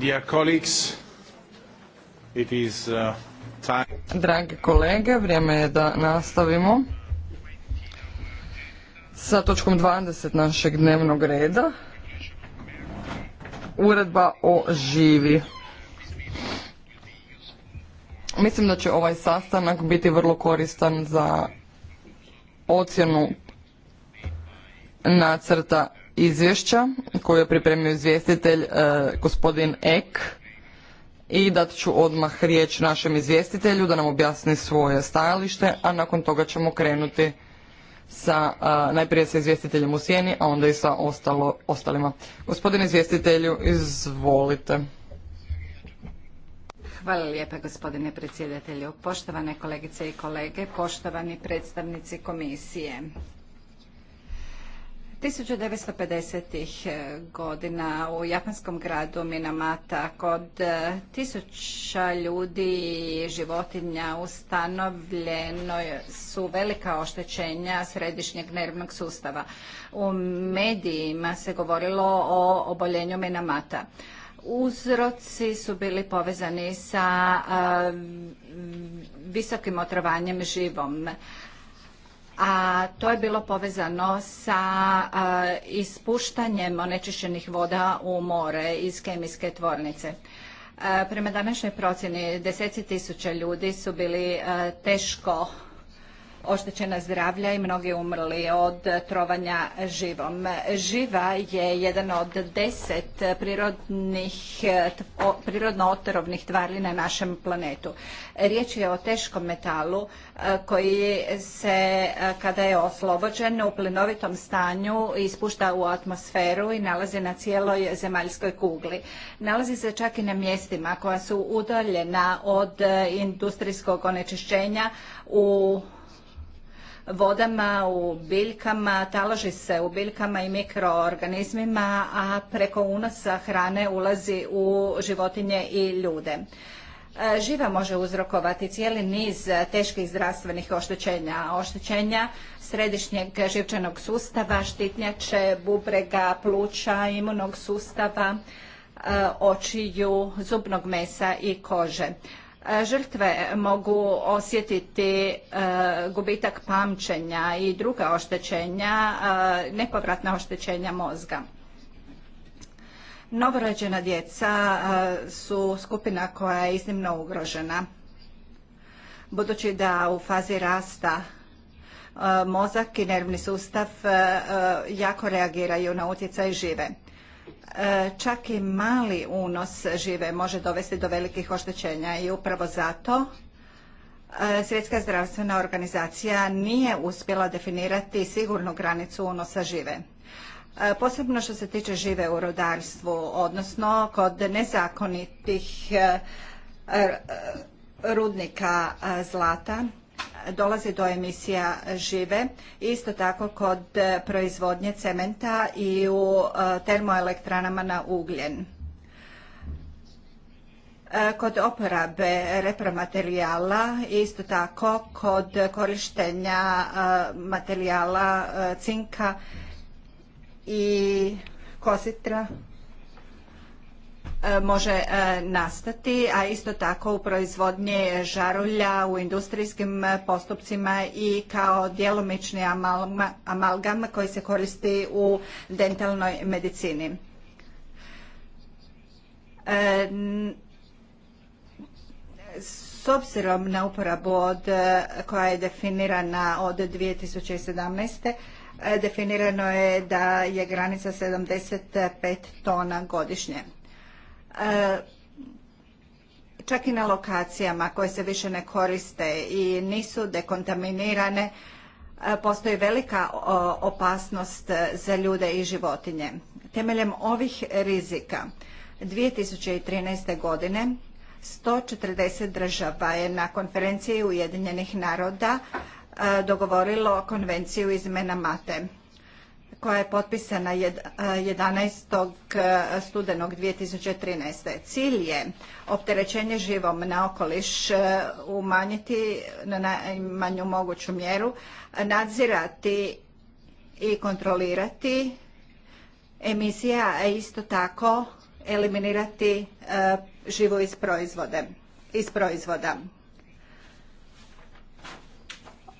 Dear uh, kolege, vrijeme je da nastavimo sa točkom 20 našeg dnevnog reda. Uredba o živi. Mislim da će ovaj sastanak biti vrlo koristan za ocjenu nacrta izvješća koju je pripremio izvjestitelj e, gospodin Ek i dat ću odmah riječ našem izvjestitelju da nam objasni svoje stajalište, a nakon toga ćemo krenuti sa, e, najprije sa izvjestiteljem u sjeni, a onda i sa ostalo, ostalima. Gospodine izvjestitelju, izvolite. Hvala lijepa gospodine predsjedatelju, poštovane kolegice i kolege, poštovani predstavnici komisije. 1950-ih eh, godina u japanskom gradu Minamata kod eh, tisuća ljudi i životinja ustanovljeno su velika oštećenja središnjeg nervnog sustava. U medijima se govorilo o oboljenju Minamata. Uzroci su bili povezani sa eh, visokim otrovanjem živom a to je bilo povezano sa ispuštanjem onečišćenih voda u more iz kemijske tvornice. Prema današnjoj procjeni deseci tisuća ljudi su bili teško oštećena zdravlja i mnogi umrli od trovanja živom. Živa je jedan od deset prirodno otrovnih tvari na našem planetu. Riječ je o teškom metalu e, koji se e, kada je oslobođen u plinovitom stanju ispušta u atmosferu i nalazi na cijeloj zemaljskoj kugli. Nalazi se čak i na mjestima koja su udaljena od e, industrijskog onečišćenja u vodama, u biljkama, taloži se u biljkama i mikroorganizmima, a preko unosa hrane ulazi u životinje i ljude. E, živa može uzrokovati cijeli niz teških zdravstvenih oštećenja, oštećenja središnjeg živčanog sustava, štitnjače, bubrega, pluća, imunog sustava, e, očiju, zubnog mesa i kože. E, žrtve mogu osjetiti e, gubitak pamćenja i druga oštećenja, e, nepovratna oštećenja mozga. Novorođena djeca su skupina koja je iznimno ugrožena. Budući da u fazi rasta mozak i nervni sustav jako reagiraju na utjecaj žive. E, čak i mali unos žive može dovesti do velikih oštećenja i upravo zato e, Svjetska zdravstvena organizacija nije uspjela definirati sigurnu granicu unosa žive. E, posebno što se tiče žive u rodarstvu, odnosno kod nezakonitih rudnika zlata dolazi do emisija žive, isto tako kod e, proizvodnje cementa i u e, termoelektranama na ugljen. E, kod oporabe repromaterijala, isto tako kod korištenja materijala cinka i kositra E, može e, nastati, a isto tako u proizvodnje žarulja, u industrijskim postupcima i kao djelomični amalgam koji se koristi u dentalnoj medicini. E, s obzirom na uporabu koja je definirana od 2017 definirano je da je granica 75 tona godišnje. E, čak i na lokacijama koje se više ne koriste i nisu dekontaminirane, e, postoji velika opasnost za ljude i životinje. Temeljem ovih rizika 2013. godine 140 država je na konferenciji Ujedinjenih naroda e, dogovorilo konvenciju izmena mate koja je potpisana 11. E, studenog 2013. Cilj je opterećenje živom na okoliš e, umanjiti na najmanju moguću mjeru, nadzirati i kontrolirati emisija, a isto tako eliminirati e, živo iz, iz proizvoda.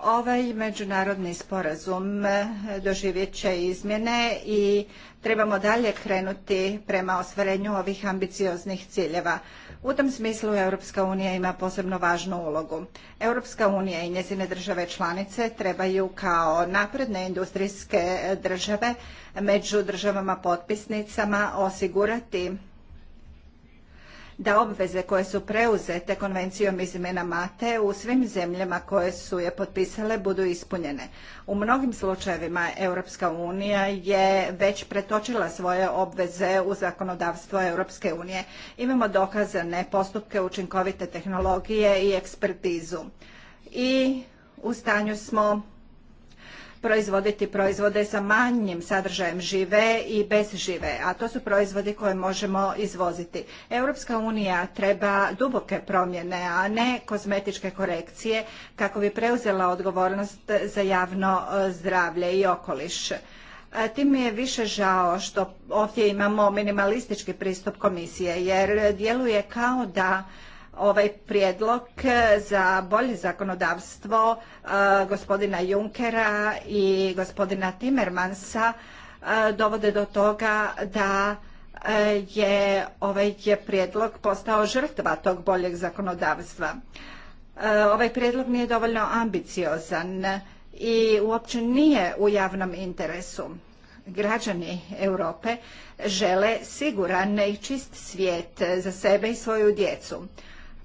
Ovaj međunarodni sporazum e, doživjet će izmjene i trebamo dalje krenuti prema ostvarenju ovih ambicioznih ciljeva. U tom smislu Europska unija ima posebno važnu ulogu. Europska unija i njezine države članice trebaju kao napredne industrijske države među državama potpisnicama osigurati da obveze koje su preuzete konvencijom iz Mate u svim zemljama koje su je potpisale budu ispunjene. U mnogim slučajevima Europska unija je već pretočila svoje obveze u zakonodavstvo Europske unije. Imamo dokazane postupke učinkovite tehnologije i ekspertizu. I u stanju smo proizvoditi proizvode sa manjim sadržajem žive i bez žive, a to su proizvodi koje možemo izvoziti. Europska unija treba duboke promjene, a ne kozmetičke korekcije kako bi preuzela odgovornost za javno e, zdravlje i okoliš. E, tim mi je više žao što ovdje imamo minimalistički pristup komisije jer djeluje kao da ovaj prijedlog eh, za bolje zakonodavstvo eh, gospodina Junkera i gospodina Timmermansa eh, dovode do toga da je ovaj je prijedlog postao žrtva tog boljeg zakonodavstva. Ovaj prijedlog nije dovoljno ambiciozan i uopće nije u javnom interesu. Građani Europe žele siguran i čist svijet za sebe i svoju djecu.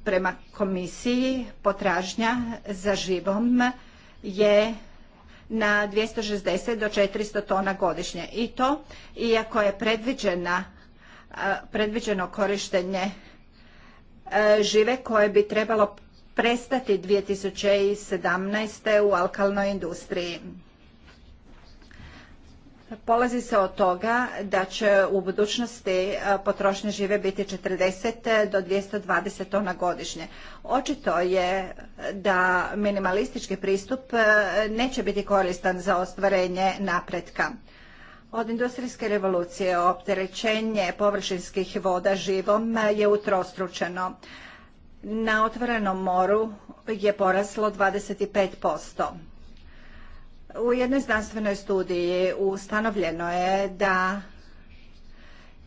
Prema komisiji potražnja za živom je na 260 do 400 tona godišnje. I to, iako je predviđena, predviđeno korištenje žive koje bi trebalo prestati 2017. u alkalnoj industriji. Polazi se od toga da će u budućnosti e, potrošnje žive biti 40 e, do 220 tona godišnje. Očito je da minimalistički pristup e, neće biti koristan za ostvarenje napretka. Od industrijske revolucije opterećenje površinskih voda živom je utrostručeno. Na otvorenom moru je poraslo 25%. U jednoj znanstvenoj studiji ustanovljeno je da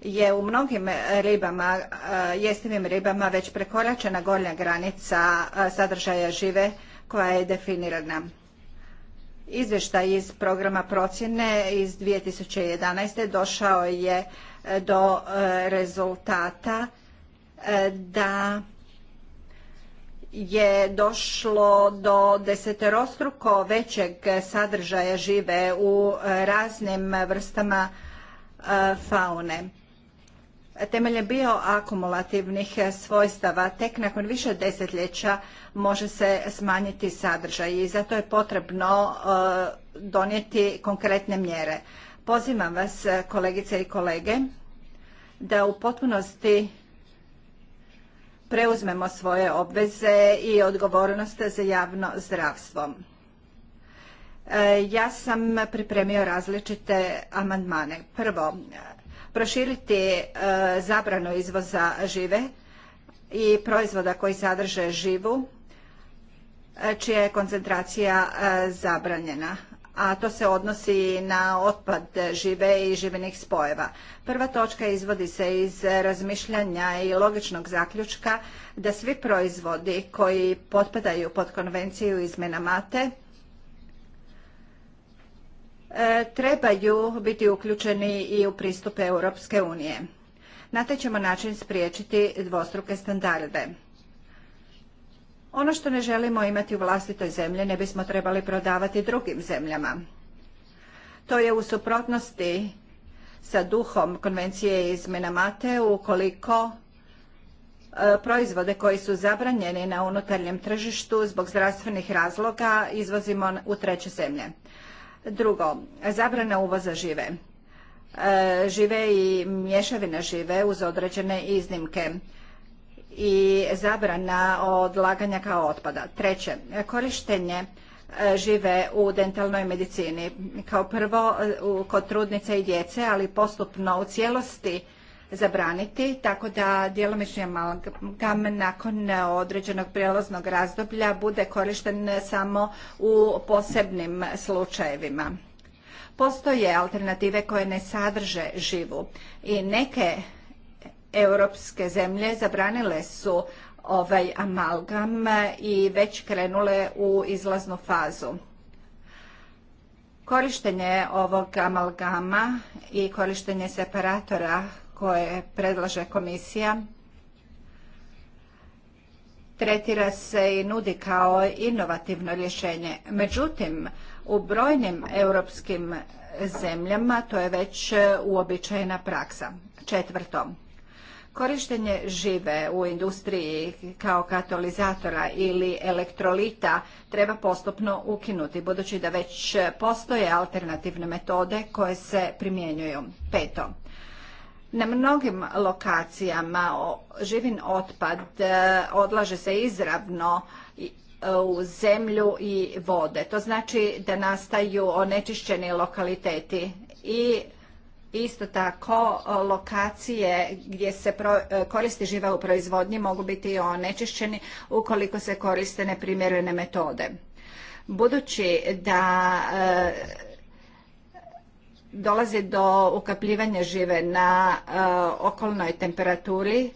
je u mnogim ribama, e, jestivim ribama već prekoračena gornja granica e, sadržaja žive koja je definirana. Izvještaj iz programa procjene iz 2011. došao je do e, rezultata da je došlo do deseterostruko većeg sadržaja žive u raznim vrstama e, faune. Temeljem bioakumulativnih svojstava tek nakon više desetljeća može se smanjiti sadržaj i zato je potrebno e, donijeti konkretne mjere. Pozivam vas, kolegice i kolege, da u potpunosti preuzmemo svoje obveze i odgovornost za javno zdravstvo. E, ja sam pripremio različite amandmane. Prvo, proširiti e, zabranu izvoza žive i proizvoda koji sadrže živu, e, čija je koncentracija zabranjena a to se odnosi na otpad žive i živenih spojeva. Prva točka izvodi se iz razmišljanja i logičnog zaključka da svi proizvodi koji potpadaju pod konvenciju izmjena mate e, trebaju biti uključeni i u pristupe Europske unije. Na taj ćemo način spriječiti dvostruke standarde. Ono što ne želimo imati u vlastitoj zemlji ne bismo trebali prodavati drugim zemljama. To je u suprotnosti sa duhom konvencije iz Menamate ukoliko e, proizvode koji su zabranjeni na unutarnjem tržištu zbog zdravstvenih razloga izvozimo u treće zemlje. Drugo, zabrana uvoza žive. E, žive i mješavina žive uz određene iznimke i zabrana odlaganja kao otpada. Treće, korištenje e, žive u dentalnoj medicini. Kao prvo e, kod trudnice i djece, ali postupno u cijelosti zabraniti, tako da djelomični amalgam nakon određenog prijelaznog razdoblja bude korišten samo u posebnim slučajevima. Postoje alternative koje ne sadrže živu i neke europske zemlje zabranile su ovaj amalgam i već krenule u izlaznu fazu. Korištenje ovog amalgama i korištenje separatora koje predlaže komisija tretira se i nudi kao inovativno rješenje. Međutim, u brojnim europskim zemljama to je već uobičajena praksa. Četvrto, Korištenje žive u industriji kao katalizatora ili elektrolita treba postupno ukinuti, budući da već postoje alternativne metode koje se primjenjuju. Peto, na mnogim lokacijama živin otpad e, odlaže se izravno e, u zemlju i vode. To znači da nastaju onečišćeni lokaliteti i Isto tako, lokacije gdje se e, koristi živa u proizvodnji mogu biti onečišćeni ukoliko se koriste neprimjerene metode. Budući da e, dolazi do ukapljivanja žive na e, okolnoj temperaturi,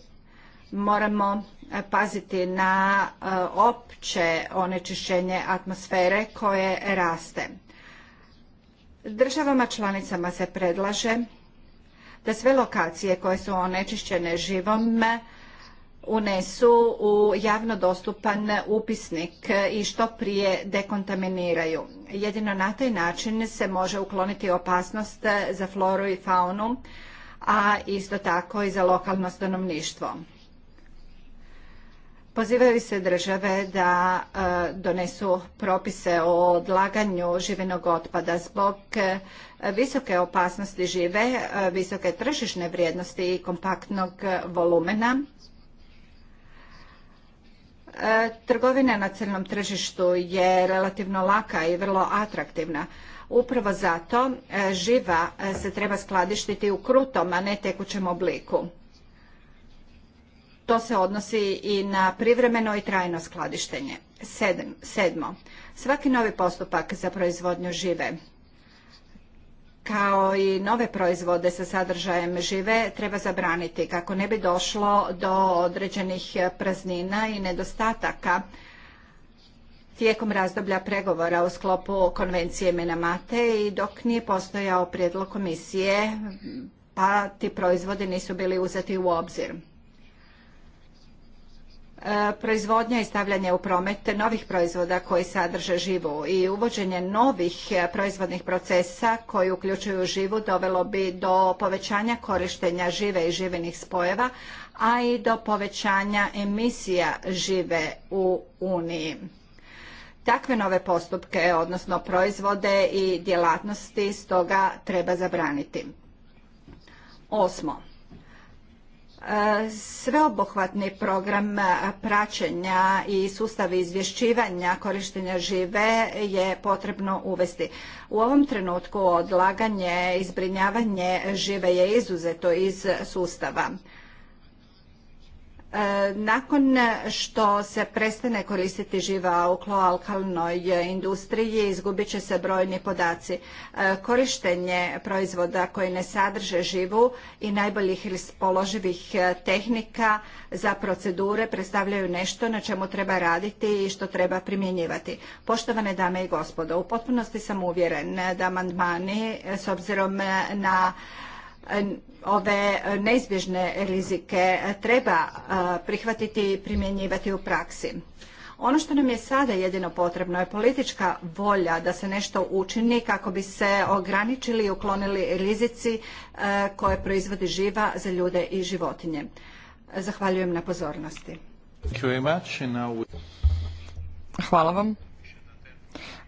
moramo paziti na opće onečišćenje atmosfere koje raste. Državama članicama se predlaže da sve lokacije koje su onečišćene živom unesu u javno dostupan upisnik i što prije dekontaminiraju. Jedino na taj način se može ukloniti opasnost za floru i faunu, a isto tako i za lokalno stanovništvo. Pozivaju se države da e, donesu propise o odlaganju živinog otpada zbog e, visoke opasnosti žive, e, visoke tržišne vrijednosti i kompaktnog volumena. Trgovina na crnom tržištu je relativno laka i vrlo atraktivna. Upravo zato živa se treba skladištiti u krutom, a ne tekućem obliku. To se odnosi i na privremeno i trajno skladištenje. Sedmo, svaki novi postupak za proizvodnju žive kao i nove proizvode sa sadržajem žive treba zabraniti kako ne bi došlo do određenih praznina i nedostataka tijekom razdoblja pregovora u sklopu konvencije Menamate i dok nije postojao prijedlog komisije pa ti proizvodi nisu bili uzeti u obzir. E, proizvodnja i stavljanje u promet novih proizvoda koji sadrže živu i uvođenje novih e, proizvodnih procesa koji uključuju živu dovelo bi do povećanja korištenja žive i živinih spojeva, a i do povećanja emisija žive u Uniji. Takve nove postupke, odnosno proizvode i djelatnosti stoga treba zabraniti. Osmo sveobuhvatni program praćenja i sustav izvješćivanja korištenja žive je potrebno uvesti. U ovom trenutku odlaganje i zbrinjavanje žive je izuzeto iz sustava. Nakon što se prestane koristiti živa u kloalkalnoj industriji, izgubit će se brojni podaci. E, korištenje proizvoda koji ne sadrže živu i najboljih raspoloživih e, tehnika za procedure predstavljaju nešto na čemu treba raditi i što treba primjenjivati. Poštovane dame i gospodo, u potpunosti sam uvjeren da amandmani e, s obzirom na ove neizbježne rizike treba prihvatiti i primjenjivati u praksi. Ono što nam je sada jedino potrebno je politička volja da se nešto učini kako bi se ograničili i uklonili rizici koje proizvodi živa za ljude i životinje. Zahvaljujem na pozornosti. Hvala vam.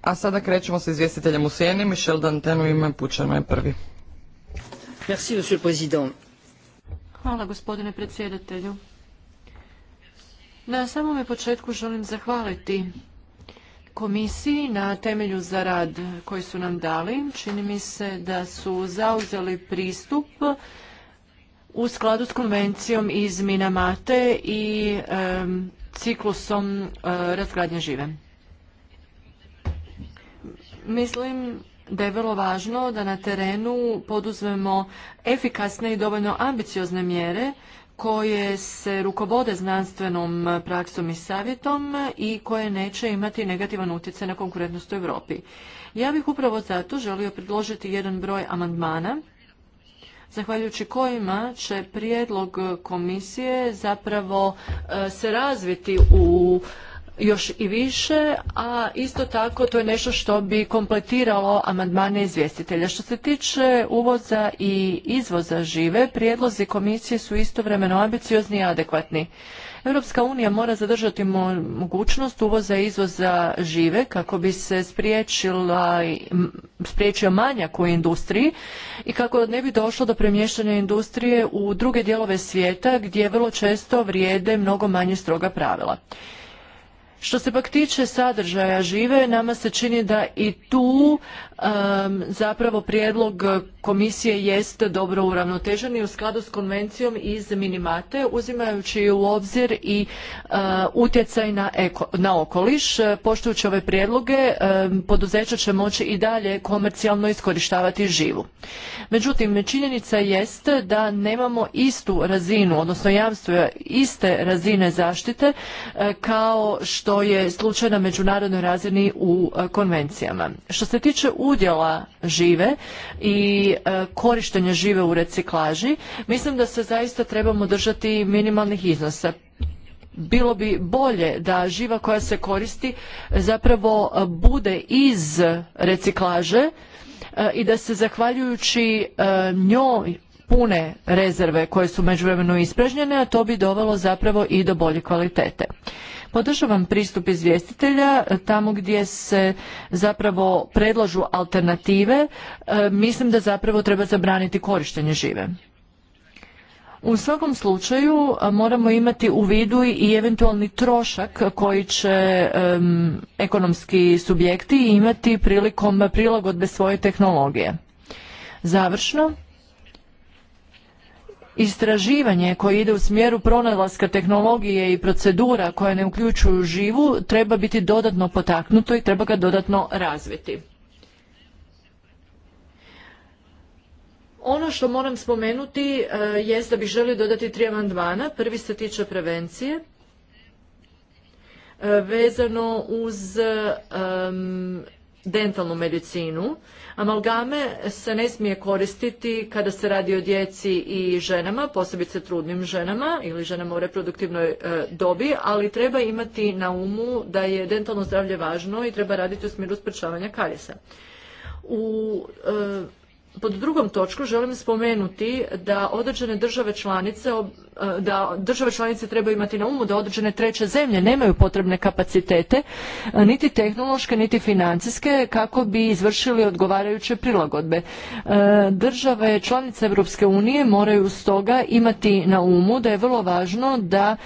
A sada krećemo sa izvjestiteljem u sjeni. Michel Dantenu ime Pučano je prvi. Hvala gospodine predsjedatelju. Na samome početku želim zahvaliti komisiji na temelju za rad koji su nam dali. Čini mi se da su zauzeli pristup u skladu s konvencijom iz Minamate i ciklusom eh, razgradnje žive. Mislim da je vrlo važno da na terenu poduzmemo efikasne i dovoljno ambiciozne mjere koje se rukovode znanstvenom praksom i savjetom i koje neće imati negativan utjecaj na konkurentnost u Europi. Ja bih upravo zato želio predložiti jedan broj amandmana zahvaljujući kojima će prijedlog komisije zapravo e, se razviti u još i više, a isto tako to je nešto što bi kompletiralo amandmane izvjestitelja. Što se tiče uvoza i izvoza žive, prijedlozi komisije su istovremeno ambiciozni i adekvatni. Europska unija mora zadržati mogućnost uvoza i izvoza žive kako bi se spriječila, spriječio manjak u industriji i kako ne bi došlo do premještanja industrije u druge dijelove svijeta gdje vrlo često vrijede mnogo manje stroga pravila. Što se pak tiče sadržaja žive, nama se čini da i tu zapravo prijedlog komisije jest dobro uravnotežen i u skladu s konvencijom iz Minimate uzimajući u obzir i e, utjecaj na, na okoliš. Poštujući ove prijedloge poduzeća će moći i dalje komercijalno iskorištavati živu. Međutim, činjenica jest da nemamo istu razinu, odnosno jamstvo iste razine zaštite e, kao što je slučaj na međunarodnoj razini u e, konvencijama. Što se tiče udjela žive i e, korištenja žive u reciklaži, mislim da se zaista trebamo držati minimalnih iznosa. Bilo bi bolje da živa koja se koristi zapravo bude iz reciklaže e, i da se zahvaljujući e, njoj pune rezerve koje su međuvremeno ispražnjene, a to bi dovelo zapravo i do bolje kvalitete. Podržavam pristup izvjestitelja e, tamo gdje se zapravo predlažu alternative, e, mislim da zapravo treba zabraniti korištenje žive. U svakom slučaju e, moramo imati u vidu i eventualni trošak koji će ekonomski subjekti imati prilikom prilagodbe svoje tehnologije. Završno, Istraživanje koje ide u smjeru pronalaska tehnologije i procedura koje ne uključuju živu treba biti dodatno potaknuto i treba ga dodatno razviti. Ono što moram spomenuti e, jest da bih želio dodati tri amandmana. Prvi se tiče prevencije e, vezano uz dentalnu medicinu. Amalgame se ne smije koristiti kada se radi o djeci i ženama, posebice trudnim ženama ili ženama u reproduktivnoj e, dobi, ali treba imati na umu da je dentalno zdravlje važno i treba raditi u smjeru sprečavanja karijesa. U e, pod drugom točku želim spomenuti da određene države članice E, da države članice trebaju imati na umu da određene treće zemlje nemaju potrebne kapacitete, e, niti tehnološke, niti financijske, kako bi izvršili odgovarajuće prilagodbe. E, države članice Europske unije moraju stoga imati na umu da je vrlo važno da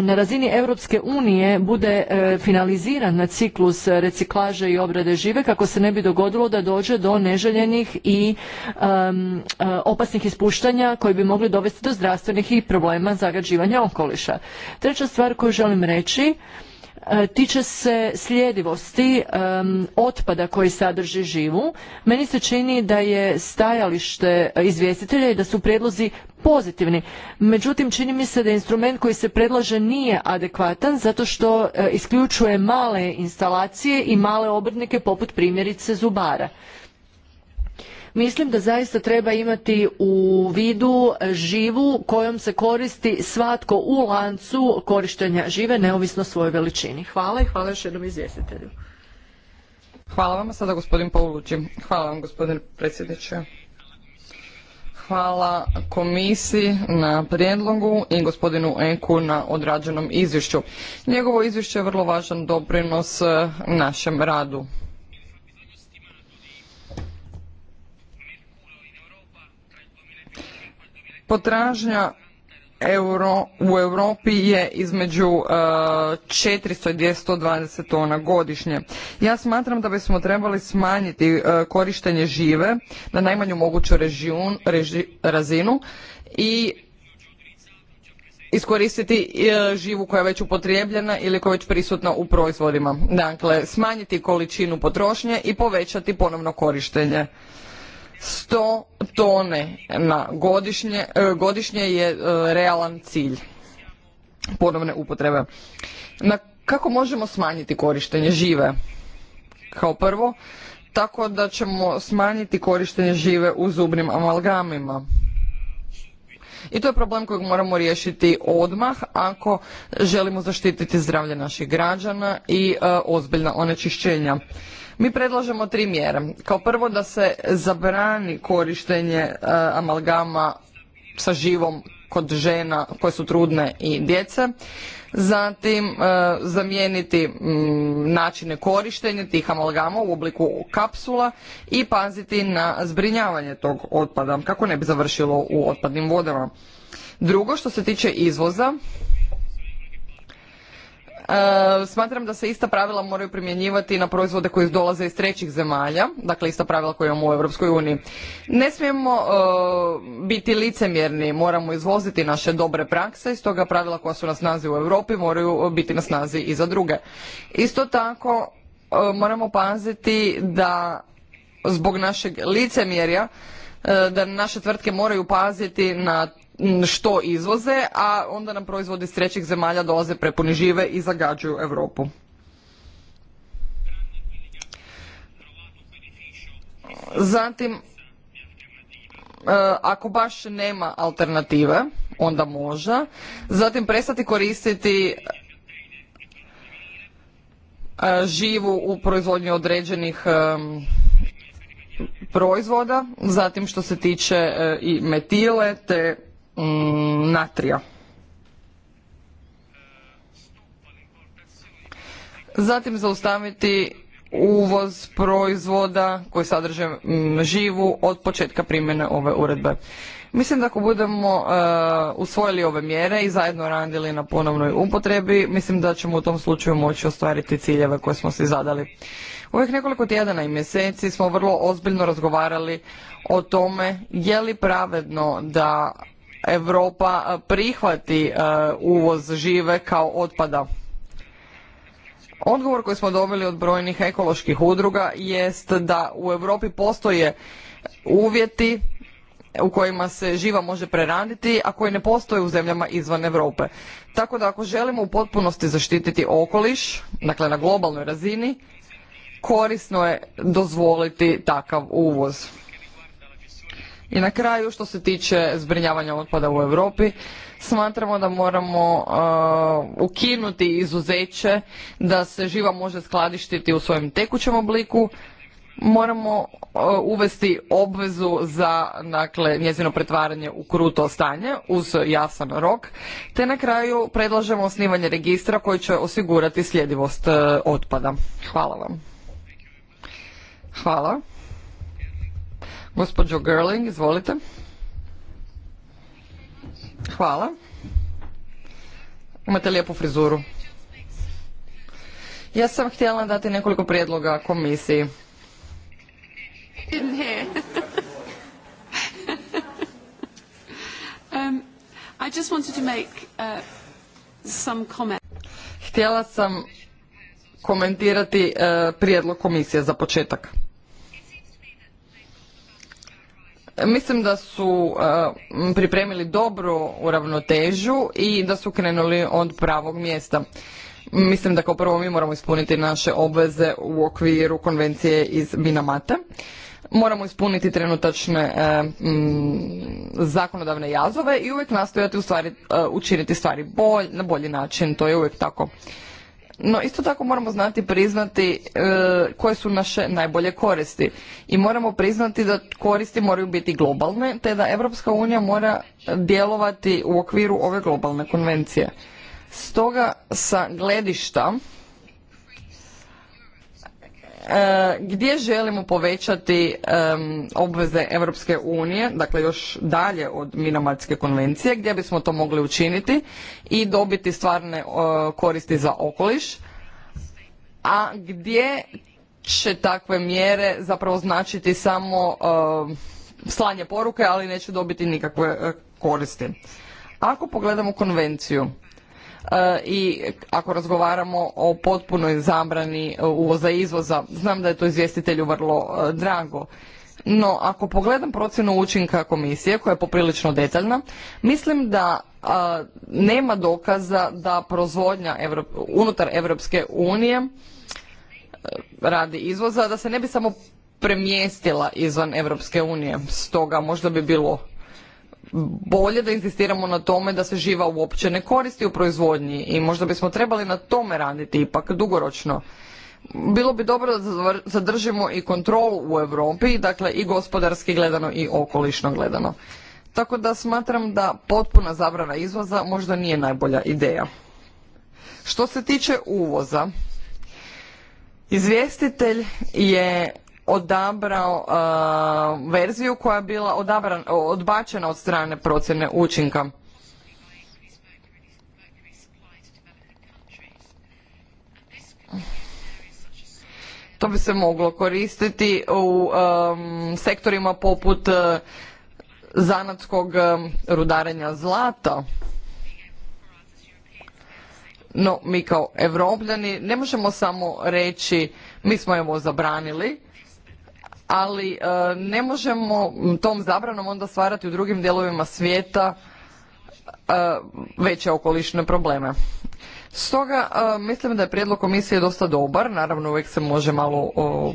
na razini Europske unije bude finaliziran na ciklus reciklaže i obrade žive kako se ne bi dogodilo da dođe do neželjenih i opasnih ispuštanja koji bi mogli dovesti do zdravstvenih i problema zagađivanja okoliša. Treća stvar koju želim reći e, tiče se sljedivosti otpada koji sadrži živu. Meni se čini da je stajalište izvjestitelja i da su prijedlozi pozitivni. Međutim, čini mi se da instrument koji se predlaže nije adekvatan zato što e, isključuje male instalacije i male obrtnike poput primjerice zubara. Mislim da zaista treba imati u vidu živu kojom se koristi svatko u lancu korištenja žive neovisno o svojoj veličini. Hvala i hvala još jednom izvjestitelju. Hvala vam sada gospodin Pauluđi. Hvala vam gospodine predsjedniče. Hvala komisiji na prijedlogu i gospodinu Enku na odrađenom izvješću. Njegovo izvješće je vrlo važan doprinos eh, našem radu. Potražnja euro u Europi je između uh, 400 i 220 tona godišnje. Ja smatram da bismo trebali smanjiti uh, korištenje žive na najmanju moguću razinu i iskoristiti uh, živu koja je već upotrijebljena ili koja je već prisutna u proizvodima. Dakle, smanjiti količinu potrošnje i povećati ponovno korištenje. 100 tone na godišnje, e, je e, realan cilj ponovne upotrebe. kako možemo smanjiti korištenje žive? Kao prvo, tako da ćemo smanjiti korištenje žive u zubnim amalgamima. I to je problem kojeg moramo riješiti odmah ako želimo zaštititi zdravlje naših građana i e, ozbiljna onečišćenja. Mi predlažemo tri mjere. Kao prvo da se zabrani korištenje e, amalgama sa živom kod žena koje su trudne i djece. Zatim e, zamijeniti mm, načine korištenja tih amalgama u obliku kapsula i paziti na zbrinjavanje tog otpada kako ne bi završilo u otpadnim vodama. Drugo što se tiče izvoza, E, smatram da se ista pravila moraju primjenjivati na proizvode koji dolaze iz trećih zemalja, dakle ista pravila koja imamo u Europskoj uniji. Ne smijemo e, biti licemjerni, moramo izvoziti naše dobre prakse i stoga pravila koja su na snazi u Europi moraju biti na snazi i za druge. Isto tako e, moramo paziti da zbog našeg licemjerja da naše tvrtke moraju paziti na što izvoze, a onda nam proizvodi iz trećih zemalja dolaze prepuni žive i zagađuju Europu. Zatim, e, ako baš nema alternative, onda može. Zatim prestati koristiti e, živu u proizvodnji određenih e, proizvoda, zatim što se tiče i metile te Mm, natrija. Zatim zaustaviti uvoz proizvoda koji sadrže mm, živu od početka primjene ove uredbe. Mislim da ako budemo e, usvojili ove mjere i zajedno radili na ponovnoj upotrebi, mislim da ćemo u tom slučaju moći ostvariti ciljeve koje smo si zadali. U ovih nekoliko tjedana i mjeseci smo vrlo ozbiljno razgovarali o tome je li pravedno da Europa eh, prihvati eh, uvoz žive kao otpada. Odgovor koji smo dobili od brojnih ekoloških udruga jest da u Europi postoje uvjeti u kojima se živa može preraditi, a koji ne postoje u zemljama izvan Europe. Tako da ako želimo u potpunosti zaštititi okoliš, dakle na globalnoj razini, korisno je dozvoliti takav uvoz. I na kraju što se tiče zbrinjavanja otpada u Europi, smatramo da moramo uh, ukinuti izuzeće da se živa može skladištiti u svojem tekućem obliku, moramo uh, uvesti obvezu za dakle, njezino pretvaranje u kruto stanje uz jasan rok, te na kraju predlažemo osnivanje registra koji će osigurati sljedivost uh, otpada. Hvala vam. Hvala. Gospođo Gerling, izvolite. Hvala. Imate lijepu frizuru. Ja sam htjela dati nekoliko prijedloga komisiji. Htjela sam komentirati uh, prijedlog komisije za početak. Mislim da su e, pripremili dobru uravnotežu i da su krenuli od pravog mjesta. Mislim da kao prvo mi moramo ispuniti naše obveze u okviru konvencije iz Minamata. Moramo ispuniti trenutačne e, mm, zakonodavne jazove i uvijek nastojati e, učiniti stvari na bolji način. To je uvijek tako no isto tako moramo znati priznati e, koje su naše najbolje koristi i moramo priznati da koristi moraju biti globalne te da Europska unija mora djelovati u okviru ove globalne konvencije. Stoga sa gledišta E, gdje želimo povećati obveze Europske unije, dakle još dalje od Minamatske konvencije, gdje bismo to mogli učiniti i dobiti stvarne e, koristi za okoliš, a gdje će takve mjere zapravo značiti samo e, slanje poruke, ali neće dobiti nikakve koristi. Ako pogledamo konvenciju, E, i ako razgovaramo o potpunoj zabrani e, uvoza i izvoza. Znam da je to izvjestitelju vrlo e, drago. No, ako pogledam procjenu učinka komisije, koja je poprilično detaljna, mislim da nema dokaza da proizvodnja unutar Europske unije radi izvoza, da se ne bi samo premjestila izvan Europske unije. Stoga možda bi bilo bolje da insistiramo na tome da se živa uopće ne koristi u proizvodnji i možda bismo trebali na tome raditi ipak dugoročno. Bilo bi dobro da zadržimo i kontrolu u Europi, dakle i gospodarski gledano i okolišno gledano. Tako da smatram da potpuna zabrana izvoza možda nije najbolja ideja. Što se tiče uvoza, izvjestitelj je odabrao e, verziju koja je bila odabran, odbačena od strane procjene učinka. To bi se moglo koristiti u sektorima poput uh, zanatskog e, rudarenja zlata. No, mi kao evropljani ne možemo samo reći mi smo evo zabranili, ali e, ne možemo tom zabranom onda stvarati u drugim dijelovima svijeta e, veće okolišne probleme. Stoga e, mislim da je prijedlog komisije dosta dobar, naravno uvijek se može malo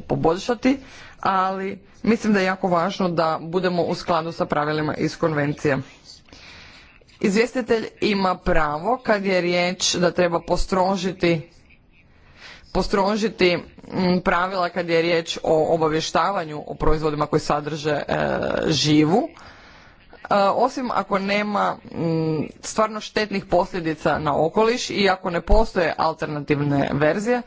poboljšati, ali mislim da je jako važno da budemo u skladu sa pravilima iz konvencije. Izvjestitelj ima pravo kad je riječ da treba postrožiti postrožiti pravila kad je riječ o obavještavanju o proizvodima koji sadrže e, živu e, osim ako nema stvarno štetnih posljedica na okoliš i ako ne postoje alternativne verzije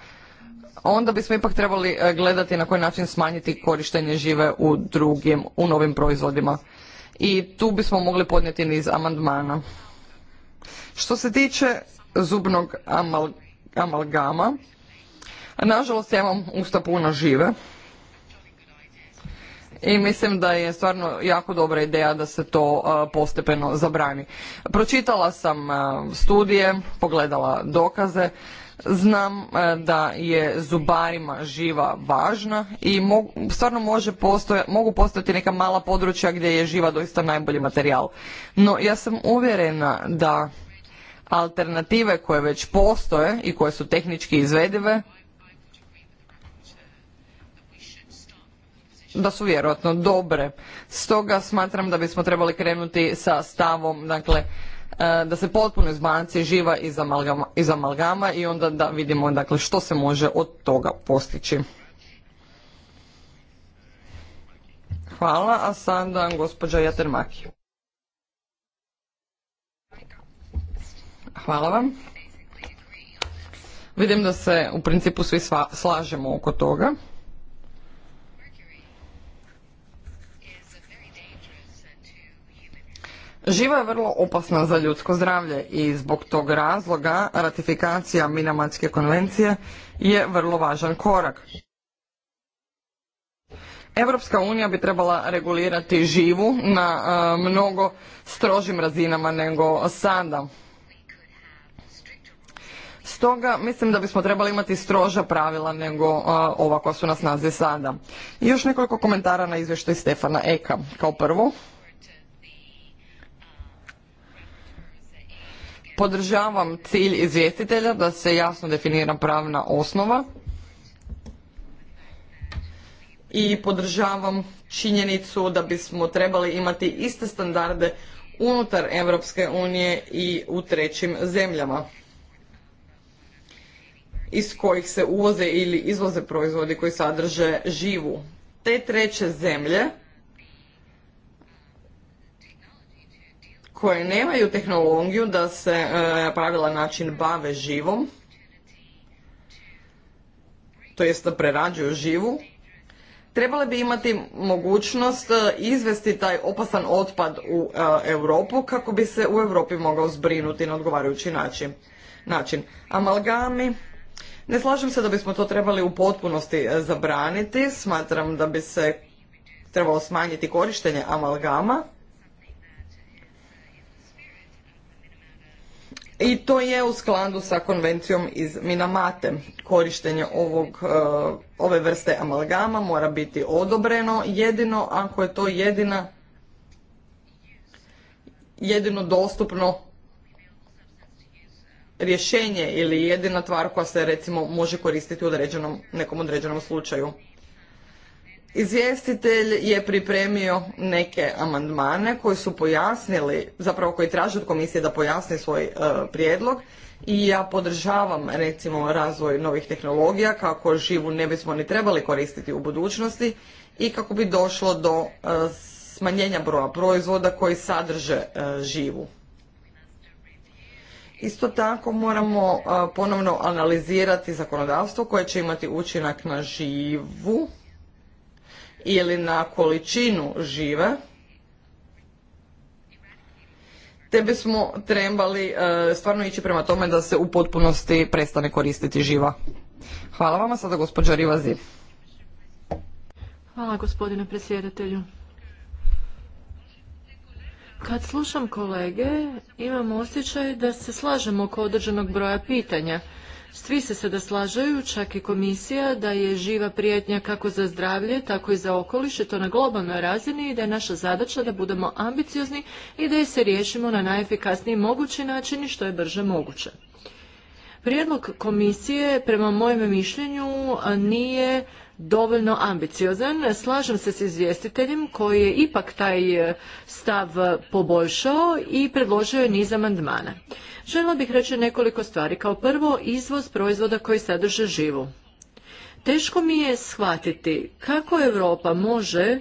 onda bismo ipak trebali e, gledati na koji način smanjiti korištenje žive u drugim u novim proizvodima i tu bismo mogli podnijeti niz amandmana što se tiče zubnog amalgama Nažalost, ja imam usta puno žive. I mislim da je stvarno jako dobra ideja da se to postepeno zabrani. Pročitala sam studije, pogledala dokaze, znam da je zubarima živa važna i stvarno mogu postojati neka mala područja gdje je živa doista najbolji materijal. No ja sam uvjerena da alternative koje već postoje i koje su tehnički izvedive da su vjerojatno dobre. Stoga smatram da bismo trebali krenuti sa stavom, dakle, e, da se potpuno izbaci živa iz amalgama, amalgama i onda da vidimo dakle, što se može od toga postići. Hvala, a sada gospođa Hvala vam. Vidim da se u principu svi slažemo oko toga. Živa je vrlo opasna za ljudsko zdravlje i zbog tog razloga ratifikacija Minamatske konvencije je vrlo važan korak. Europska unija bi trebala regulirati živu na e, mnogo strožim razinama nego sada. Stoga mislim da bismo trebali imati stroža pravila nego e, ova koja su na snazi sada. I još nekoliko komentara na izvještaj Stefana Eka. Kao prvo, Podržavam cilj izvjestitelja da se jasno definira pravna osnova i podržavam činjenicu da bismo trebali imati iste standarde unutar Europske unije i u trećim zemljama iz kojih se uvoze ili izvoze proizvodi koji sadrže živu. Te treće zemlje koje nemaju tehnologiju da se na e, pravila način bave živom, to jest da prerađuju živu, trebale bi imati mogućnost e, izvesti taj opasan otpad u e, Europu kako bi se u Europi mogao zbrinuti na odgovarajući način. način. Amalgami, ne slažem se da bismo to trebali u potpunosti zabraniti, smatram da bi se trebalo smanjiti korištenje amalgama, i to je u skladu sa konvencijom iz Minamate. Korištenje ovog, e, ove vrste amalgama mora biti odobreno jedino ako je to jedina jedino dostupno rješenje ili jedina tvar koja se recimo može koristiti u određenom, nekom određenom slučaju. Izvjestitelj je pripremio neke amandmane koji su pojasnili, zapravo koji traže od komisije da pojasni svoj e, prijedlog i ja podržavam recimo razvoj novih tehnologija kako živu ne bismo ni trebali koristiti u budućnosti i kako bi došlo do e, smanjenja broja proizvoda koji sadrže e, živu. Isto tako moramo ponovno analizirati zakonodavstvo koje će imati učinak na živu ili na količinu žive, te bismo trebali e, stvarno ići prema tome da se u potpunosti prestane koristiti živa. Hvala vama sada gospođa Rivazi. Hvala gospodine predsjedatelju. Kad slušam kolege, imam osjećaj da se slažemo oko određenog broja pitanja. Svi se sada slažaju, čak i komisija, da je živa prijetnja kako za zdravlje, tako i za okoliš, to na globalnoj razini i da je naša zadaća da budemo ambiciozni i da je se riješimo na najefikasniji mogući način i što je brže moguće. Prijedlog komisije, prema mojem mišljenju, nije dovoljno ambiciozan. Slažem se s izvjestiteljem koji je ipak taj e, stav e, poboljšao i predložio je niz amandmana. željela bih reći nekoliko stvari. Kao prvo, izvoz proizvoda koji sadrže živu. Teško mi je shvatiti kako Europa može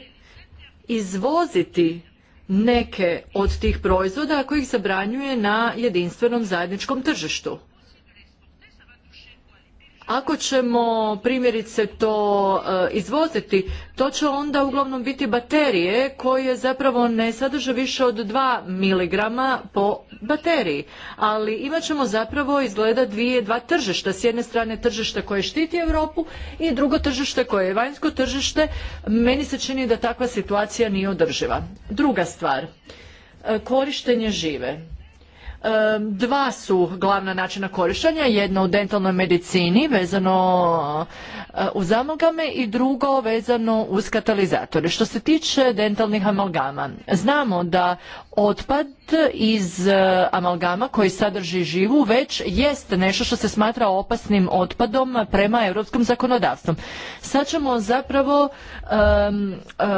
izvoziti neke od tih proizvoda koji ih zabranjuje na jedinstvenom zajedničkom tržištu. Ako ćemo primjerice to e, izvoziti, to će onda uglavnom biti baterije koje zapravo ne sadrže više od 2 mg po bateriji. Ali imat ćemo zapravo izgleda dvije, dva tržišta. S jedne strane tržište koje štiti Europu i drugo tržište koje je vanjsko tržište. Meni se čini da takva situacija nije održiva. Druga stvar, e, korištenje žive dva su glavna načina korištenja, jedno u dentalnoj medicini vezano e, uz amalgame i drugo vezano uz katalizatore. Što se tiče dentalnih amalgama, znamo da otpad iz e, amalgama koji sadrži živu već jest nešto što se smatra opasnim otpadom prema europskom zakonodavstvu. Sad ćemo zapravo e,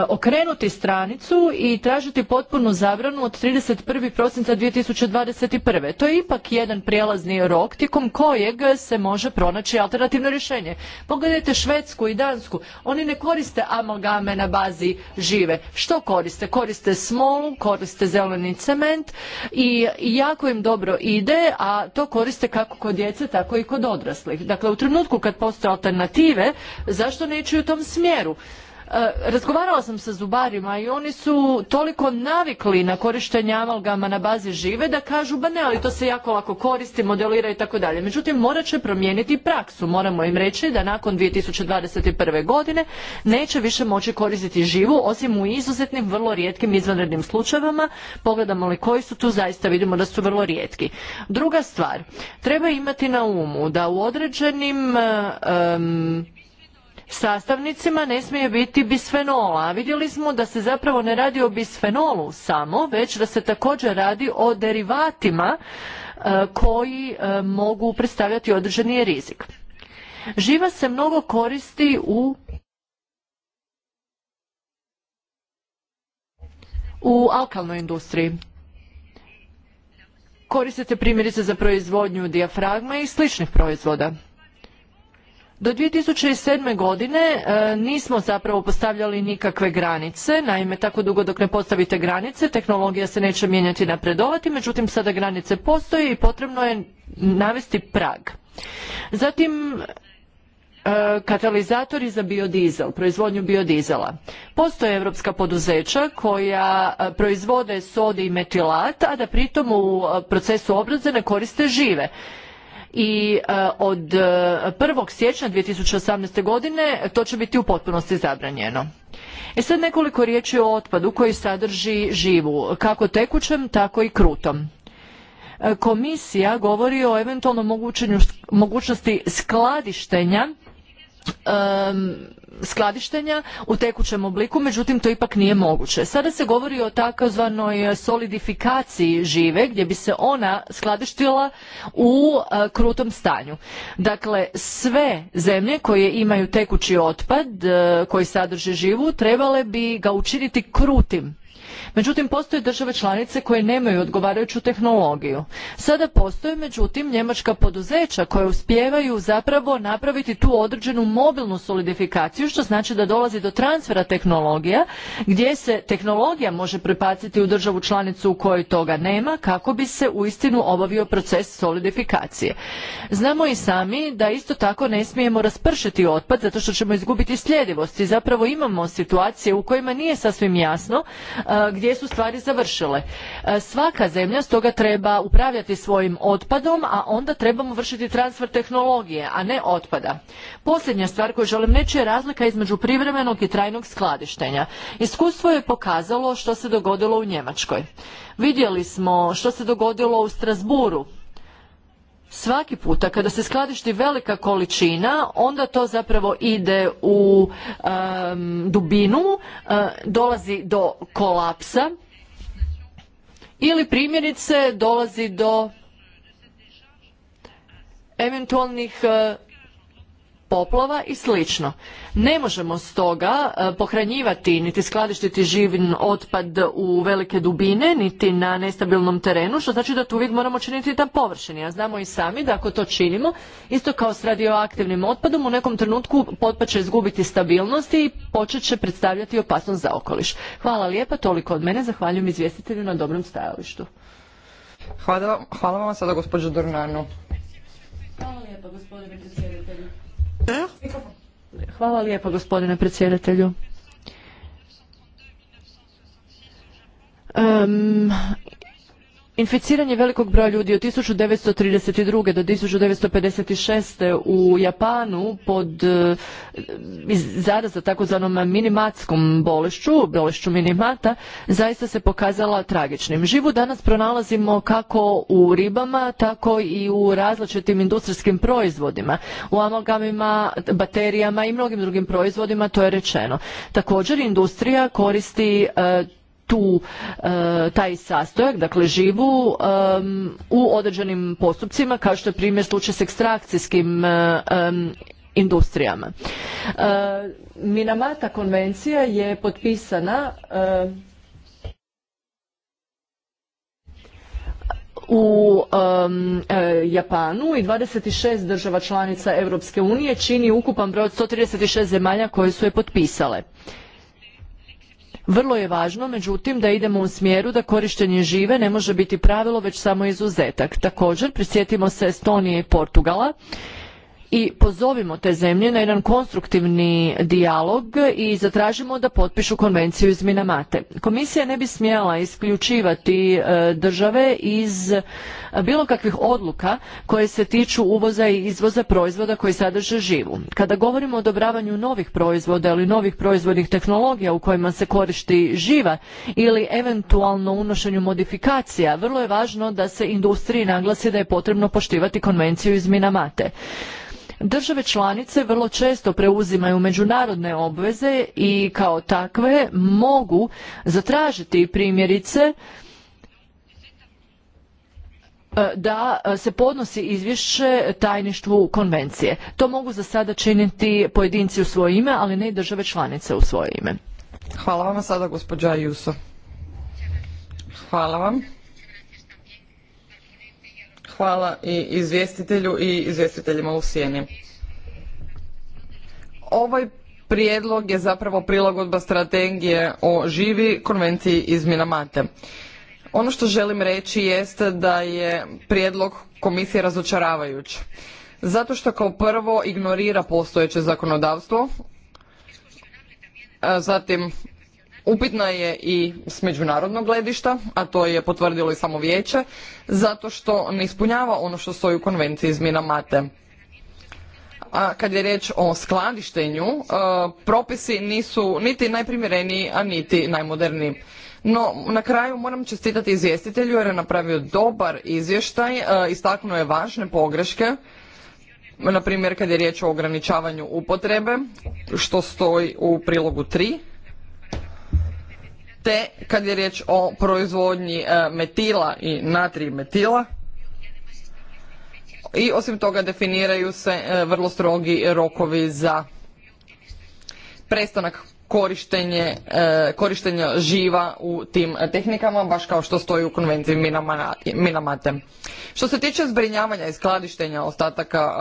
okrenuti stranicu i tražiti potpunu zabranu od 31. prosinca 2021. To je ipak jedan prijelazni rok tijekom kojeg se može pronaći alternativno rješenje. Pogledajte Švedsku i Dansku. Oni ne koriste amalgame na bazi žive. Što koriste? Koriste smolu, koriste zelenu i cement i jako im dobro ide, a to koriste kako kod djece, tako i kod odraslih. Dakle, u trenutku kad postoje alternative, zašto ne u tom smjeru? E, razgovarala sam sa zubarima i oni su toliko navikli na korištenje amalgama na bazi žive da kažu ba ne, ali to se jako lako koristi, modelira i tako dalje. Međutim, morat će promijeniti praksu. Moramo im reći da nakon 2021. godine neće više moći koristiti živu, osim u izuzetnim, vrlo rijetkim izvanrednim slučajevima. Pogledamo li koji su tu, zaista vidimo da su vrlo rijetki. Druga stvar, treba imati na umu da u određenim e, sastavnicima ne smije biti bisfenola. Vidjeli smo da se zapravo ne radi o bisfenolu samo, već da se također radi o derivatima e, koji e, mogu predstavljati određeni rizik. Živa se mnogo koristi u u alkalnoj industriji. Koristite primjerice za proizvodnju dijafragma i sličnih proizvoda. Do 2007. godine e, nismo zapravo postavljali nikakve granice, naime tako dugo dok ne postavite granice, tehnologija se neće mijenjati i napredovati, međutim sada granice postoje i potrebno je navesti prag. Zatim e, katalizatori za biodizel, proizvodnju biodizela. Postoje europska poduzeća koja e, proizvode sodi i metilat, a da pritom u procesu obrade ne koriste žive i e, od 1. E, siječnja 2018. godine to će biti u potpunosti zabranjeno. E sad nekoliko riječi o otpadu koji sadrži živu, kako tekućem, tako i krutom. E, komisija govori o eventualnom mogućnosti skladištenja skladištenja u tekućem obliku, međutim to ipak nije moguće. Sada se govori o takozvanoj solidifikaciji žive gdje bi se ona skladištila u e, krutom stanju. Dakle, sve zemlje koje imaju tekući otpad e, koji sadrže živu trebale bi ga učiniti krutim Međutim, postoje države članice koje nemaju odgovarajuću tehnologiju. Sada postoje, međutim, njemačka poduzeća koja uspijevaju zapravo napraviti tu određenu mobilnu solidifikaciju, što znači da dolazi do transfera tehnologija, gdje se tehnologija može prepaciti u državu članicu u kojoj toga nema, kako bi se uistinu obavio proces solidifikacije. Znamo i sami da isto tako ne smijemo raspršiti otpad, zato što ćemo izgubiti sljedivost i zapravo imamo situacije u kojima nije sasvim jasno gdje su stvari završile. E, svaka zemlja stoga treba upravljati svojim otpadom, a onda trebamo vršiti transfer tehnologije, a ne otpada. Posljednja stvar koju želim reći je razlika između privremenog i trajnog skladištenja. Iskustvo je pokazalo što se dogodilo u Njemačkoj. Vidjeli smo što se dogodilo u Strasburu svaki puta kada se skladišti velika količina onda to zapravo ide u dubinu eh, dolazi do kolapsa ili primjerice dolazi do eventualnih eh, poplava i slično. Ne možemo stoga e, pohranjivati niti skladištiti živin otpad u velike dubine niti na nestabilnom terenu što znači da tu vid moramo činiti na površini. A znamo i sami da ako to činimo isto kao s radioaktivnim otpadom u nekom trenutku potpad će izgubiti stabilnost i počet će predstavljati opasnost za okoliš. Hvala lijepa, toliko od mene. Zahvaljujem izvjestitelju na dobrom stajalištu. Hvala, vam sada gospođo Hvala Hvala lijepo gospodine predsjedatelju. Inficiranje velikog broja ljudi od 1932. do 1956. u Japanu pod e, za takozvanom minimatskom bolešću, bolešću minimata, zaista se pokazala tragičnim. Živu danas pronalazimo kako u ribama, tako i u različitim industrijskim proizvodima, u amalgamima, baterijama i mnogim drugim proizvodima, to je rečeno. Također industrija koristi e, tu e, taj sastojak, dakle živu u određenim postupcima kao što je primjer slučaj s ekstrakcijskim e, industrijama. E, Minamata konvencija je potpisana u Japanu i 26 država članica Europske unije čini ukupan broj od 136 zemalja koje su je potpisale. Vrlo je važno, međutim, da idemo u smjeru da korištenje žive ne može biti pravilo, već samo izuzetak. Također, prisjetimo se Estonije i Portugala i pozovimo te zemlje na jedan konstruktivni dijalog i zatražimo da potpišu konvenciju iz Minamate. Komisija ne bi smjela isključivati e, države iz bilo kakvih odluka koje se tiču uvoza i izvoza proizvoda koji sadrže živu. Kada govorimo o odobravanju novih proizvoda ili novih proizvodnih tehnologija u kojima se koristi živa ili eventualno unošenju modifikacija, vrlo je važno da se industriji naglasi da je potrebno poštivati konvenciju iz Minamate. Države članice vrlo često preuzimaju međunarodne obveze i kao takve mogu zatražiti primjerice e, da se podnosi izvješće tajništvu konvencije. To mogu za sada činiti pojedinci u svoje ime, ali ne i države članice u svoje ime. Hvala vam sada gospođa Juso. Hvala vam. Hvala i izvjestitelju i izvjestiteljima u sjeni. Ovaj prijedlog je zapravo prilagodba strategije o živi konvenciji iz Minamate. Ono što želim reći jest da je prijedlog komisije razočaravajuć. Zato što kao prvo ignorira postojeće zakonodavstvo, zatim Upitna je i s međunarodnog gledišta, a to je potvrdilo i samo vijeće, zato što ne ispunjava ono što stoji u konvenciji iz Minamate. A kad je riječ o skladištenju, e, propisi nisu niti najprimjereniji, a niti najmoderniji. No, na kraju moram čestitati izvjestitelju jer je napravio dobar izvještaj, e, istaknuo je važne pogreške, na primjer kad je riječ o ograničavanju upotrebe, što stoji u prilogu 3 te kad je riječ o proizvodnji e, metila i natrij metila. I osim toga definiraju se e, vrlo strogi rokovi za prestanak korištenje, e, korištenja živa u tim tehnikama, baš kao što stoji u konvenciji Minamate. Što se tiče zbrinjavanja i skladištenja ostataka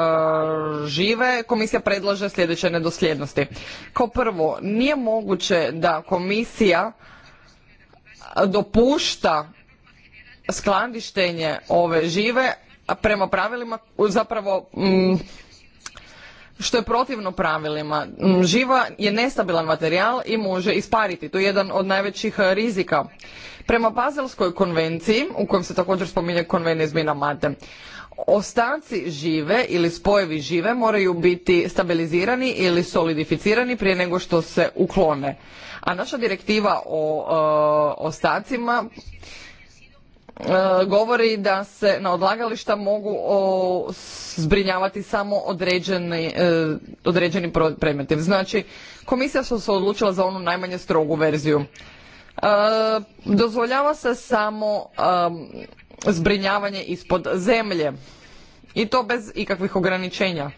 žive, komisija predlaže sljedeće nedosljednosti. Kao prvo, nije moguće da komisija dopušta skladištenje ove žive prema pravilima zapravo mm, što je protivno pravilima. Mm, živa je nestabilan materijal i može ispariti. To je jedan od najvećih e, rizika. Prema Bazelskoj konvenciji, u kojem se također spominje konvencija iz Minamate, ostanci žive ili spojevi žive moraju biti stabilizirani ili solidificirani prije nego što se uklone. A naša direktiva o e, ostacima e, govori da se na odlagališta mogu zbrinjavati samo određeni, e, Znači, komisija su se odlučila za onu najmanje strogu verziju. Dozvoljava se samo zbrinjavanje ispod zemlje i to bez ikakvih ograničenja.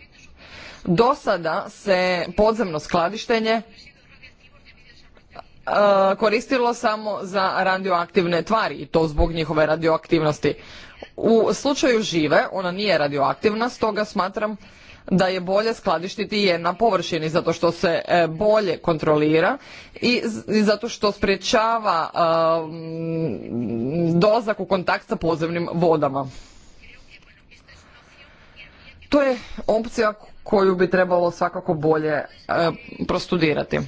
Do sada se podzemno skladištenje e, koristilo samo za radioaktivne tvari i to zbog njihove radioaktivnosti. U slučaju žive, ona nije radioaktivna, stoga smatram da je bolje skladištiti je na površini zato što se e, bolje kontrolira i zato što sprječava e, dozak u kontakt sa podzemnim vodama. To je opcija koju bi trebalo svakako bolje e, prostudirati.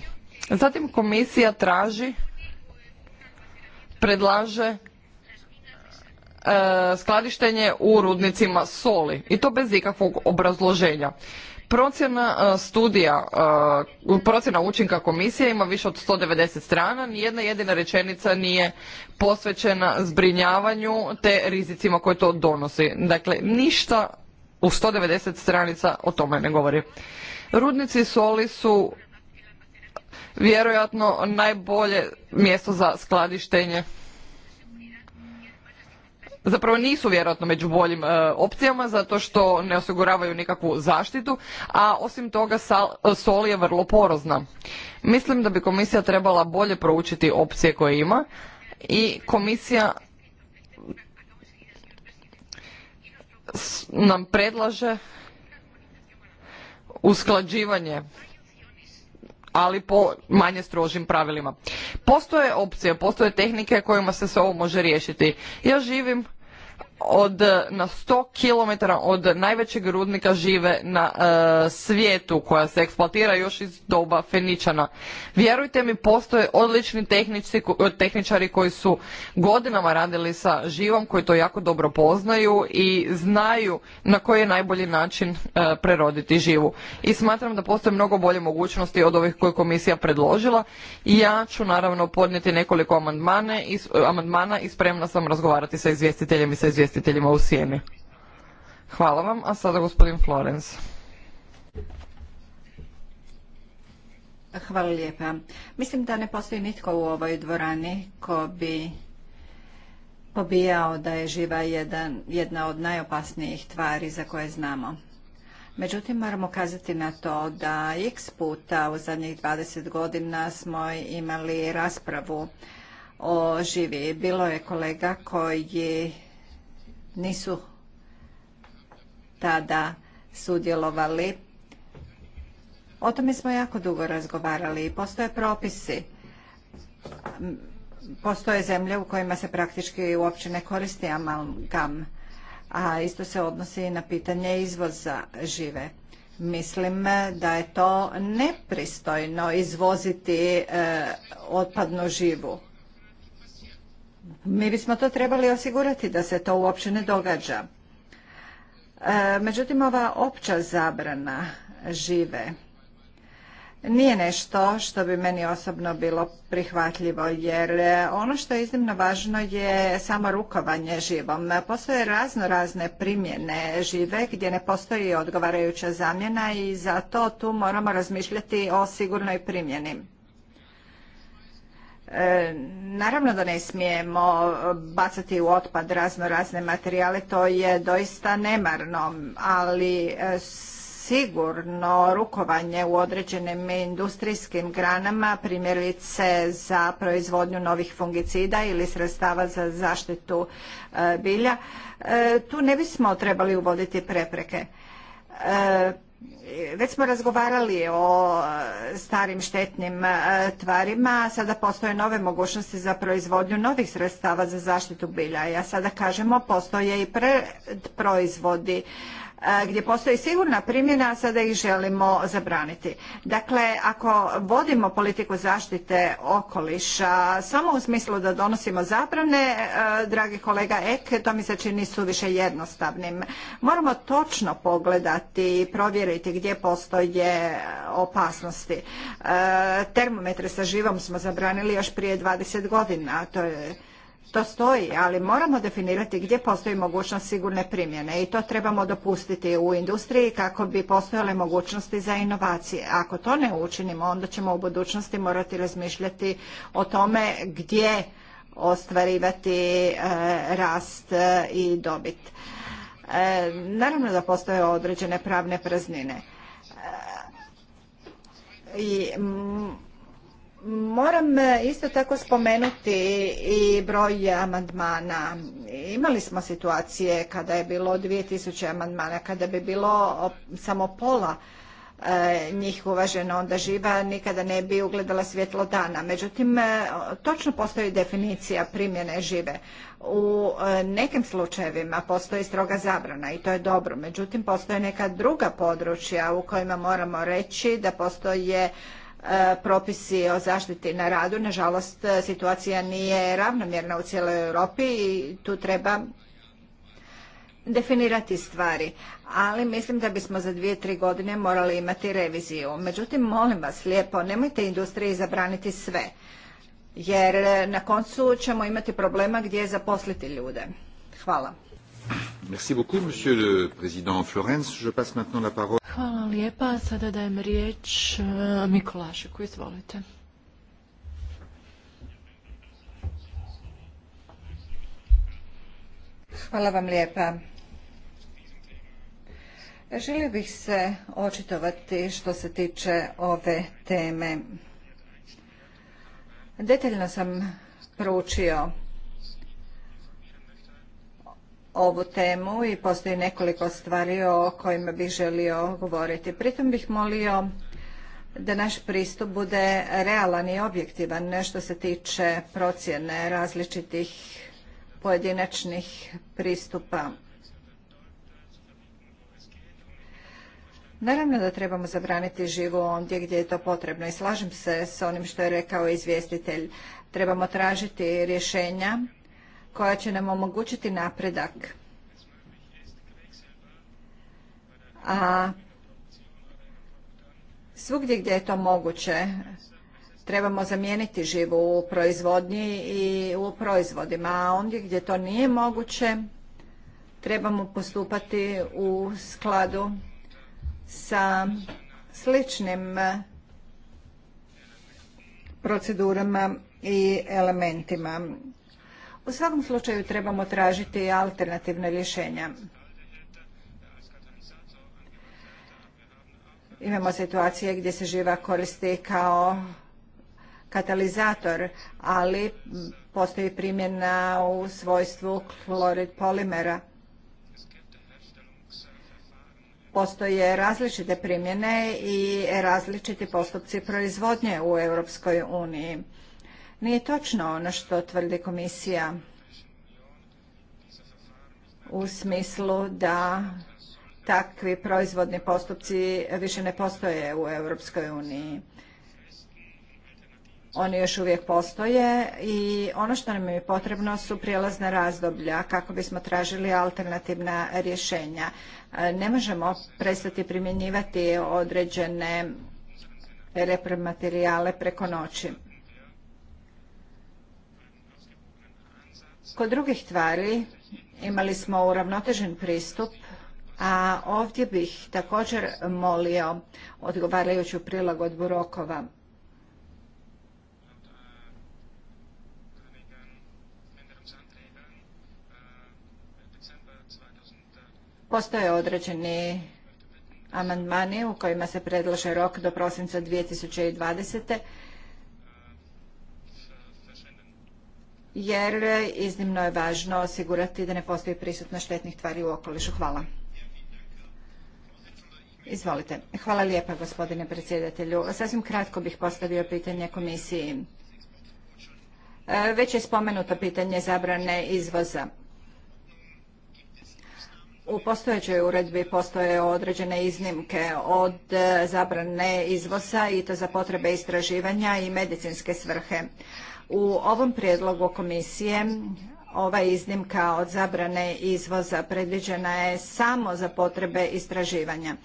Zatim komisija traži, predlaže E, skladištenje u rudnicima soli i to bez ikakvog obrazloženja. Procjena e, studija, e, procjena učinka komisije ima više od 190 strana, nijedna jedina rečenica nije posvećena zbrinjavanju te rizicima koje to donosi. Dakle, ništa u 190 stranica o tome ne govori. Rudnici soli su vjerojatno najbolje mjesto za skladištenje zapravo nisu vjerojatno među boljim e, opcijama zato što ne osiguravaju nikakvu zaštitu, a osim toga sal, sol je vrlo porozna. Mislim da bi komisija trebala bolje proučiti opcije koje ima i komisija nam predlaže usklađivanje ali po manje strožim pravilima. Postoje opcije, postoje tehnike kojima se sve ovo može riješiti. Ja živim od na 100 km od najvećeg rudnika žive na e, svijetu koja se eksploatira još iz doba Feničana. Vjerujte mi, postoje odlični tehnici, e, tehničari koji su godinama radili sa živom, koji to jako dobro poznaju i znaju na koji je najbolji način e, preroditi živu. I smatram da postoje mnogo bolje mogućnosti od ovih koje komisija predložila. Ja ću naravno podnijeti nekoliko amandmana i, amandmana i spremna sam razgovarati sa izvjestiteljem i sa izvjestiteljem izvjestiteljima u sjeni. Hvala vam, a sada gospodin Florens. Hvala lijepa. Mislim da ne postoji nitko u ovoj dvorani ko bi pobijao da je živa jedna od najopasnijih tvari za koje znamo. Međutim, moramo kazati na to da x puta u zadnjih 20 godina smo imali raspravu o živi. Bilo je kolega koji nisu tada sudjelovali. O tome smo jako dugo razgovarali i postoje propisi. Postoje zemlje u kojima se praktički uopće ne koristi amalgam, a isto se odnosi i na pitanje izvoza žive. Mislim da je to nepristojno izvoziti e, otpadnu živu. Mi bismo to trebali osigurati da se to uopće ne događa. E, međutim, ova opća zabrana žive nije nešto što bi meni osobno bilo prihvatljivo, jer ono što je iznimno važno je samo rukovanje živom. Postoje razno razne primjene žive gdje ne postoji odgovarajuća zamjena i zato tu moramo razmišljati o sigurnoj primjeni. E, naravno da ne smijemo bacati u otpad razno razne materijale, to je doista nemarno, ali e, sigurno rukovanje u određenim industrijskim granama, primjerice za proizvodnju novih fungicida ili sredstava za zaštitu e, bilja, tu ne bismo trebali uvoditi prepreke već smo razgovarali o e, starim štetnim e, tvarima, sada postoje nove mogućnosti za proizvodnju novih sredstava za zaštitu bilja. Ja sada kažemo, postoje i predproizvodi gdje postoji sigurna primjena, a sada ih želimo zabraniti. Dakle, ako vodimo politiku zaštite okoliša samo u smislu da donosimo zabrane, dragi kolega Ek, to mi se čini suviše jednostavnim. Moramo točno pogledati i provjeriti gdje postoje opasnosti. Termometre sa živom smo zabranili još prije 20 godina, to je to stoji, ali moramo definirati gdje postoji mogućnost sigurne primjene i to trebamo dopustiti u industriji kako bi postojale mogućnosti za inovacije. Ako to ne učinimo, onda ćemo u budućnosti morati razmišljati o tome gdje ostvarivati e, rast e, i dobit. E, naravno da postoje određene pravne praznine. I Moram e, isto tako spomenuti i broj amandmana. Imali smo situacije kada je bilo 2000 amandmana, kada bi bilo samo pola e, njih uvaženo, onda živa nikada ne bi ugledala svjetlo dana. Međutim, e, točno postoji definicija primjene žive. U nekim slučajevima postoji stroga zabrana i to je dobro. Međutim, postoje neka druga područja u kojima moramo reći da postoje E, propisi o zaštiti na radu. Nažalost, situacija nije ravnomjerna u cijeloj Europi i tu treba definirati stvari, ali mislim da bismo za dvije, tri godine morali imati reviziju. Međutim, molim vas lijepo, nemojte industriji zabraniti sve, jer na koncu ćemo imati problema gdje zaposliti ljude. Hvala. Merci beaucoup, monsieur le président Florence. Je passe maintenant la parole. Hvala lijepa. Sada dajem riječ eh, Mikolašiku. Izvolite. Hvala vam lijepa. Želio bih se očitovati što se tiče ove teme. Detaljno sam proučio ovu temu i postoji nekoliko stvari o kojima bih želio govoriti. Pritom bih molio da naš pristup bude realan i objektivan nešto se tiče procjene različitih pojedinačnih pristupa. Naravno da trebamo zabraniti živu ondje gdje je to potrebno i slažem se s onim što je rekao izvjestitelj. Trebamo tražiti rješenja koja će nam omogućiti napredak. A svugdje gdje je to moguće, trebamo zamijeniti živu u proizvodnji i u proizvodima, a ondje gdje to nije moguće, trebamo postupati u skladu sa sličnim procedurama i elementima. U svakom slučaju trebamo tražiti alternativne rješenja. Imamo situacije gdje se živa koristi kao katalizator, ali postoji primjena u svojstvu klorid polimera. Postoje različite primjene i različiti postupci proizvodnje u Europskoj uniji. Nije točno ono što tvrdi komisija u smislu da takvi proizvodni postupci više ne postoje u Europskoj uniji. Oni još uvijek postoje i ono što nam je potrebno su prijelazna razdoblja kako bismo tražili alternativna rješenja. Ne možemo prestati primjenjivati određene repromaterijale preko noći. Kod drugih tvari imali smo uravnotežen pristup, a ovdje bih također molio odgovarajuću prilagodbu rokova. Postoje određeni amandmani u kojima se predlaže rok do prosinca 2020. jer iznimno je važno osigurati da ne postoji prisutna štetnih tvari u okolišu. Hvala. Izvolite. Hvala lijepa gospodine predsjedatelju. Sasvim kratko bih postavio pitanje komisiji. E, već je spomenuto pitanje zabrane izvoza. U postojećoj uredbi postoje određene iznimke od e, zabrane izvoza i to za potrebe istraživanja i medicinske svrhe. U ovom prijedlogu komisije ova iznimka od zabrane izvoza predviđena je samo za potrebe istraživanja.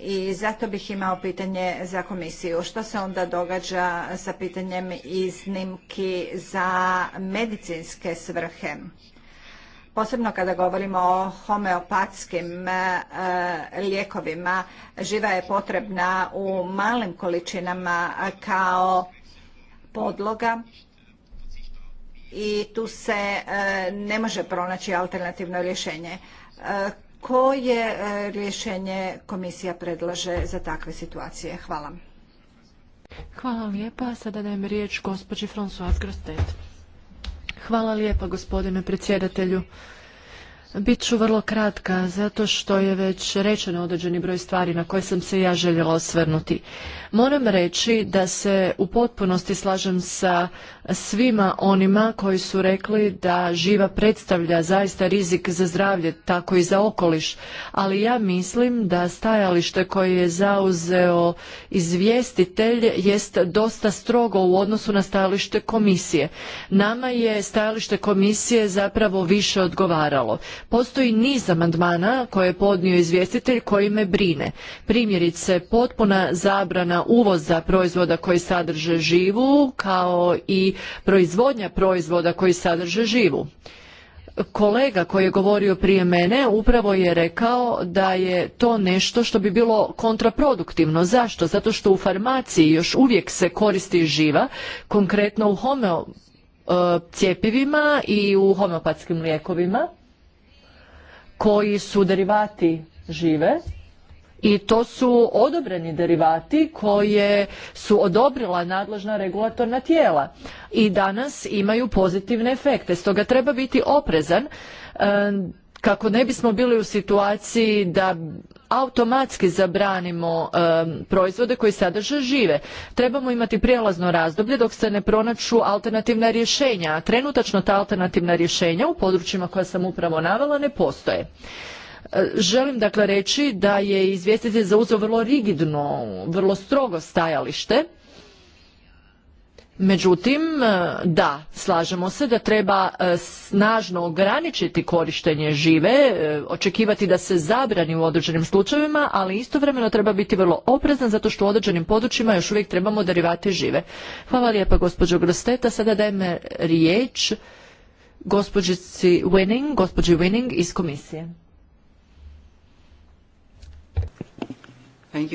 I zato bih imao pitanje za komisiju. Što se onda događa sa pitanjem iznimki za medicinske svrhe? Posebno kada govorimo o homeopatskim e, lijekovima, živa je potrebna u malim količinama kao podloga i tu se e, ne može pronaći alternativno rješenje. E, koje e, rješenje komisija predlaže za takve situacije? Hvala. Hvala lijepa. Sada dajem riječ gospođi Françoise Grostet. Hvala lijepa gospodine predsjedatelju. Bit ću vrlo kratka, zato što je već rečeno određeni broj stvari na koje sam se ja željela osvrnuti. Moram reći da se u potpunosti slažem sa svima onima koji su rekli da živa predstavlja zaista rizik za zdravlje, tako i za okoliš, ali ja mislim da stajalište koje je zauzeo izvjestitelj jest dosta strogo u odnosu na stajalište komisije. Nama je stajalište komisije zapravo više odgovaralo Postoji niz amandmana koje je podnio izvjestitelj koji me brine. Primjerice, potpuna zabrana uvoza proizvoda koji sadrže živu, kao i proizvodnja proizvoda koji sadrže živu kolega koji je govorio prije mene upravo je rekao da je to nešto što bi bilo kontraproduktivno. Zašto? Zato što u farmaciji još uvijek se koristi živa, konkretno u homeo e, i u homeopatskim lijekovima koji su derivati žive i to su odobreni derivati koje su odobrila nadležna regulatorna tijela i danas imaju pozitivne efekte. Stoga treba biti oprezan e, kako ne bismo bili u situaciji da automatski zabranimo proizvode koji sadrže žive. Trebamo imati prijelazno razdoblje dok se ne pronađu alternativna rješenja, a trenutačno ta alternativna rješenja u područjima koja sam upravo navela ne postoje. E, želim dakle reći da je izvjestitelj zauzeo vrlo rigidno, vrlo strogo stajalište Međutim, e, da, slažemo se da treba e, snažno ograničiti korištenje žive, e, očekivati da se zabrani u određenim slučajevima, ali istovremeno treba biti vrlo oprezan zato što u određenim područjima još uvijek trebamo darivati žive. Hvala lijepa gospođo Grosteta, sada dajem riječ gospođici Winning, gospođi Winning iz komisije. Thank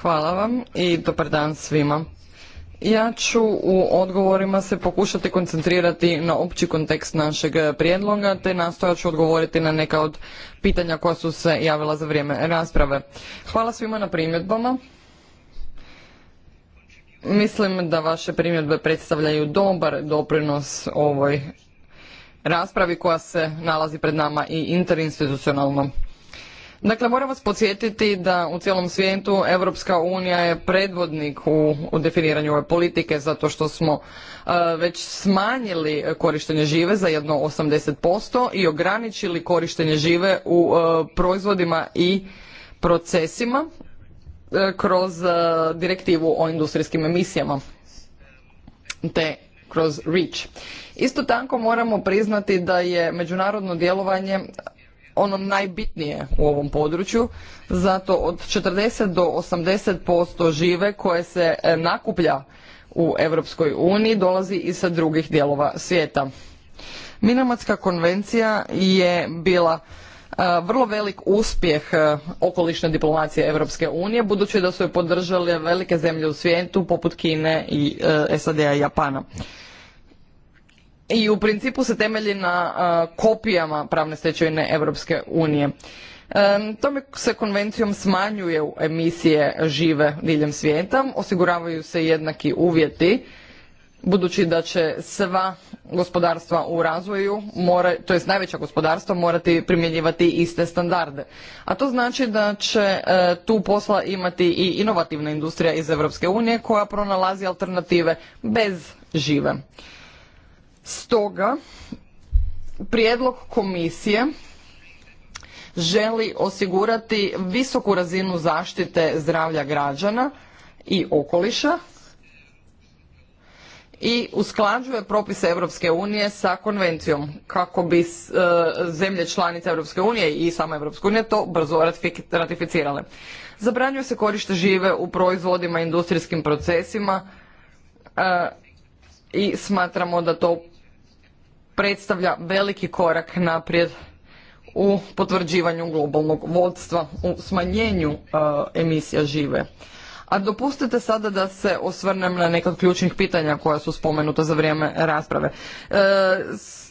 Hvala vam i dobar dan svima. Ja ću u odgovorima se pokušati koncentrirati na opći kontekst našeg prijedloga, te nastojat ću odgovoriti na neka od pitanja koja su se javila za vrijeme rasprave. Hvala svima na primjedbama. Mislim da vaše primjedbe predstavljaju dobar doprinos ovoj raspravi koja se nalazi pred nama i interinstitucionalno. Dakle, moram vas podsjetiti da u cijelom svijetu Europska unija je predvodnik u, definiranju ove politike zato što smo e, već smanjili korištenje žive za jedno 80% i ograničili korištenje žive u e, proizvodima i procesima e, kroz direktivu o industrijskim emisijama te kroz REACH. Isto tako moramo priznati da je međunarodno djelovanje ono najbitnije u ovom području, zato od 40 do 80% žive koje se e, nakuplja u Europskoj uniji dolazi i sa drugih dijelova svijeta. Minamatska konvencija je bila e, vrlo velik uspjeh e, okolišne diplomacije Europske unije, budući da su je podržale velike zemlje u svijetu poput Kine i SAD-a i Japana i u principu se temelji na kopijama pravne stečevine Europske unije. Tome se konvencijom smanjuje emisije žive diljem svijeta, osiguravaju se jednaki uvjeti budući da će sva gospodarstva u razvoju, mora, to jest najveća gospodarstva, morati primjenjivati iste standarde. A to znači da će e, tu posla imati i inovativna industrija iz Europske unije koja pronalazi alternative bez žive. Stoga, prijedlog komisije želi osigurati visoku razinu zaštite zdravlja građana i okoliša i usklađuje propise Europske unije sa konvencijom kako bi e, zemlje članice Europske unije i sama Europska unija to brzo ratificirale. Zabranjuje se korište žive u proizvodima, industrijskim procesima e, i smatramo da to predstavlja veliki korak naprijed u potvrđivanju globalnog vodstva, u smanjenju e, emisija žive. A dopustite sada da se osvrnem na neka od ključnih pitanja koja su spomenuta za vrijeme rasprave. E,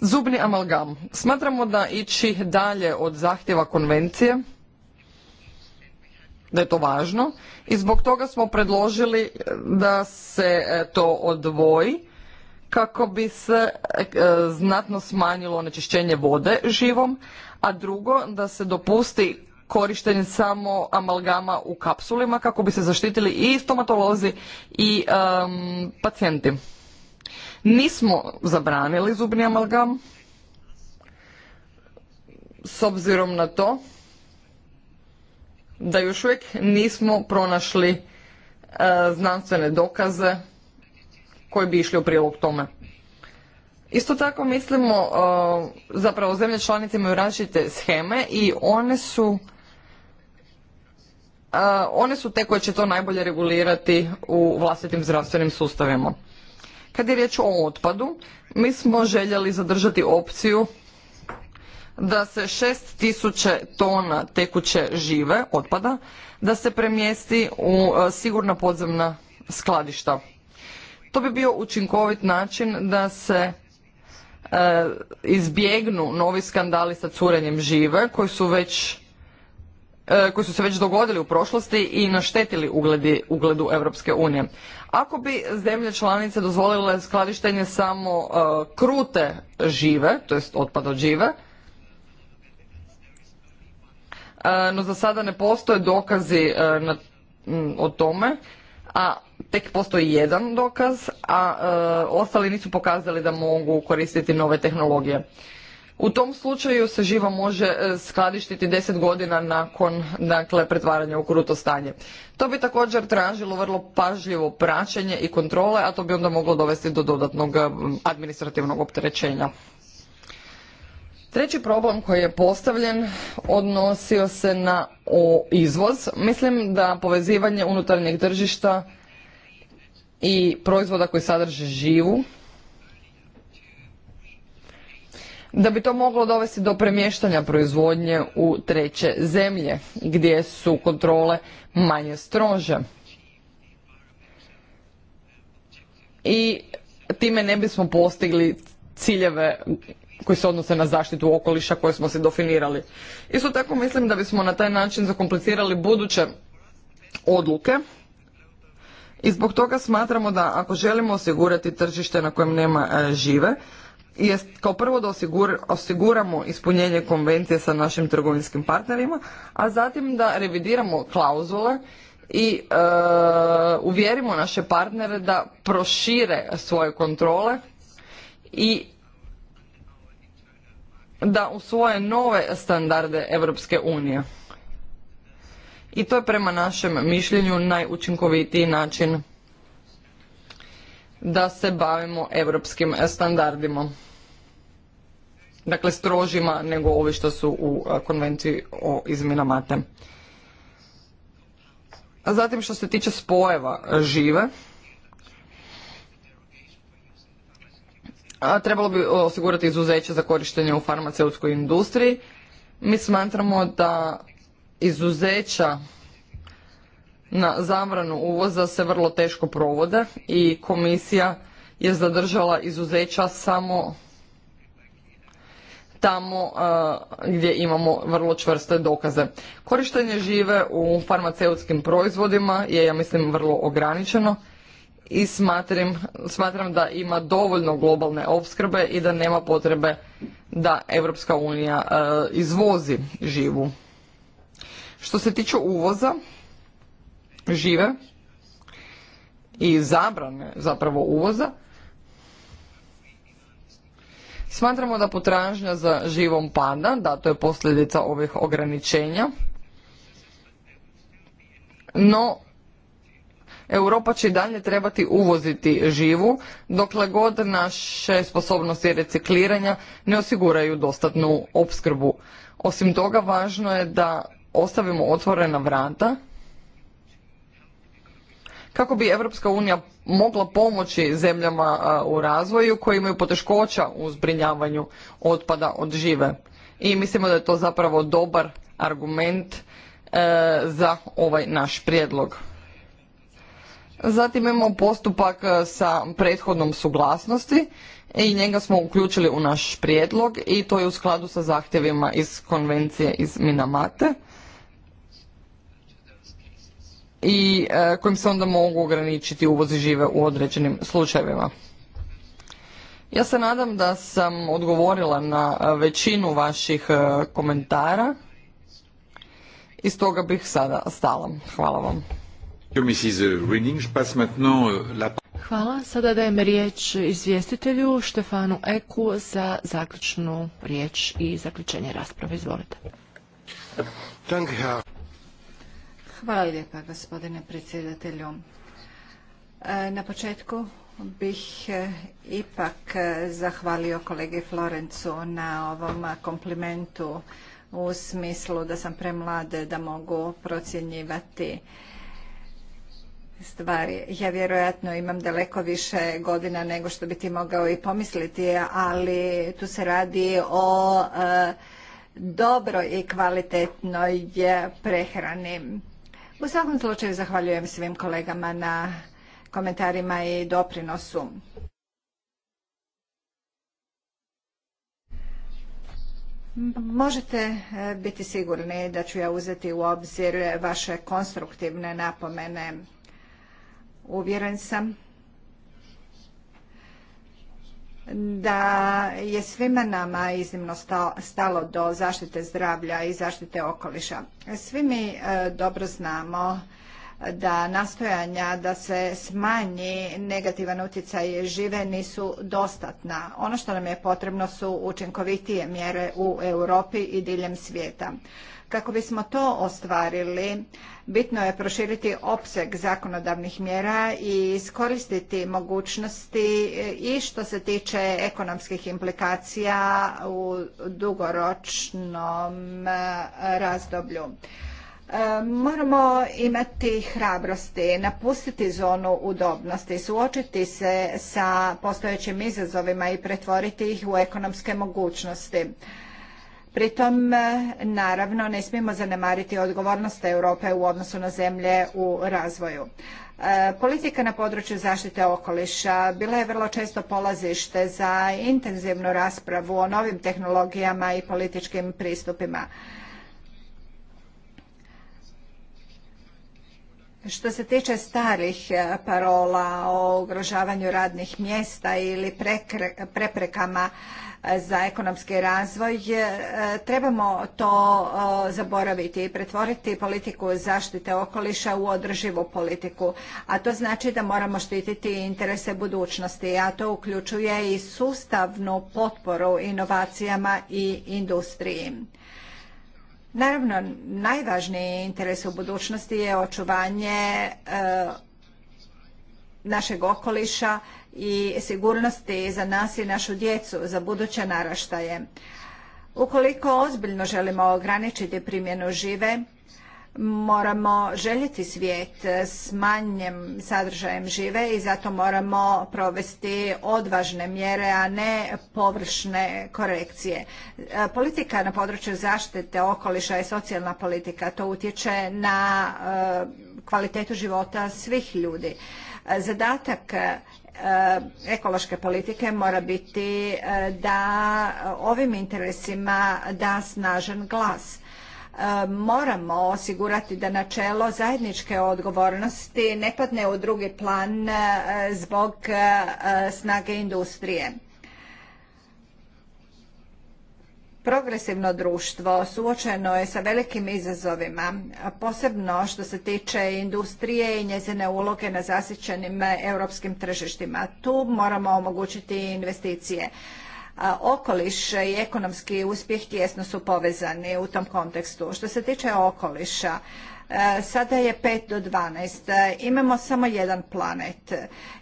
zubni amalgam. Smatramo da ići dalje od zahtjeva konvencije, da je to važno i zbog toga smo predložili da se e, to odvoji kako bi se e, znatno smanjilo onečišćenje vode živom, a drugo da se dopusti korištenje samo amalgama u kapsulima kako bi se zaštitili i stomatolozi i pacijenti. Nismo zabranili zubni amalgam s obzirom na to da još uvijek nismo pronašli e, znanstvene dokaze koji bi išli u prilog tome. Isto tako mislimo, e, zapravo zemlje članice imaju različite scheme i one su e, one su te koje će to najbolje regulirati u vlastitim zdravstvenim sustavima. Kad je riječ o otpadu, mi smo željeli zadržati opciju da se 6000 tona tekuće žive otpada da se premjesti u e, sigurna podzemna skladišta. To bi bio učinkovit način da se e, izbjegnu novi skandali sa curenjem žive koji su već e, koji su se već dogodili u prošlosti i naštetili ugledi, ugledu Europske unije. Ako bi zemlje članice dozvolile skladištenje samo e, krute žive, to jest otpad od žive, no za sada ne postoje dokazi na, o tome a tek postoji jedan dokaz, a e, ostali nisu pokazali da mogu koristiti nove tehnologije. U tom slučaju se živa može e, skladištiti 10 godina nakon dakle, pretvaranja u kruto stanje. To bi također tražilo vrlo pažljivo praćenje i kontrole, a to bi onda moglo dovesti do dodatnog administrativnog opterećenja. Treći problem koji je postavljen odnosio se na o izvoz. Mislim da povezivanje unutarnjeg tržišta i proizvoda koji sadrže živu, da bi to moglo dovesti do premještanja proizvodnje u treće zemlje gdje su kontrole manje strože. I time ne bismo postigli ciljeve koji se odnose na zaštitu okoliša koje smo se definirali. Isto tako mislim da bismo na taj način zakomplicirali buduće odluke i zbog toga smatramo da ako želimo osigurati tržište na kojem nema e, žive, kao prvo da osiguramo ispunjenje konvencije sa našim trgovinskim partnerima, a zatim da revidiramo klauzule i e, uvjerimo naše partnere da prošire svoje kontrole i da usvoje nove standarde Europske unije. I to je prema našem mišljenju najučinkovitiji način da se bavimo europskim standardima. Dakle, strožima nego ovi što su u konvenciji o izminamate. Zatim što se tiče spojeva žive, trebalo bi osigurati izuzeće za korištenje u farmaceutskoj industriji. Mi smatramo da izuzeća na zabranu uvoza se vrlo teško provode i komisija je zadržala izuzeća samo tamo gdje imamo vrlo čvrste dokaze. Korištenje žive u farmaceutskim proizvodima je, ja mislim, vrlo ograničeno i smatram, da ima dovoljno globalne opskrbe i da nema potrebe da Europska unija e, izvozi živu. Što se tiče uvoza žive i zabrane zapravo uvoza, Smatramo da potražnja za živom pada, da to je posljedica ovih ograničenja, no Europa će i dalje trebati uvoziti živu, dokle god naše sposobnosti recikliranja ne osiguraju dostatnu opskrbu. Osim toga, važno je da ostavimo otvorena vrata kako bi Europska unija mogla pomoći zemljama u razvoju koje imaju poteškoća u zbrinjavanju otpada od žive. I mislimo da je to zapravo dobar argument e, za ovaj naš prijedlog. Zatim imamo postupak e, sa prethodnom suglasnosti i njega smo uključili u naš prijedlog i to je u skladu sa zahtjevima iz konvencije iz Minamate i e, kojim se onda mogu ograničiti uvozi žive u određenim slučajevima. Ja se nadam da sam odgovorila na većinu vaših e, komentara i stoga bih sada stala. Hvala vam. Euh, Hvala. Sada dajem riječ izvjestitelju Štefanu Eku za zaključnu riječ i zaključenje rasprave. Izvolite. Hvala lijepa gospodine predsjedatelju. E, na početku bih e, ipak e, zahvalio kolegi Florencu na ovom komplimentu u smislu da sam premlade da mogu procjenjivati stvari. Ja vjerojatno imam daleko više godina nego što bi ti mogao i pomisliti, ali tu se radi o e, dobroj i kvalitetnoj prehrani. U svakom slučaju zahvaljujem svim kolegama na komentarima i doprinosu. Možete e, biti sigurni da ću ja uzeti u obzir vaše konstruktivne napomene uvjeren sam da je svima nama iznimno stalo do zaštite zdravlja i zaštite okoliša. Svi mi e, dobro znamo da nastojanja da se smanji negativan utjecaj žive nisu dostatna. Ono što nam je potrebno su učinkovitije mjere u Europi i diljem svijeta. Kako bismo to ostvarili, Bitno je proširiti opseg zakonodavnih mjera i iskoristiti mogućnosti i što se tiče ekonomskih implikacija u dugoročnom e, razdoblju. E, moramo imati hrabrosti, napustiti zonu udobnosti, suočiti se sa postojećim izazovima i pretvoriti ih u ekonomske mogućnosti. Pritom, e, naravno, ne smijemo zanemariti odgovornost Europe u odnosu na zemlje u razvoju. E, politika na području zaštite okoliša bila je vrlo često polazište za intenzivnu raspravu o novim tehnologijama i političkim pristupima. Što se tiče starih e, parola o ugrožavanju radnih mjesta ili preprekama za ekonomski razvoj, e, trebamo to e, zaboraviti i pretvoriti politiku zaštite okoliša u održivu politiku. A to znači da moramo štititi interese budućnosti, a to uključuje i sustavnu potporu inovacijama i industriji. Naravno, najvažniji interes u budućnosti je očuvanje e, našeg okoliša i sigurnosti za nas i našu djecu, za buduće naraštaje. Ukoliko ozbiljno želimo ograničiti primjenu žive, moramo željeti svijet s manjim sadržajem žive i zato moramo provesti odvažne mjere, a ne površne korekcije. E, politika na području zaštite okoliša je socijalna politika. To utječe na e, kvalitetu života svih ljudi. E, zadatak Eh, ekološke politike mora biti eh, da ovim interesima da snažan glas eh, moramo osigurati da načelo zajedničke odgovornosti ne padne u drugi plan zbog snage industrije. Progresivno društvo suočeno je sa velikim izazovima, posebno što se tiče industrije i njezine uloge na zasićenim europskim tržištima. Tu moramo omogućiti investicije. Okoliš i ekonomski uspjeh tjesno su povezani u tom kontekstu. Što se tiče okoliša, E, sada je 5 do 12. E, imamo samo jedan planet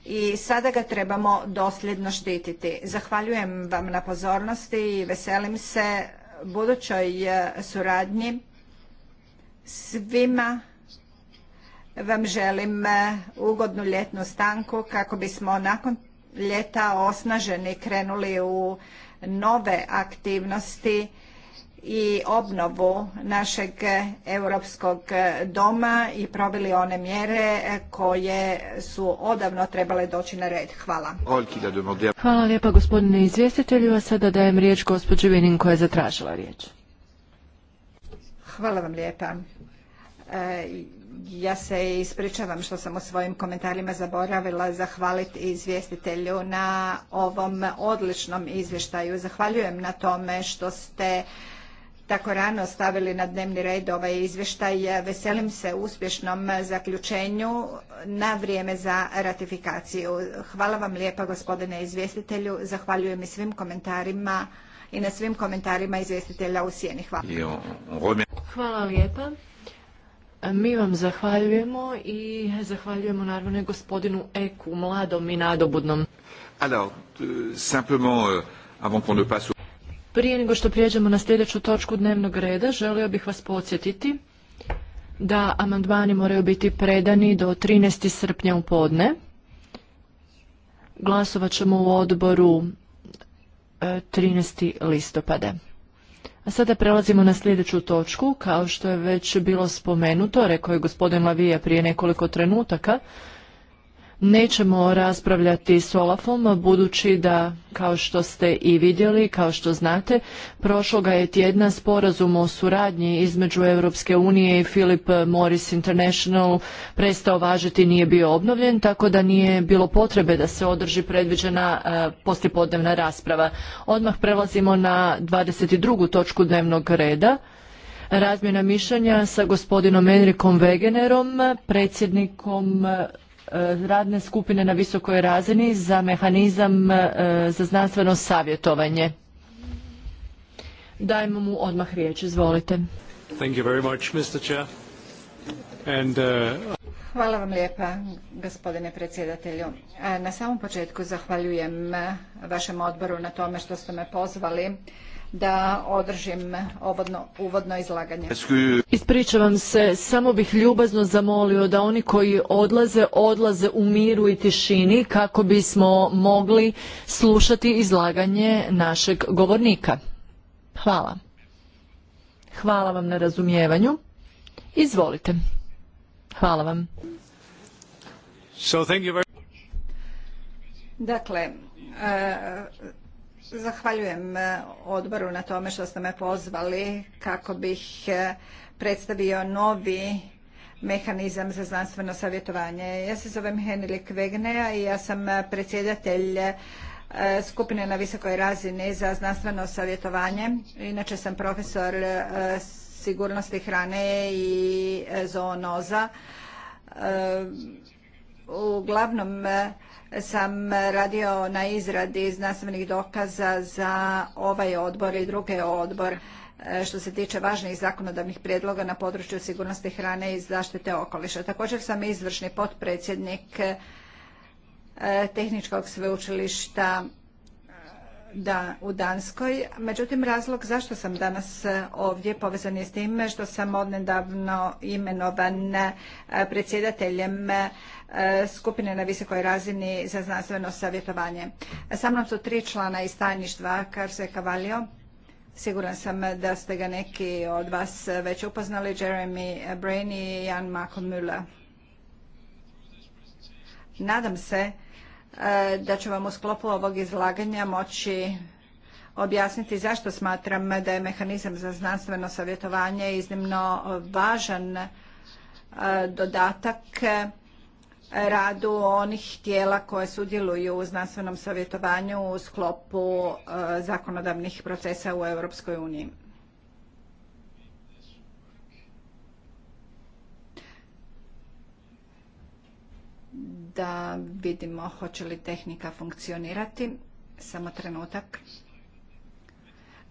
i sada ga trebamo dosljedno štititi. Zahvaljujem vam na pozornosti i veselim se budućoj e, suradnji svima vam želim ugodnu ljetnu stanku kako bismo nakon ljeta osnaženi krenuli u nove aktivnosti i obnovu našeg europskog doma i proveli one mjere koje su odavno trebale doći na red. Hvala. Hvala lijepa gospodine izvjestitelju, a sada dajem riječ gospođi Vinin koja je zatražila riječ. Hvala vam lijepa. E, ja se ispričavam što sam u svojim komentarima zaboravila zahvaliti izvjestitelju na ovom odličnom izvještaju. Zahvaljujem na tome što ste tako rano stavili na dnevni red ovaj izvještaj. Veselim se uspješnom zaključenju na vrijeme za ratifikaciju. Hvala vam lijepa gospodine izvjestitelju. Zahvaljujem i svim komentarima i na svim komentarima izvjestitelja u Sijeni. Hvala. Hvala lijepa. Mi vam zahvaljujemo i zahvaljujemo naravno gospodinu Eku, mladom i nadobudnom. Alors, euh, simplement, euh, avant qu'on ne passe prije nego što prijeđemo na sljedeću točku dnevnog reda, želio bih vas podsjetiti da amandmani moraju biti predani do 13. srpnja u podne. Glasovat ćemo u odboru 13. E, listopade. A sada prelazimo na sljedeću točku. Kao što je već bilo spomenuto, rekao je gospodin Lavija prije nekoliko trenutaka, Nećemo raspravljati s Olafom budući da, kao što ste i vidjeli, kao što znate, prošloga je tjedna sporazum o suradnji između Europske unije i Philip Morris International prestao važiti nije bio obnovljen, tako da nije bilo potrebe da se održi predviđena e, poslijepodnevna rasprava. Odmah prelazimo na 22. točku dnevnog reda razmjena mišljenja sa gospodinom Enrikom Wegenerom, predsjednikom E, radne skupine na visokoj razini za mehanizam e, za znanstveno savjetovanje. Dajmo mu odmah riječ, izvolite. Uh, Hvala vam lijepa, gospodine predsjedatelju. E, na samom početku zahvaljujem vašem odboru na tome što ste me pozvali da održim uvodno izlaganje. Ispričavam se, samo bih ljubazno zamolio da oni koji odlaze, odlaze u miru i tišini kako bismo mogli slušati izlaganje našeg govornika. Hvala. Hvala vam na razumijevanju. Izvolite. Hvala vam. Dakle, e, Zahvaljujem e, odboru na tome što ste me pozvali kako bih e, predstavio novi mehanizam za znanstveno savjetovanje. Ja se zovem Henrik Wegner i ja sam predsjedatelj e, skupine na visokoj razini za znanstveno savjetovanje. Inače sam profesor sigurnosti hrane i zoonoza. Uglavnom sam radio na izradi znanstvenih dokaza za ovaj odbor i druge odbor e, što se tiče važnih zakonodavnih prijedloga na području sigurnosti hrane i zaštite okoliša. Također sam izvršni potpredsjednik e, Tehničkog sveučilišta da, u Danskoj. Međutim, razlog zašto sam danas e, ovdje povezan je s time što sam odnedavno imenovan e, predsjedateljem e, skupine na visokoj razini za znanstveno savjetovanje. Sa mnom su tri člana iz tajništva Karse Kavalio. Siguran sam da ste ga neki od vas već upoznali, Jeremy Brain i Jan Mako Müller. Nadam se E, da ću vam u sklopu ovog izlaganja moći objasniti zašto smatram da je mehanizam za znanstveno savjetovanje iznimno važan e, dodatak e, radu onih tijela koje sudjeluju u znanstvenom savjetovanju u sklopu zakonodavnih procesa u Europskoj uniji. da vidimo hoće li tehnika funkcionirati. Samo trenutak.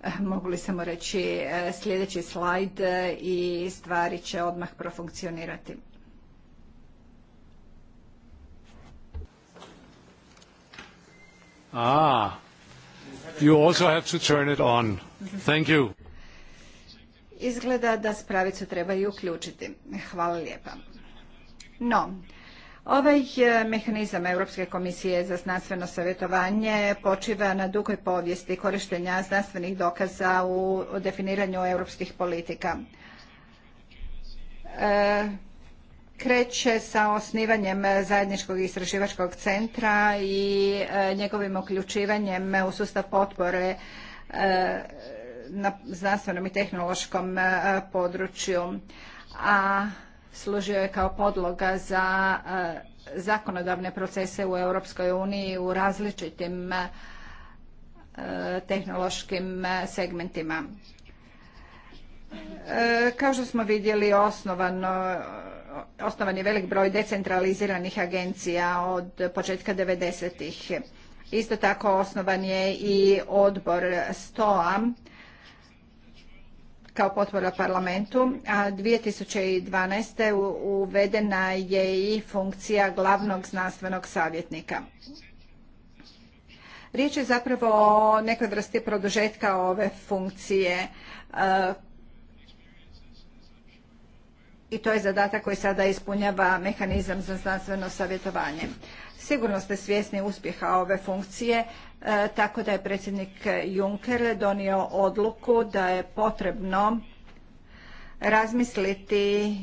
Eh, mogu li samo reći eh, sljedeći slajd eh, i stvari će odmah profunkcionirati. Ah, you also have to turn it on. Thank you. Izgleda da spravicu treba i uključiti. Hvala lijepa. No, Ovaj e, mehanizam Europske komisije za znanstveno savjetovanje počiva na dugoj povijesti korištenja znanstvenih dokaza u definiranju europskih politika. E, kreće sa osnivanjem zajedničkog istraživačkog centra i e, njegovim uključivanjem u sustav potpore na znanstvenom i tehnološkom području. A služio je kao podloga za eh, zakonodavne procese u Europskoj uniji u različitim eh, tehnološkim eh, segmentima. Kao što smo vidjeli, osnovano, osnovan je velik broj decentraliziranih agencija od početka 90-ih. Isto tako osnovan je i odbor STOA kao potpora parlamentu, a 2012. uvedena je i funkcija glavnog znanstvenog savjetnika. Riječ je zapravo o nekoj vrsti produžetka ove funkcije e, i to je zadatak koji sada ispunjava mehanizam za znanstveno savjetovanje. Sigurno ste svjesni uspjeha ove funkcije, e, tako da je predsjednik Juncker donio odluku da je potrebno razmisliti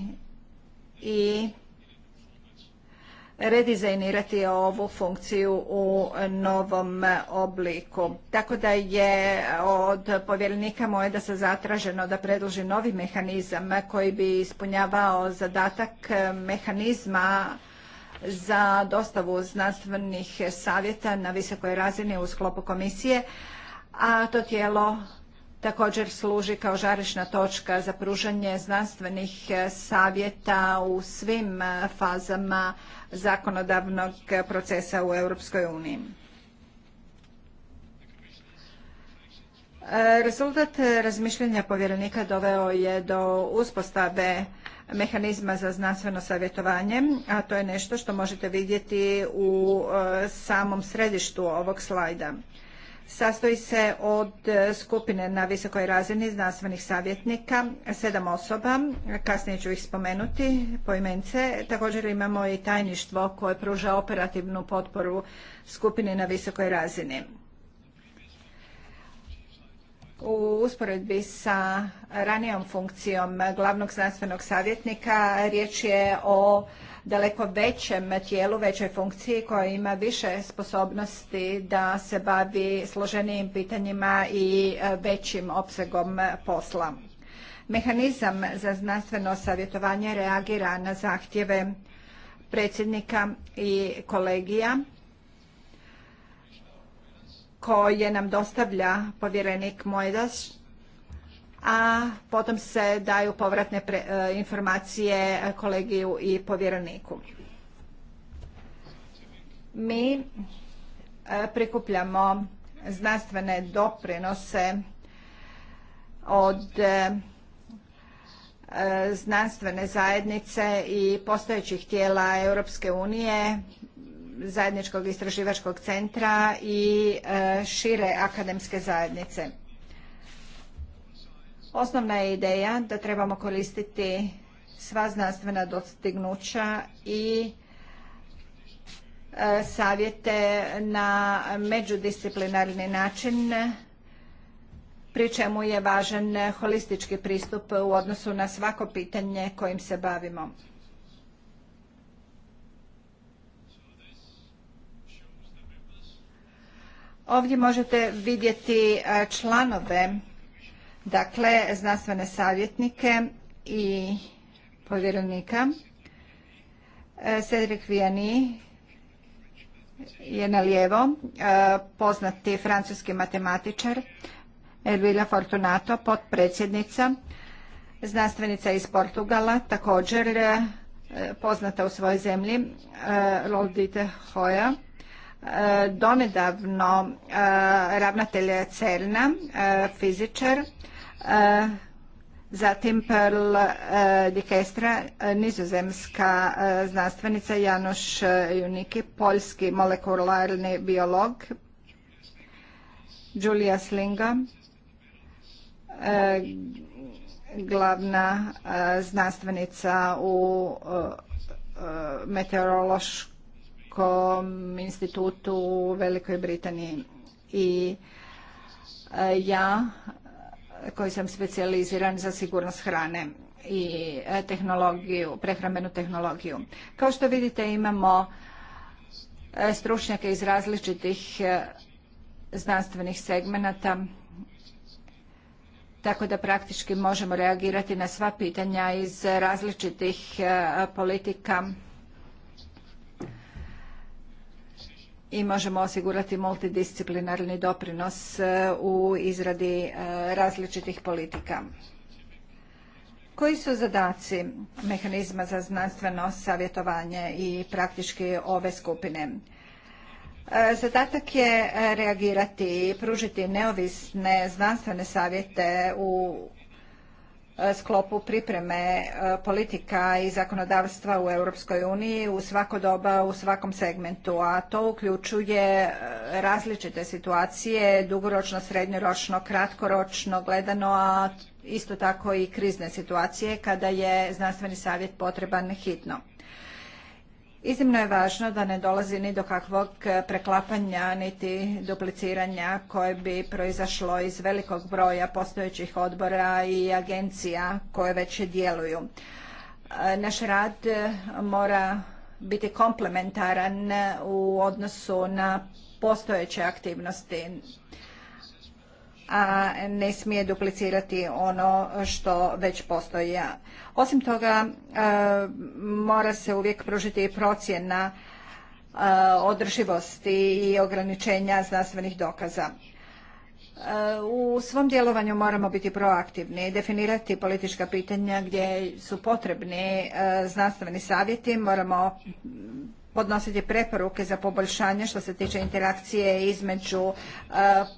i redizajnirati ovu funkciju u novom obliku. Tako da je od povjerenika moje da se zatraženo da predloži novi mehanizam koji bi ispunjavao zadatak mehanizma za dostavu znanstvenih savjeta na visokoj razini u sklopu komisije, a to tijelo također služi kao žarišna točka za pružanje znanstvenih savjeta u svim fazama zakonodavnog procesa u Europskoj uniji. Rezultat razmišljanja povjerenika doveo je do uspostave mehanizma za znanstveno savjetovanje, a to je nešto što možete vidjeti u e, samom središtu ovog slajda. Sastoji se od e, skupine na visokoj razini znanstvenih savjetnika, sedam osoba, kasnije ću ih spomenuti poimence. Također imamo i tajništvo koje pruža operativnu potporu skupini na visokoj razini. U usporedbi sa ranijom funkcijom glavnog znanstvenog savjetnika riječ je o daleko većem tijelu, većoj funkciji koja ima više sposobnosti da se bavi složenijim pitanjima i e, većim opsegom posla. Mehanizam za znanstveno savjetovanje reagira na zahtjeve predsjednika i kolegija koje nam dostavlja povjerenik Mojdaš, a potom se daju povratne e, informacije kolegiju i povjereniku. Mi e, prikupljamo znanstvene doprinose od e, znanstvene zajednice i postojećih tijela Europske unije zajedničkog istraživačkog centra i e, šire akademske zajednice. Osnovna je ideja da trebamo koristiti sva znanstvena dostignuća i e, savjete na međudisciplinarni način, pri čemu je važan holistički pristup u odnosu na svako pitanje kojim se bavimo. Ovdje možete vidjeti e, članove, dakle, znanstvene savjetnike i povjerovnika. E, Cedric Vianney je na lijevo, e, poznati francuski matematičar, Ervila Fortunato, potpredsjednica, znanstvenica iz Portugala, također poznata u svojoj zemlji, Lodite Hoja, donedavno e, ravnatelj CERNA, e, fizičar, e, zatim Perl Dikestra, nizozemska znanstvenica Janoš Juniki, poljski molekularni biolog, Julia Slinga, glavna znanstvenica u meteorološkom institutu u Velikoj Britaniji. I e, ja koji sam specijaliziran za sigurnost hrane i e, tehnologiju, prehrambenu tehnologiju. Kao što vidite imamo e, stručnjake iz različitih znanstvenih segmenata, tako da praktički možemo reagirati na sva pitanja iz različitih politika i možemo osigurati multidisciplinarni doprinos e, u izradi e, različitih politika. Koji su zadaci mehanizma za znanstveno savjetovanje i praktički ove skupine? E, zadatak je reagirati i pružiti neovisne znanstvene savjete u sklopu pripreme e, politika i zakonodavstva u Europskoj uniji u svako doba, u svakom segmentu, a to uključuje e, različite situacije, dugoročno, srednjoročno, kratkoročno gledano, a isto tako i krizne situacije kada je znanstveni savjet potreban hitno. Iznimno je važno da ne dolazi ni do kakvog eh, preklapanja niti dupliciranja koje bi proizašlo iz velikog broja postojećih odbora i agencija koje već djeluju. Eh, naš rad eh, mora biti komplementaran u odnosu na postojeće aktivnosti a ne smije duplicirati ono što već postoji. Osim toga, e, mora se uvijek pružiti i procjena e, održivosti i ograničenja znanstvenih dokaza. E, u svom djelovanju moramo biti proaktivni, definirati politička pitanja gdje su potrebni znanstveni savjeti, moramo podnositi preporuke za poboljšanje što se tiče interakcije između e,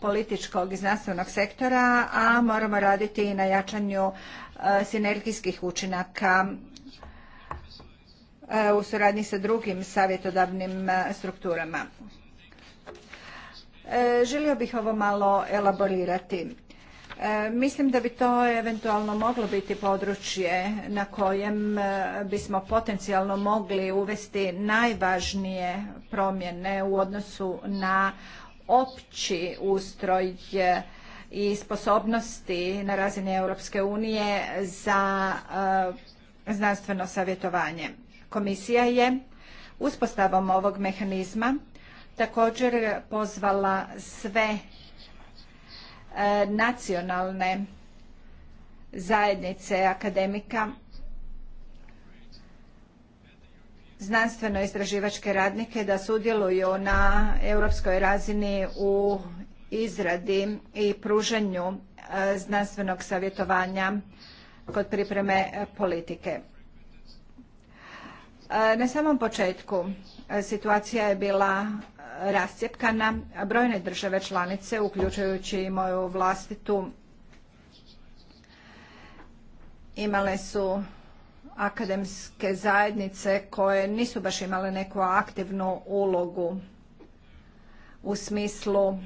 političkog i znanstvenog sektora, a moramo raditi i na jačanju e, sinergijskih učinaka e, u suradnji sa drugim savjetodavnim strukturama. Želio bih ovo malo elaborirati. E, mislim da bi to eventualno moglo biti područje na kojem e, bismo potencijalno mogli uvesti najvažnije promjene u odnosu na opći ustroj e, i sposobnosti na razini Europske unije za znanstveno savjetovanje. Komisija je uspostavom ovog mehanizma također pozvala sve E, nacionalne zajednice akademika znanstveno istraživačke radnike da sudjeluju na europskoj razini u izradi i pružanju e, znanstvenog savjetovanja kod pripreme politike. E, na samom početku situacija je bila rascjepkana Brojne države članice, uključujući i moju vlastitu, imale su akademske zajednice koje nisu baš imale neku aktivnu ulogu u smislu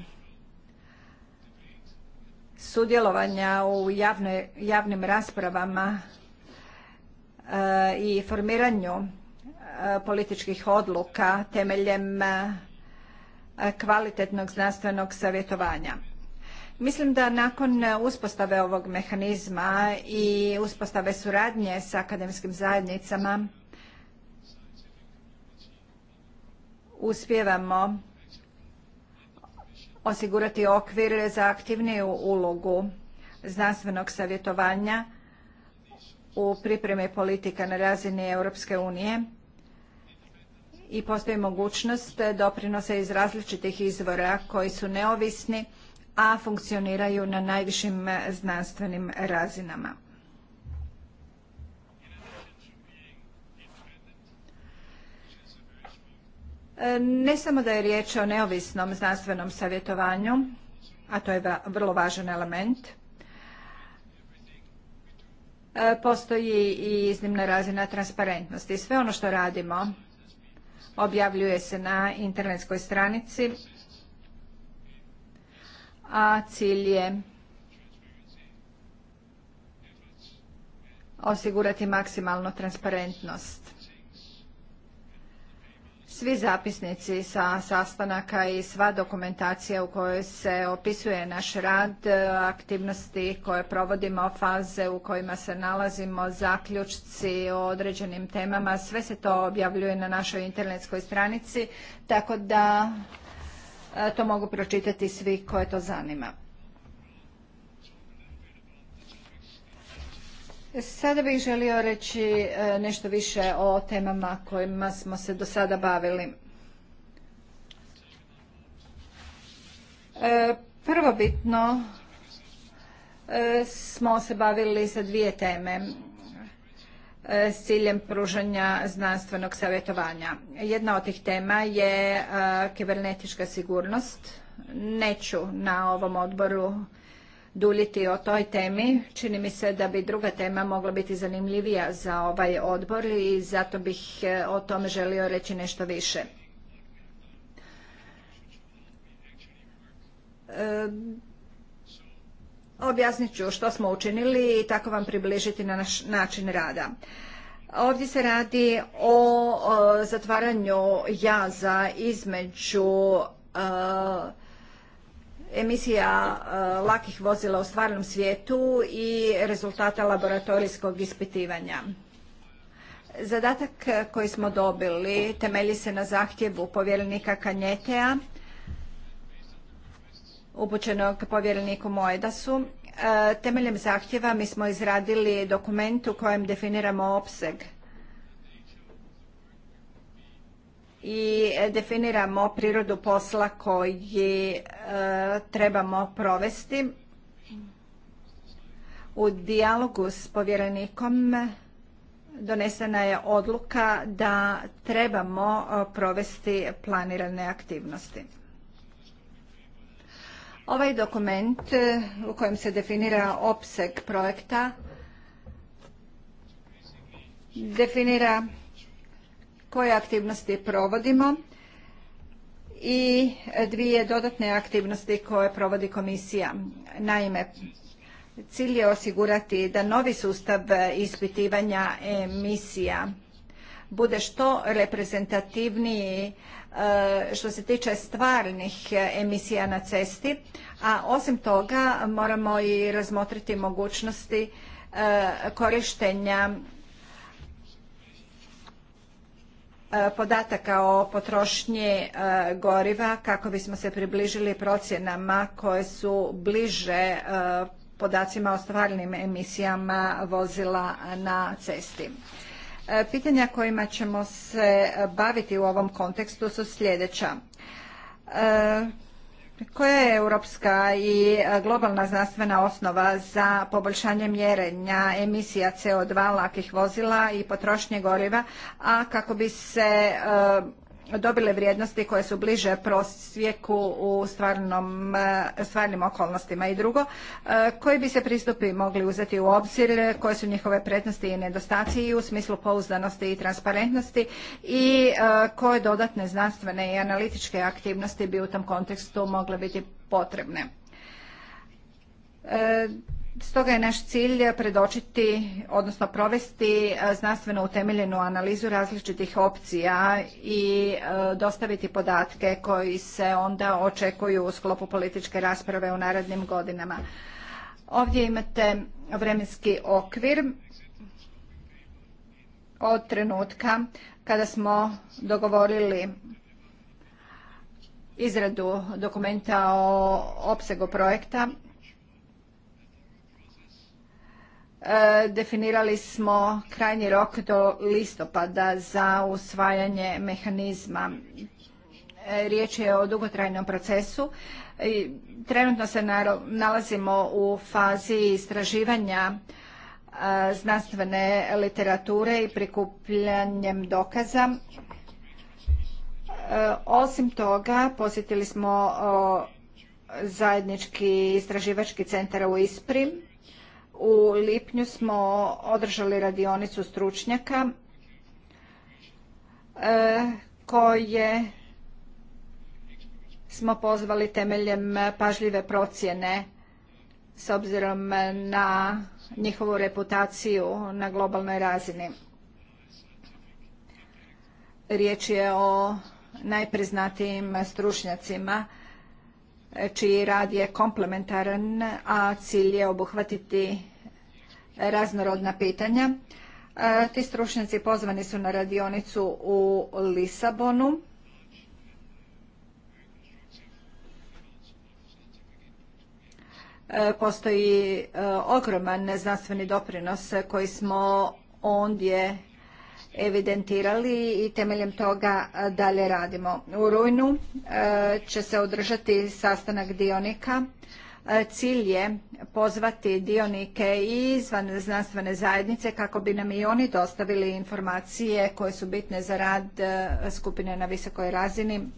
sudjelovanja u javne, javnim raspravama e, i formiranju e, političkih odluka temeljem kvalitetnog znanstvenog savjetovanja. Mislim da nakon uspostave ovog mehanizma i uspostave suradnje sa akademskim zajednicama uspijevamo osigurati okvir za aktivniju ulogu znanstvenog savjetovanja u pripremi politika na razini Europske unije i postoji mogućnost doprinosa iz različitih izvora koji su neovisni, a funkcioniraju na najvišim e, znanstvenim razinama. E, ne samo da je riječ o neovisnom znanstvenom savjetovanju, a to je vrlo važan element, e, postoji i iznimna razina transparentnosti. Sve ono što radimo objavljuje se na internetskoj stranici, a cilj je osigurati maksimalnu transparentnost. Svi zapisnici sa sastanaka i sva dokumentacija u kojoj se opisuje naš rad, e, aktivnosti koje provodimo, faze u kojima se nalazimo, zaključci o određenim temama, sve se to objavljuje na našoj internetskoj stranici, tako da e, to mogu pročitati svi koje to zanima. Sada bih želio reći e, nešto više o temama kojima smo se do sada bavili. E, prvobitno e, smo se bavili sa dvije teme s ciljem pružanja znanstvenog savjetovanja. Jedna od tih tema je kibernetička sigurnost. Neću na ovom odboru duljiti o toj temi. Čini mi se da bi druga tema mogla biti zanimljivija za ovaj odbor i zato bih e, o tome želio reći nešto više. E, objasnit ću što smo učinili i tako vam približiti na naš način rada. Ovdje se radi o, zatvaranju jaza između e, emisija e, lakih vozila u stvarnom svijetu i rezultata laboratorijskog ispitivanja. Zadatak koji smo dobili temelji se na zahtjevu povjerenika Kanjetea, upućenog povjereniku Moedasu. E, temeljem zahtjeva mi smo izradili dokument u kojem definiramo opseg i definiramo prirodu posla koji e, trebamo provesti u dijalogu s povjerenikom donesena je odluka da trebamo e, provesti planirane aktivnosti. Ovaj dokument e, u kojem se definira opseg projekta definira koje aktivnosti provodimo i dvije dodatne aktivnosti koje provodi komisija. Naime, cilj je osigurati da novi sustav ispitivanja emisija bude što reprezentativniji e, što se tiče stvarnih emisija na cesti, a osim toga moramo i razmotriti mogućnosti e, korištenja E, podataka o potrošnji e, goriva kako bismo se približili procjenama koje su bliže e, podacima o stvarnim emisijama vozila na cesti. Pitanja kojima ćemo se baviti u ovom kontekstu su sljedeća. Koja je europska i e, globalna znanstvena osnova za poboljšanje mjerenja emisija CO2 lakih vozila i potrošnje goriva, a kako bi se e, dobile vrijednosti koje su bliže prosjeku u stvarnom, e, stvarnim okolnostima. I drugo, e, koji bi se pristupi mogli uzeti u obzir, koje su njihove prednosti i nedostaci i u smislu pouzdanosti i transparentnosti i e, koje dodatne znanstvene i analitičke aktivnosti bi u tom kontekstu mogle biti potrebne. Stoga je naš cilj predočiti, odnosno provesti e, znanstveno utemeljenu analizu različitih opcija i e, dostaviti podatke koji se onda očekuju u sklopu političke rasprave u narednim godinama. Ovdje imate vremenski okvir od trenutka kada smo dogovorili izradu dokumenta o opsegu projekta E, definirali smo krajnji rok do listopada za usvajanje mehanizma. E, riječ je o dugotrajnom procesu. Trenutno se nalazimo u fazi istraživanja e, znanstvene literature i prikupljanjem dokaza. Osim toga, posjetili smo zajednički istraživački centar u Ispri u lipnju smo održali radionicu stručnjaka e, koje smo pozvali temeljem pažljive procjene s obzirom na njihovu reputaciju na globalnoj razini. Riječ je o najpriznatijim stručnjacima čiji rad je komplementaran, a cilj je obuhvatiti raznorodna pitanja. E, ti stručnjaci pozvani su na radionicu u Lisabonu. E, postoji e, ogroman znanstveni doprinos koji smo ondje evidentirali i temeljem toga dalje radimo. U rujnu e, će se održati sastanak dionika. E, cilj je pozvati dionike i izvan znanstvene zajednice kako bi nam i oni dostavili informacije koje su bitne za rad e, skupine na visokoj razini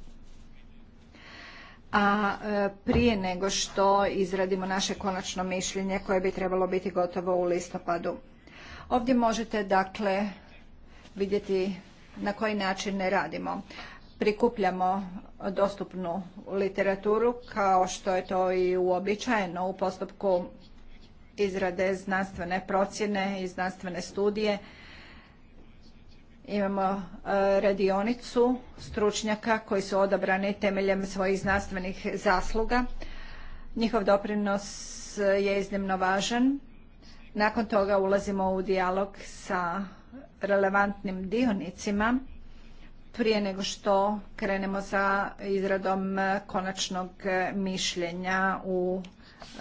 a prije nego što izradimo naše konačno mišljenje koje bi trebalo biti gotovo u listopadu. Ovdje možete dakle vidjeti na koji način ne radimo. Prikupljamo dostupnu literaturu kao što je to i uobičajeno u postupku izrade znanstvene procjene i znanstvene studije. Imamo e, radionicu stručnjaka koji su odabrani temeljem svojih znanstvenih zasluga. Njihov doprinos je iznimno važan. Nakon toga ulazimo u dijalog sa relevantnim dionicima prije nego što krenemo sa izradom e, konačnog e, mišljenja u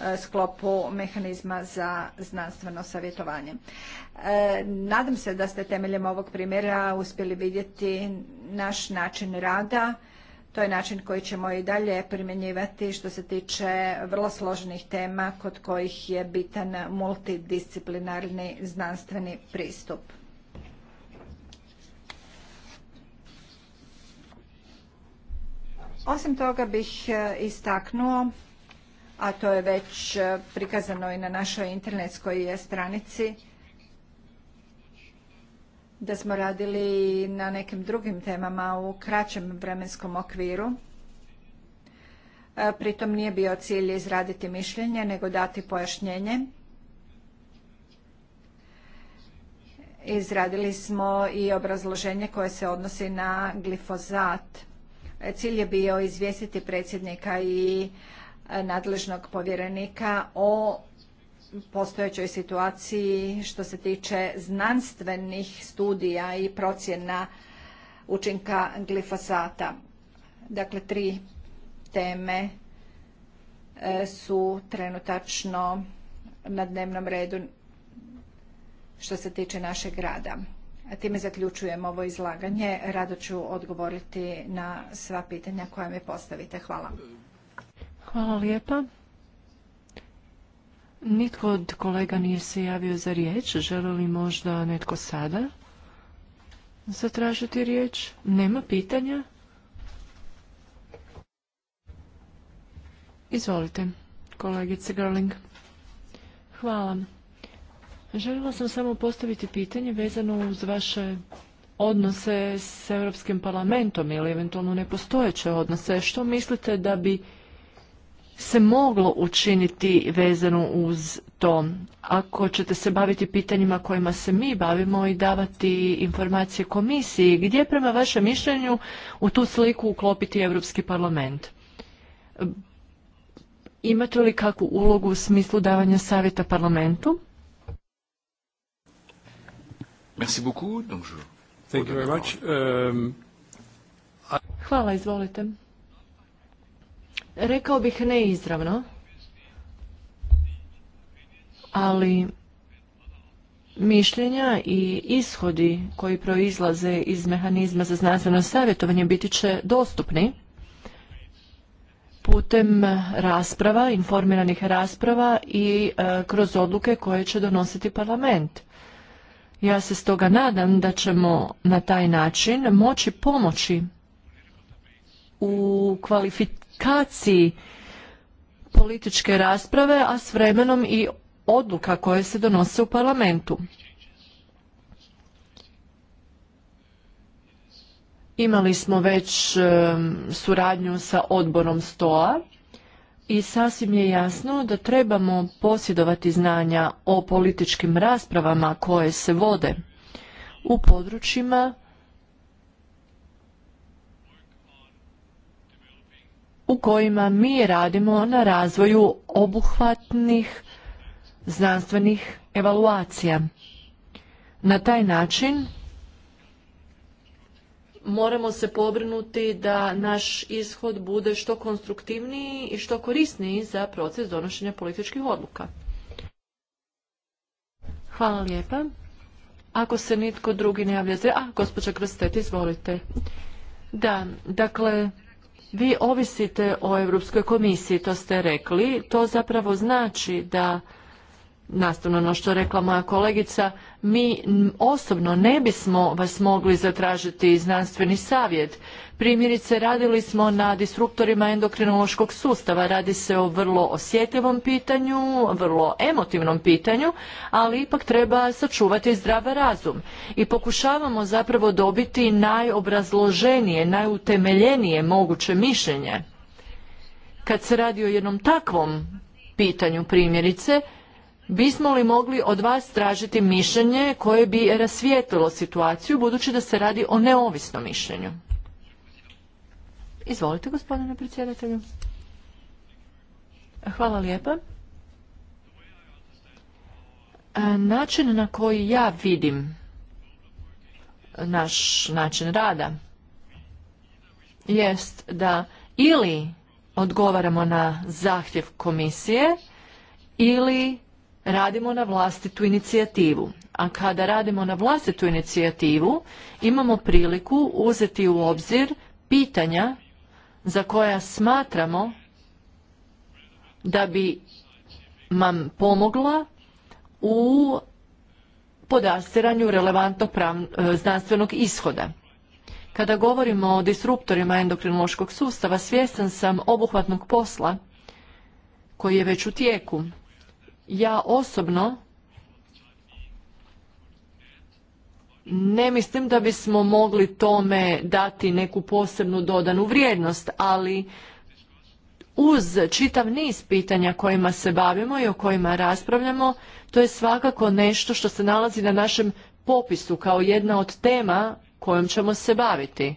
e, sklopu mehanizma za znanstveno savjetovanje. Nadam se da ste temeljem ovog primjera uspjeli vidjeti naš način rada. To je način koji ćemo i dalje primjenjivati što se tiče vrlo složenih tema kod kojih je bitan multidisciplinarni znanstveni pristup. Osim toga bih e, istaknuo, a to je već e, prikazano i na našoj internetskoj stranici, da smo radili na nekim drugim temama u kraćem vremenskom okviru. E, pritom nije bio cilj izraditi mišljenje, nego dati pojašnjenje. Izradili smo i obrazloženje koje se odnosi na glifozat. Cilj je bio izvijestiti predsjednika i e, nadležnog povjerenika o postojećoj situaciji što se tiče znanstvenih studija i procjena učinka glifosata. Dakle, tri teme e, su trenutačno na dnevnom redu što se tiče našeg rada. Time zaključujem ovo izlaganje. Rado ću odgovoriti na sva pitanja koja mi postavite. Hvala. Hvala lijepa. Nitko od kolega nije se javio za riječ. Želi li možda netko sada zatražiti riječ? Nema pitanja? Izvolite, kolegice Gerling. Hvala. Željela sam samo postaviti pitanje vezano uz vaše odnose s Europskim parlamentom ili eventualno nepostojeće odnose. Što mislite da bi se moglo učiniti vezano uz to? Ako ćete se baviti pitanjima kojima se mi bavimo i davati informacije komisiji, gdje prema vašem mišljenju u tu sliku uklopiti Europski parlament? Imate li kakvu ulogu u smislu davanja savjeta parlamentu? Merci beaucoup. Donc je... Thank you very much. Um, Hvala, izvolite. Rekao bih neizravno, ali mišljenja i ishodi koji proizlaze iz mehanizma za znanstveno savjetovanje biti će dostupni putem rasprava, informiranih rasprava i eh, kroz odluke koje će donositi parlament. Ja se stoga nadam da ćemo na taj način moći pomoći u kvalifikaciji političke rasprave, a s vremenom i odluka koje se donose u parlamentu. Imali smo već suradnju sa odborom STOA i sasvim je jasno da trebamo posjedovati znanja o političkim raspravama koje se vode u područjima u kojima mi radimo na razvoju obuhvatnih znanstvenih evaluacija. Na taj način moramo se pobrinuti da naš ishod bude što konstruktivniji i što korisniji za proces donošenja političkih odluka. Hvala lijepa. Ako se nitko drugi ne javlja za... A, gospođa Krstet, izvolite. Da, dakle, vi ovisite o Europskoj komisiji, to ste rekli. To zapravo znači da nastavno na što rekla moja kolegica, mi osobno ne bismo vas mogli zatražiti znanstveni savjet. Primjerice, radili smo na disruptorima endokrinološkog sustava. Radi se o vrlo osjetljivom pitanju, vrlo emotivnom pitanju, ali ipak treba sačuvati zdrav razum. I pokušavamo zapravo dobiti najobrazloženije, najutemeljenije moguće mišljenje. Kad se radi o jednom takvom pitanju primjerice, bismo li mogli od vas tražiti mišljenje koje bi rasvijetilo situaciju budući da se radi o neovisnom mišljenju? Izvolite gospodine predsjedatelju. Hvala lijepa. E, način na koji ja vidim naš način rada jest da ili odgovaramo na zahtjev komisije ili radimo na vlastitu inicijativu. A kada radimo na vlastitu inicijativu, imamo priliku uzeti u obzir pitanja za koja smatramo da bi nam pomogla u podastiranju relevantnog e, znanstvenog ishoda. Kada govorimo o disruptorima endokrinološkog sustava, svjestan sam obuhvatnog posla koji je već u tijeku ja osobno ne mislim da bismo mogli tome dati neku posebnu dodanu vrijednost, ali uz čitav niz pitanja kojima se bavimo i o kojima raspravljamo, to je svakako nešto što se nalazi na našem popisu kao jedna od tema kojom ćemo se baviti.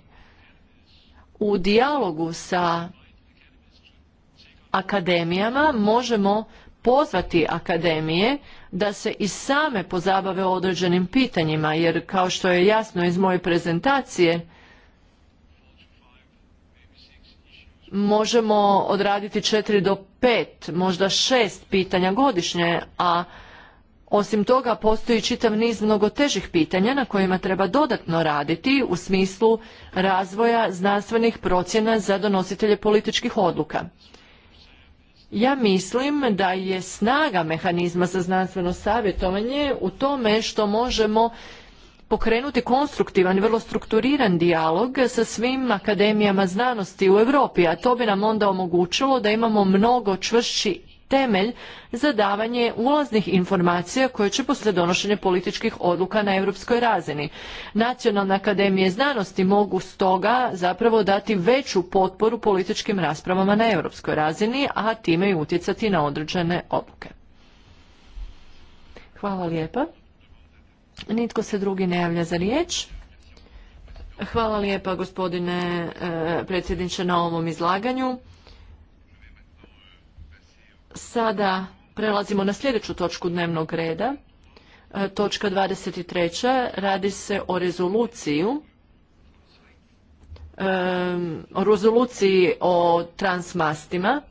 U dijalogu sa akademijama možemo pozvati akademije da se i same pozabave određenim pitanjima, jer kao što je jasno iz moje prezentacije, možemo odraditi četiri do pet, možda šest pitanja godišnje, a osim toga postoji čitav niz mnogo težih pitanja na kojima treba dodatno raditi u smislu razvoja znanstvenih procjena za donositelje političkih odluka. Ja mislim da je snaga mehanizma za znanstveno savjetovanje u tome što možemo pokrenuti konstruktivan i vrlo strukturiran dijalog sa svim akademijama znanosti u Europi, a to bi nam onda omogućilo da imamo mnogo čvršći temelj za davanje ulaznih informacija koje će poslije donošenja političkih odluka na europskoj razini. Nacionalne akademije znanosti mogu stoga zapravo dati veću potporu političkim raspravama na europskoj razini, a time i utjecati na određene odluke. Hvala lijepa. Nitko se drugi ne javlja za riječ. Hvala lijepa gospodine eh, predsjedniče na ovom izlaganju. Sada prelazimo na sljedeću točku dnevnog reda. E, točka 23. radi se o rezoluciju e, o rezoluciji o transmastima.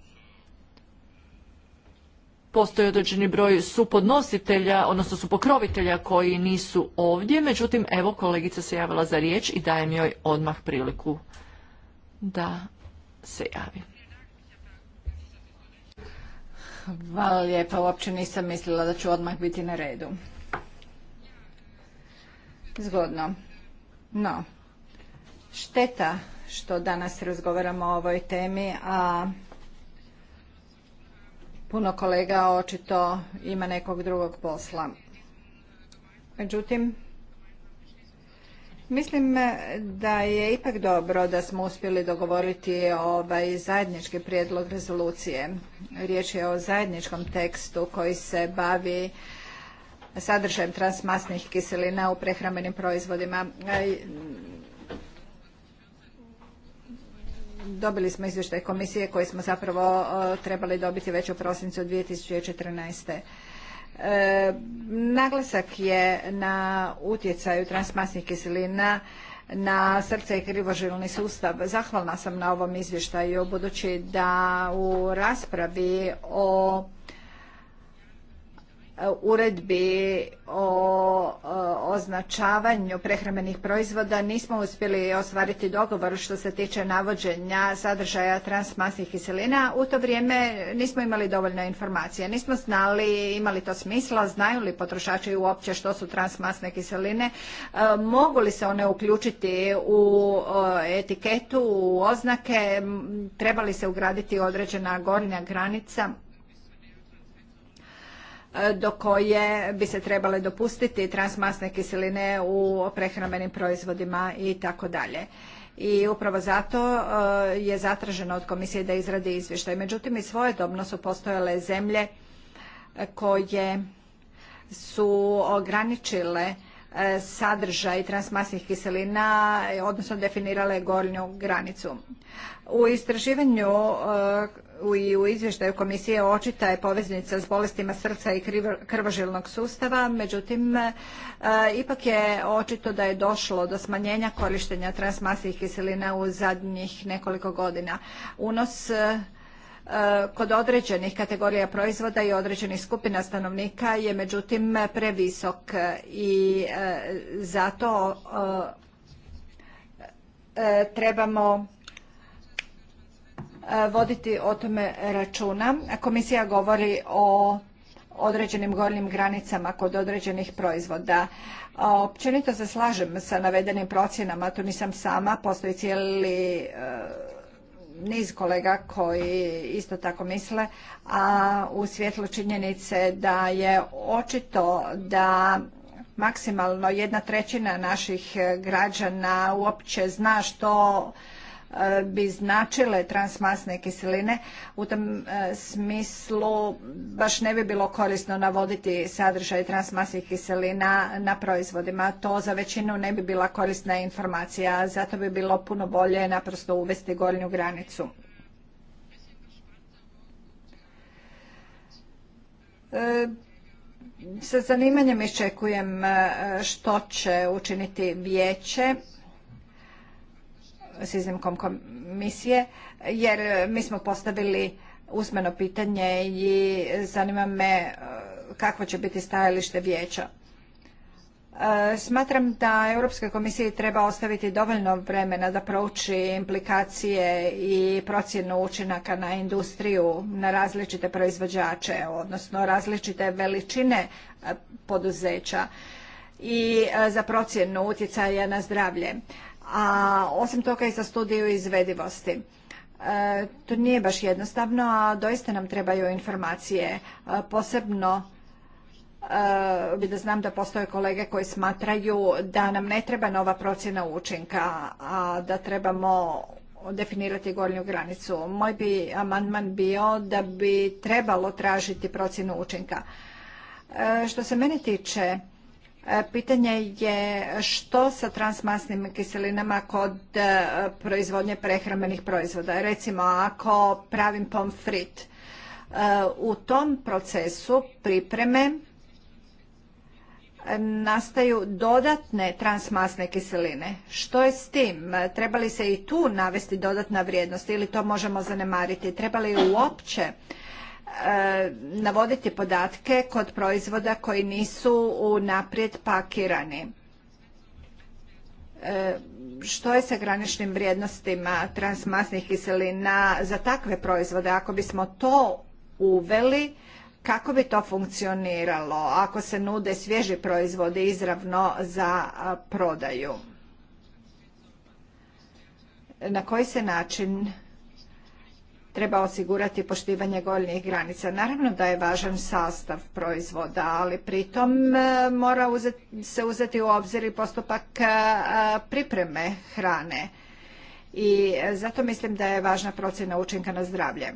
Postoji određeni broj supodnositelja, odnosno supokrovitelja koji nisu ovdje, međutim, evo, kolegica se javila za riječ i dajem joj odmah priliku da se javi. Hvala lijepa, uopće nisam mislila da ću odmah biti na redu. Zgodno. No, šteta što danas razgovaramo o ovoj temi, a puno kolega očito ima nekog drugog posla. Međutim, Mislim eh, da je ipak dobro da smo uspjeli dogovoriti eh, ovaj zajednički prijedlog rezolucije. Riječ je o zajedničkom tekstu koji se bavi eh, sadržajem transmasnih kiselina u prehrambenim proizvodima. Dobili smo izvještaj komisije koji smo zapravo trebali dobiti već u prosincu 2014. E, naglasak je na utjecaju transmasnih kiselina na srce i krivožilni sustav. Zahvalna sam na ovom izvještaju budući da u raspravi o uredbi o označavanju prehrambenih proizvoda nismo uspjeli ostvariti dogovor što se tiče navođenja sadržaja transmasnih kiselina. U to vrijeme nismo imali dovoljno informacija. Nismo znali imali to smisla, znaju li potrošači uopće što su transmasne kiseline, e, mogu li se one uključiti u etiketu, u oznake, treba li se ugraditi određena gornja granica E, do koje bi se trebale dopustiti transmasne kiseline u prehrambenim proizvodima i tako dalje. I upravo zato e, je zatraženo od komisije da izradi izvještaj. Međutim, i svojedobno su postojale zemlje e, koje su ograničile sadržaj transmasnih kiselina, odnosno definirale gornju granicu. U istraživanju i u izvještaju komisije očita je poveznica s bolestima srca i krvožilnog sustava, međutim e, ipak je očito da je došlo do smanjenja korištenja transmasnih kiselina u zadnjih nekoliko godina. Unos e, e, kod određenih kategorija proizvoda i određenih skupina stanovnika je međutim previsok i zato trebamo E, voditi o tome računa. Komisija govori o određenim gornjim granicama kod određenih proizvoda. Općenito se slažem sa navedenim procjenama, tu nisam sama, postoji cijeli e, niz kolega koji isto tako misle, a u svjetlu činjenice da je očito da maksimalno jedna trećina naših građana uopće zna što bi značile transmasne kiseline. U tom e, smislu baš ne bi bilo korisno navoditi sadržaj transmasnih kiselina na proizvodima. To za većinu ne bi bila korisna informacija, zato bi bilo puno bolje naprosto uvesti gornju granicu. E, sa zanimanjem iščekujem e, što će učiniti vijeće s iznimkom komisije, jer mi smo postavili usmeno pitanje i zanima me e, kakvo će biti stajalište vijeća. E, smatram da Europskoj komisiji treba ostaviti dovoljno vremena da prouči implikacije i procjenu učinaka na industriju, na različite proizvođače, odnosno različite veličine e, poduzeća i za procjenu utjecaja na zdravlje a osim toga i za studiju izvedivosti. E, to nije baš jednostavno, a doista nam trebaju informacije, e, posebno e, bi da znam da postoje kolege koji smatraju da nam ne treba nova procjena učinka, a da trebamo definirati gornju granicu. Moj bi amandman bio da bi trebalo tražiti procjenu učinka. Što se mene tiče, E, pitanje je što sa transmasnim kiselinama kod e, proizvodnje prehrambenih proizvoda. Recimo ako pravim pomfrit, e, u tom procesu pripreme nastaju dodatne transmasne kiseline. Što je s tim? Treba li se i tu navesti dodatna vrijednost ili to možemo zanemariti? Treba li uopće E, navoditi podatke kod proizvoda koji nisu unaprijed pakirani. E, što je sa graničnim vrijednostima transmasnih kiselina za takve proizvode? Ako bismo to uveli, kako bi to funkcioniralo ako se nude svježi proizvodi izravno za prodaju? Na koji se način treba osigurati poštivanje goljnih granica. Naravno da je važan sastav proizvoda, ali pritom e, mora se uzeti u obzir i postupak e, pripreme hrane. I zato mislim da je važna procjena učinka na zdravlje.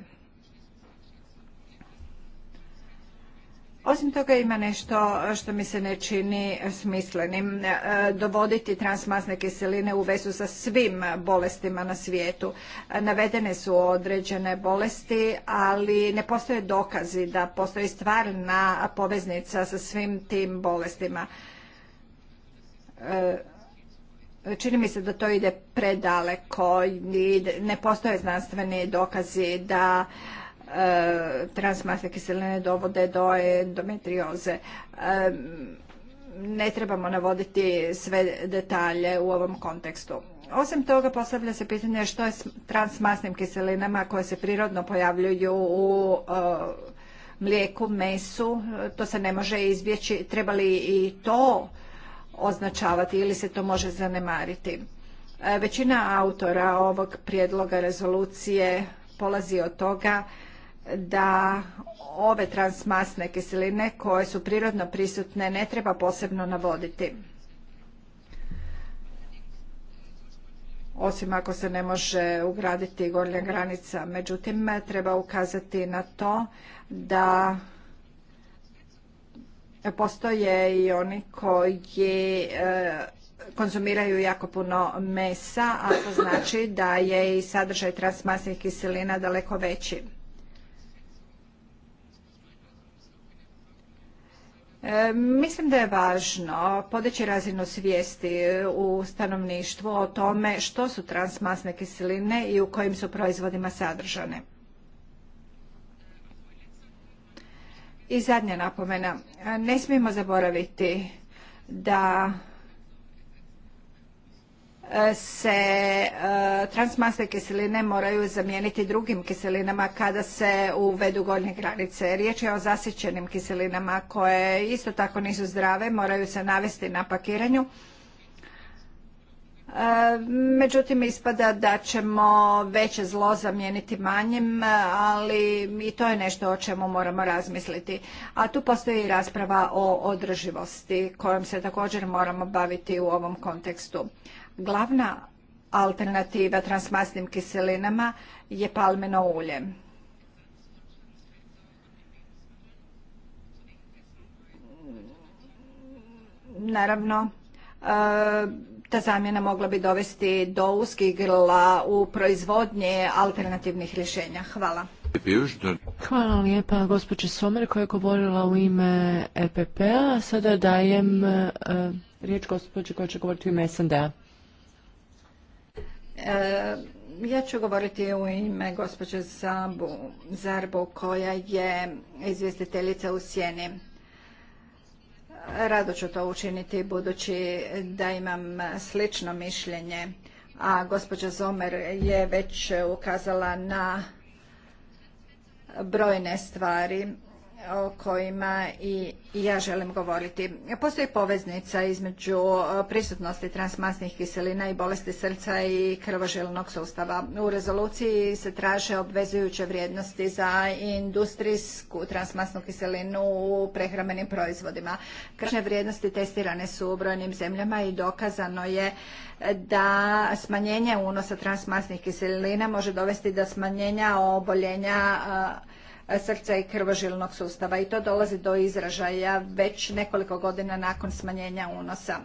Osim toga ima nešto što mi se ne čini smislenim. E, dovoditi transmasne kiseline u vezu sa svim bolestima na svijetu. Navedene su određene bolesti, ali ne postoje dokazi da postoji stvarna poveznica sa svim tim bolestima. E, čini mi se da to ide predaleko i ne postoje znanstveni dokazi da E, transmasne kiseline dovode do endometrioze. E, ne trebamo navoditi sve detalje u ovom kontekstu. Osim toga postavlja se pitanje što je s transmasnim kiselinama koje se prirodno pojavljuju u e, mlijeku, mesu, to se ne može izbjeći. Treba li i to označavati ili se to može zanemariti? Većina autora ovog prijedloga rezolucije polazi od toga da ove transmasne kiseline koje su prirodno prisutne ne treba posebno navoditi. osim ako se ne može ugraditi gornja granica. Međutim, treba ukazati na to da postoje i oni koji e, konzumiraju jako puno mesa, a to znači da je i sadržaj transmasnih kiselina daleko veći. E, mislim da je važno podeći razinu svijesti e, u stanovništvu o tome što su transmasne kiseline i u kojim su proizvodima sadržane. I zadnja napomena. E, ne smijemo zaboraviti da se e, transmasne kiseline moraju zamijeniti drugim kiselinama kada se uvedu gornje granice. Riječ je o zasićenim kiselinama koje isto tako nisu zdrave, moraju se navesti na pakiranju. E, međutim, ispada da ćemo veće zlo zamijeniti manjim, ali i to je nešto o čemu moramo razmisliti. A tu postoji i rasprava o održivosti kojom se također moramo baviti u ovom kontekstu. Glavna alternativa transmasnim kiselinama je palmino ulje. Naravno, e, ta zamjena mogla bi dovesti do uskih grla u proizvodnje alternativnih rješenja. Hvala. Hvala lijepa gospođe Somer koja je govorila u ime EPP-a. Sada dajem e, riječ gospođi koja će govoriti u ime SND-a. E, ja ću govoriti u ime gospođe Zarbu koja je izvjestiteljica u Sjeni. Rado ću to učiniti budući da imam slično mišljenje, a gospođa Zomer je već ukazala na brojne stvari o kojima i ja želim govoriti. Postoji poveznica između e, prisutnosti transmasnih kiselina i bolesti srca i krvožilnog sustava. U rezoluciji se traže obvezujuće vrijednosti za industrijsku transmasnu kiselinu u prehrambenim proizvodima. Krašne vrijednosti testirane su u brojnim zemljama i dokazano je da smanjenje unosa transmasnih kiselina može dovesti do smanjenja oboljenja e, srca i krvožilnog sustava i to dolazi do izražaja već nekoliko godina nakon smanjenja unosa.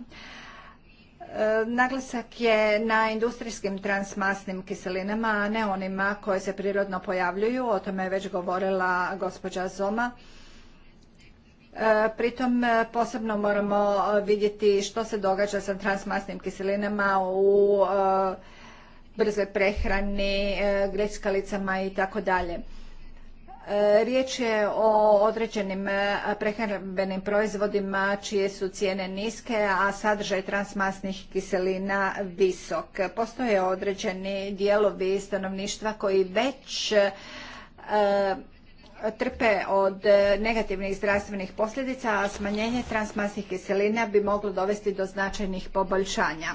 E, naglasak je na industrijskim transmasnim kiselinama, a ne onima koje se prirodno pojavljuju, o tome je već govorila gospođa Zoma. E, pritom e, posebno moramo vidjeti što se događa sa transmasnim kiselinama u brzoj prehrani, greckalicama i tako dalje. E, riječ je o određenim e, prehrambenim proizvodima čije su cijene niske, a sadržaj transmasnih kiselina visok. Postoje određeni dijelovi stanovništva koji već e, trpe od negativnih zdravstvenih posljedica, a smanjenje transmasnih kiselina bi moglo dovesti do značajnih poboljšanja.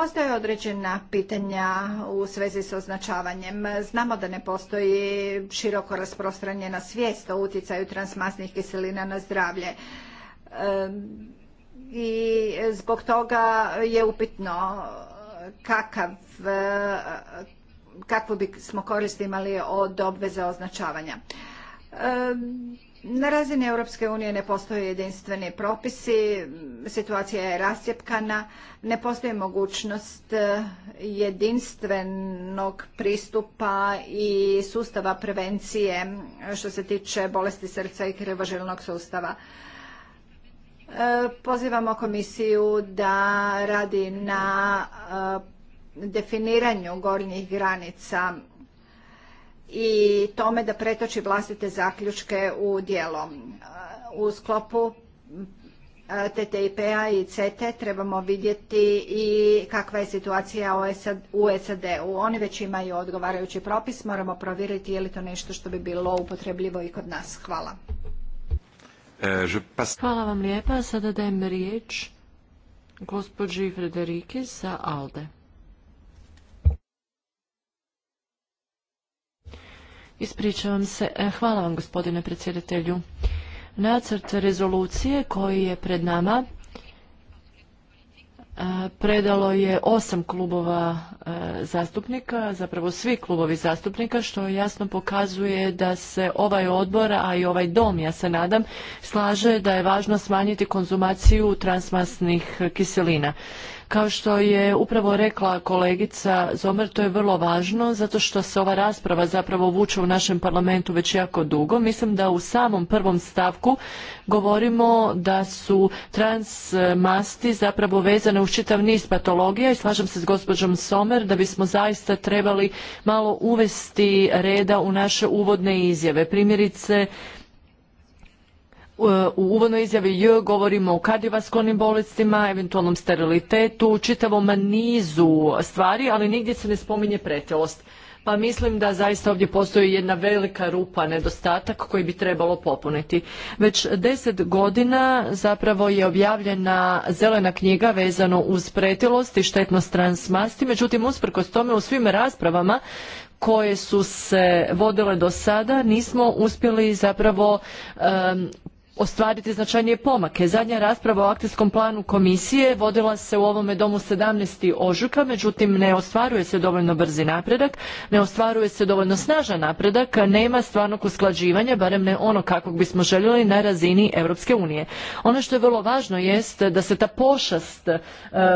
Postoje određena pitanja u svezi s označavanjem. Znamo da ne postoji široko rasprostranjena svijest o utjecaju transmasnih kiselina na zdravlje. I zbog toga je upitno kakav, kakvu bi smo korist imali od obveze označavanja. Na razini Europske unije ne postoje jedinstveni propisi, situacija je rasjepkana, ne postoji mogućnost e, jedinstvenog pristupa i sustava prevencije e, što se tiče bolesti srca i krvožilnog sustava. E, pozivamo komisiju da radi na definiranju gornjih granica i tome da pretoči vlastite zaključke u djelo. E, u sklopu e, TTIP-a i p-a CETE trebamo vidjeti i kakva je situacija u SAD-u. Oni već imaju odgovarajući propis, moramo provjeriti je li to nešto što bi bilo upotrebljivo i kod nas. Hvala. E, Hvala vam lijepa. Sada dajem riječ gospođi Frederike sa ALDE. Ispričavam se. E, hvala vam gospodine predsjedatelju. Nacrt rezolucije koji je pred nama e, predalo je osam klubova e, zastupnika, zapravo svi klubovi zastupnika, što jasno pokazuje da se ovaj odbor, a i ovaj dom, ja se nadam, slaže da je važno smanjiti konzumaciju transmasnih kiselina. Kao što je upravo rekla kolegica Zomer, to je vrlo važno zato što se ova rasprava zapravo vuče u našem parlamentu već jako dugo. Mislim da u samom prvom stavku govorimo da su transmasti zapravo vezane uz čitav niz patologija i slažem se s gospođom Somer da bismo zaista trebali malo uvesti reda u naše uvodne izjave. Primjerice, u uvodnoj izjavi J govorimo o kardiovaskulnim bolestima, eventualnom sterilitetu, čitavom nizu stvari, ali nigdje se ne spominje pretjelost. Pa mislim da zaista ovdje postoji jedna velika rupa, nedostatak koji bi trebalo popuniti. Već deset godina zapravo je objavljena zelena knjiga vezano uz pretjelost i štetnost transmasti, međutim usprkos tome u svim raspravama koje su se vodile do sada nismo uspjeli zapravo ostvariti značajnije pomake. Zadnja rasprava o akcijskom planu komisije vodila se u ovome domu 17. ožujka, međutim ne ostvaruje se dovoljno brzi napredak, ne ostvaruje se dovoljno snažan napredak, nema stvarnog usklađivanja, barem ne ono kakvog bismo željeli na razini Europske unije. Ono što je vrlo važno jest da se ta pošast e,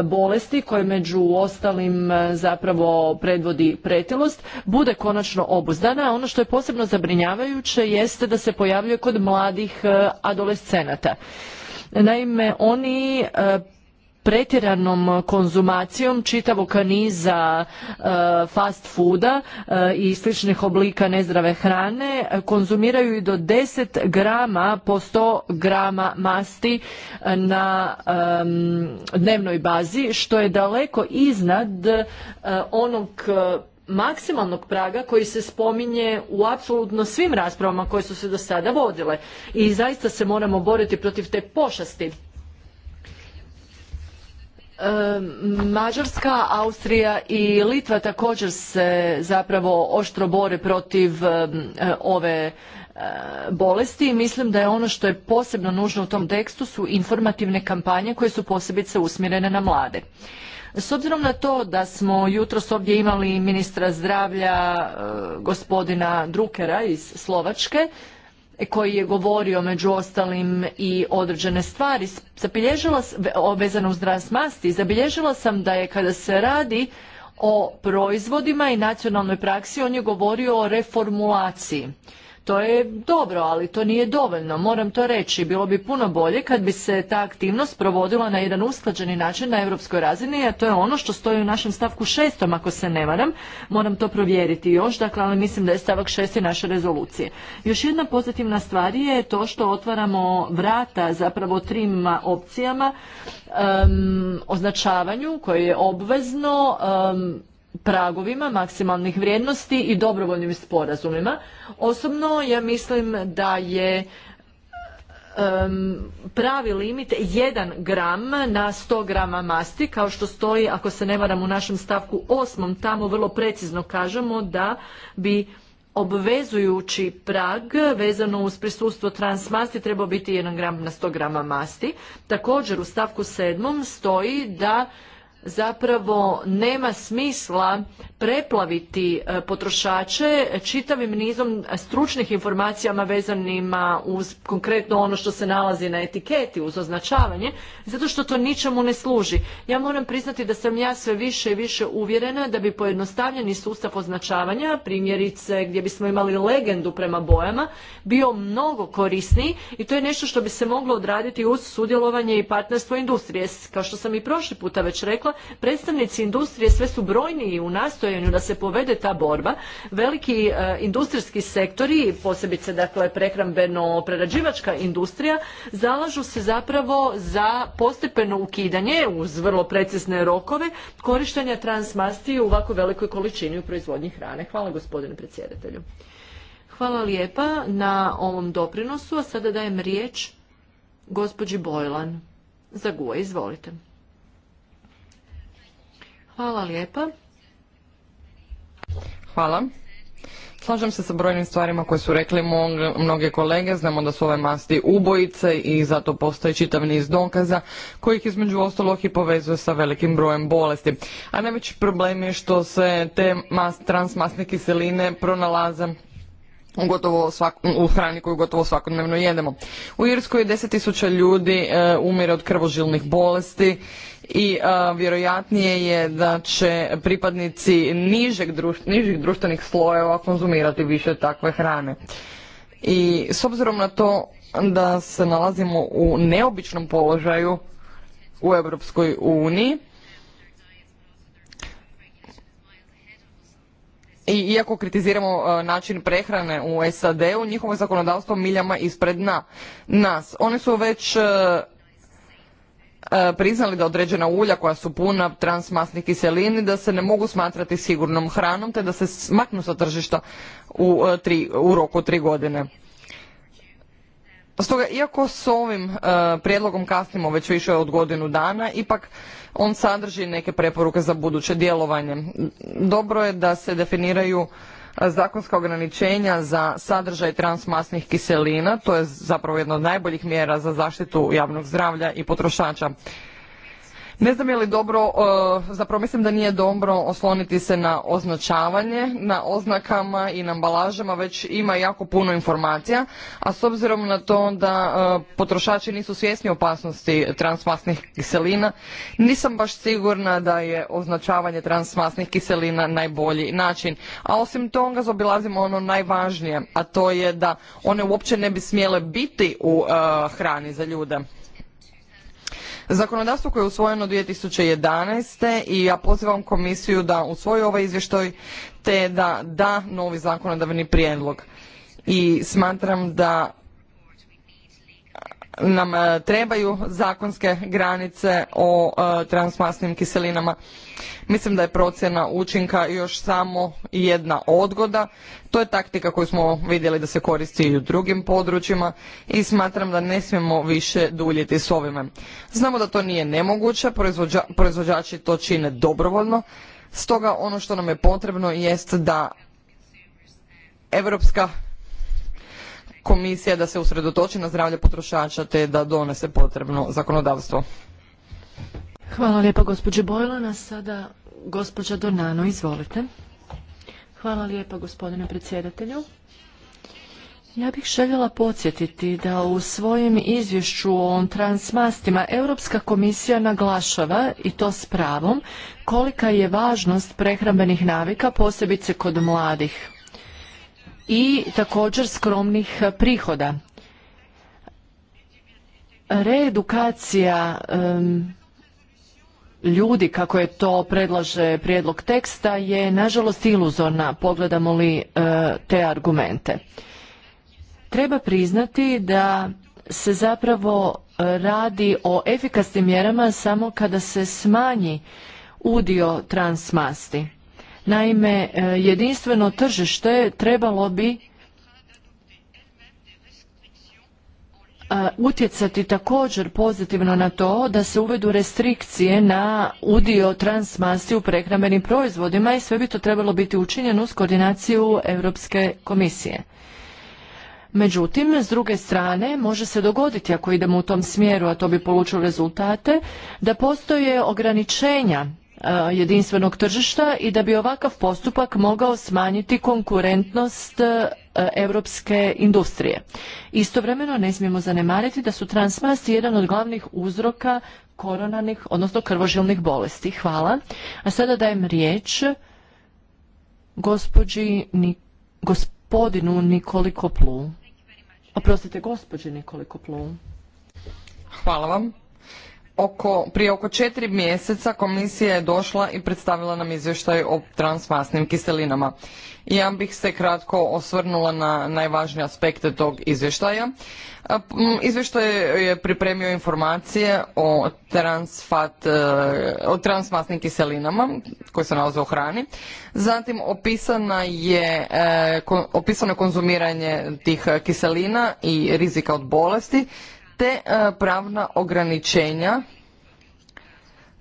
bolesti koje među ostalim e, zapravo predvodi pretilost bude konačno obuzdana. Ono što je posebno zabrinjavajuće jeste da se pojavljuje kod mladih e, adolescenata. Naime, oni e, pretjeranom konzumacijom čitavog niza e, fast fooda e, i sličnih oblika nezdrave hrane konzumiraju i do 10 grama po 100 grama masti na dnevnoj bazi što je daleko iznad onog maksimalnog praga koji se spominje u apsolutno svim raspravama koje su se do sada vodile i zaista se moramo boriti protiv te pošasti. E, Mađarska, Austrija i Litva također se zapravo oštro bore protiv e, ove e, bolesti i mislim da je ono što je posebno nužno u tom tekstu su informativne kampanje koje su posebice usmjerene na mlade. S obzirom na to da smo jutros ovdje imali ministra zdravlja e, gospodina Drukera iz Slovačke, e, koji je govorio među ostalim i određene stvari, zabilježila, vezano uz rast masti, zabilježila sam da je kada se radi o proizvodima i nacionalnoj praksi, on je govorio o reformulaciji. To je dobro, ali to nije dovoljno. Moram to reći, bilo bi puno bolje kad bi se ta aktivnost provodila na jedan usklađeni način na europskoj razini, a to je ono što stoji u našem stavku šestom, ako se ne varam. Moram to provjeriti još, dakle, ali mislim da je stavak šesti naše rezolucije. Još jedna pozitivna stvar je to što otvaramo vrata zapravo trima opcijama, označavanju koje je obvezno, pragovima maksimalnih vrijednosti i dobrovoljnim sporazumima. Osobno ja mislim da je pravi limit 1 gram na 100 grama masti, kao što stoji, ako se ne varam, u našem stavku 8. Tamo vrlo precizno kažemo da bi obvezujući prag vezano uz prisustvo transmasti trebao biti 1 gram na 100 grama masti. Također u stavku 7. stoji da zapravo nema smisla preplaviti e, potrošače čitavim nizom stručnih informacijama vezanima uz konkretno ono što se nalazi na etiketi uz označavanje zato što to ničemu ne služi. Ja moram priznati da sam ja sve više i više uvjerena da bi pojednostavljeni sustav označavanja, primjerice gdje bismo imali legendu prema bojama, bio mnogo korisniji i to je nešto što bi se moglo odraditi uz sudjelovanje i partnerstvo industrije. Kao što sam i prošli puta već rekla, predstavnici industrije sve su brojniji u nastojanju da se povede ta borba. Veliki e, industrijski sektori, posebice dakle prehrambeno-prerađivačka industrija, zalažu se zapravo za postepeno ukidanje uz vrlo precizne rokove korištenja transmasti u ovako velikoj količini u proizvodnji hrane. Hvala gospodine predsjedatelju. Hvala lijepa na ovom doprinosu, a sada dajem riječ gospođi Bojlan. Za e, izvolite. Hvala lijepa. Hvala. Slažem se sa brojnim stvarima koje su rekli mnoge kolege, znamo da su ove masti ubojice i zato postoji čitav niz dokaza kojih između ostalog i povezuje sa velikim brojem bolesti. A najveći problem je što se te transmasne kiseline pronalaze u, gotovo svak, u hrani koju gotovo svakodnevno jedemo. U Irskoj tisuća ljudi e, umire od krvožilnih bolesti i e, vjerojatnije je da će pripadnici nižeg nižih društvenih slojeva konzumirati više takve hrane. I s obzirom na to da se nalazimo u neobičnom položaju u Europskoj uniji, i iako kritiziramo e, način prehrane u SAD-u, njihovo zakonodavstvo miljama ispred nas. Oni su već e, e, priznali da određena ulja koja su puna transmasnih kiselini da se ne mogu smatrati sigurnom hranom te da se smaknu sa tržišta u, u roku tri godine. Stoga, iako s ovim e, prijedlogom kasnimo već više od godinu dana, ipak on sadrži neke preporuke za buduće djelovanje. Dobro je da se definiraju e, zakonska ograničenja za sadržaj transmasnih kiselina, to je zapravo jedna od najboljih mjera za zaštitu javnog zdravlja i potrošača. Ne znam je li dobro, e, zapravo mislim da nije dobro osloniti se na označavanje, na oznakama i na ambalažama, već ima jako puno informacija, a s obzirom na to da e, potrošači nisu svjesni opasnosti transmasnih kiselina, nisam baš sigurna da je označavanje transmasnih kiselina najbolji način. A osim toga zobilazimo ono najvažnije, a to je da one uopće ne bi smjele biti u e, hrani za ljude. Zakonodavstvo koje je usvojeno 2011. i ja pozivam komisiju da usvoji ovaj izvještaj te da da novi zakonodavni prijedlog. I smatram da nam e, trebaju zakonske granice o e, transmasnim kiselinama. Mislim da je procjena učinka još samo jedna odgoda. To je taktika koju smo vidjeli da se koristi i u drugim područjima i smatram da ne smijemo više duljiti s ovime. Znamo da to nije nemoguće, proizvođači to čine dobrovoljno, stoga ono što nam je potrebno jest da europska komisija da se usredotoči na zdravlje potrošača te da donese potrebno zakonodavstvo. Hvala lijepa gospođe Bojlana. Sada gospođa Donano, izvolite. Hvala lijepa gospodine predsjedatelju. Ja bih željela podsjetiti da u svojem izvješću o transmastima Europska komisija naglašava, i to s pravom, kolika je važnost prehrambenih navika, posebice kod mladih i također skromnih eh, prihoda. Reedukacija ljudi, kako je to predlaže prijedlog teksta, je nažalost iluzorna, pogledamo li eh, te argumente. Treba priznati da se zapravo eh, radi o efikasnim mjerama samo kada se smanji udio transmasti. Naime, e, jedinstveno tržište trebalo bi e, utjecati također pozitivno na to da se uvedu restrikcije na udio transmasi u prehrambenim proizvodima i sve bi to trebalo biti učinjeno uz koordinaciju Europske komisije. Međutim, s druge strane, može se dogoditi ako idemo u tom smjeru, a to bi polučilo rezultate, da postoje ograničenja E, jedinstvenog tržišta i da bi ovakav postupak mogao smanjiti konkurentnost europske industrije. Istovremeno ne smijemo zanemariti da su transmasti jedan od glavnih uzroka koronarnih, odnosno krvožilnih bolesti. Hvala. A sada dajem riječ gospođi, gospodinu Nikoliko Plu. Oprostite, gospođi Nikoliko Plu. Hvala vam oko, prije oko četiri mjeseca komisija je došla i predstavila nam izvještaj o transmasnim kiselinama. Ja bih se kratko osvrnula na najvažnije aspekte tog izvještaja. Izvještaj je pripremio informacije o, e, o transmasnim kiselinama koje se nalaze u hrani. Zatim opisana je, e, opisano je konzumiranje tih kiselina i rizika od bolesti te e, pravna ograničenja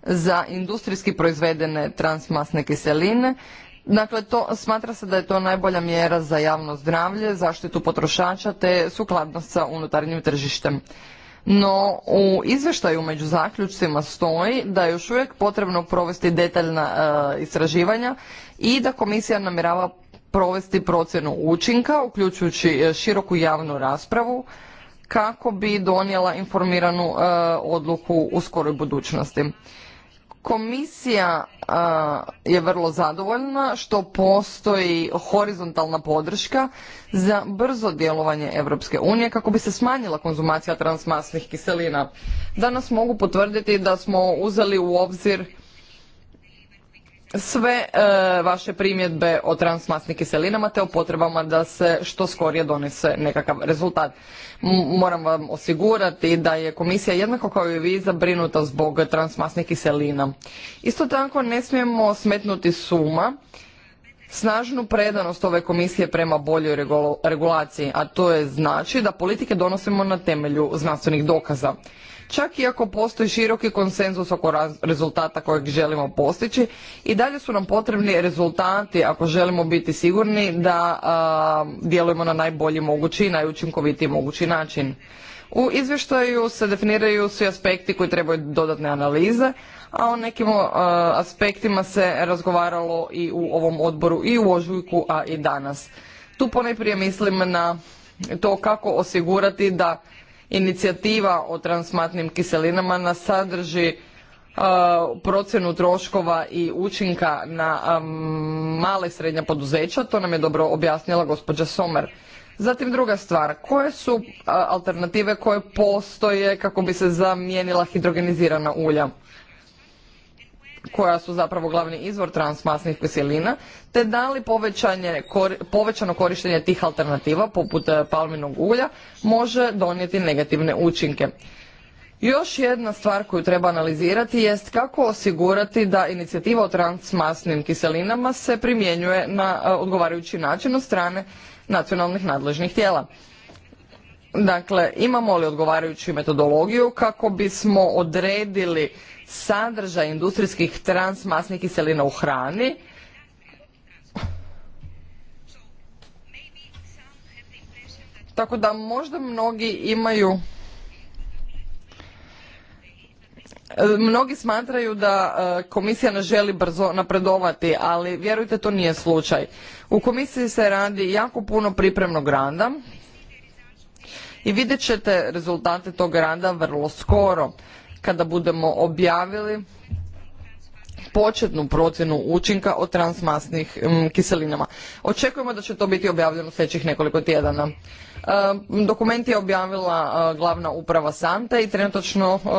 za industrijski proizvedene transmasne kiseline. Dakle, to, smatra se da je to najbolja mjera za javno zdravlje, zaštitu potrošača te sukladnost sa unutarnjim tržištem. No, u izvještaju među zaključcima stoji da je još uvijek potrebno provesti detaljna e, istraživanja i da komisija namjerava provesti procjenu učinka, uključujući e, široku javnu raspravu, kako bi donijela informiranu e, odluku u skoroj budućnosti. Komisija e, je vrlo zadovoljna što postoji horizontalna podrška za brzo djelovanje Europske unije kako bi se smanjila konzumacija transmasnih kiselina. Danas mogu potvrditi da smo uzeli u obzir sve e, vaše primjedbe o transmasnim kiselinama te o potrebama da se što skorije donese nekakav rezultat. moram vam osigurati da je komisija jednako kao i vi zabrinuta zbog transmasnih kiselina. Isto tako ne smijemo smetnuti suma snažnu predanost ove komisije prema boljoj regulaciji, a to je znači da politike donosimo na temelju znanstvenih dokaza. Čak i ako postoji široki konsenzus oko rezultata kojeg želimo postići i dalje su nam potrebni rezultati ako želimo biti sigurni da djelujemo na najbolji mogući i najučinkovitiji mogući način. U izvještaju se definiraju svi aspekti koji trebaju dodatne analize, a o nekim aspektima se razgovaralo i u ovom odboru i u ožujku, a i danas. Tu ponajprije mislim na to kako osigurati da inicijativa o transmatnim kiselinama ne sadrži e, procjenu troškova i učinka na male i srednja poduzeća, to nam je dobro objasnila gospođa Somer. Zatim druga stvar, koje su e, alternative koje postoje kako bi se zamijenila hidrogenizirana ulja? koja su zapravo glavni izvor transmasnih kiselina, te da li povećano korištenje tih alternativa, poput e, palminog ulja, može donijeti negativne učinke. Još jedna stvar koju treba analizirati jest kako osigurati da inicijativa o transmasnim kiselinama se primjenjuje na e, odgovarajući način od strane nacionalnih nadležnih tijela. Dakle, imamo li odgovarajuću metodologiju kako bismo odredili sadržaj industrijskih transmasnih kiselina u hrani tako da možda mnogi imaju mnogi smatraju da e, komisija ne želi brzo napredovati ali vjerujte to nije slučaj u komisiji se radi jako puno pripremnog randa i vidjet ćete rezultate tog randa vrlo skoro kada budemo objavili početnu procjenu učinka o transmasnih mm, kiselinama. Očekujemo da će to biti objavljeno sljedećih nekoliko tjedana. E, dokument je objavila e, glavna uprava Santa i trenutačno e,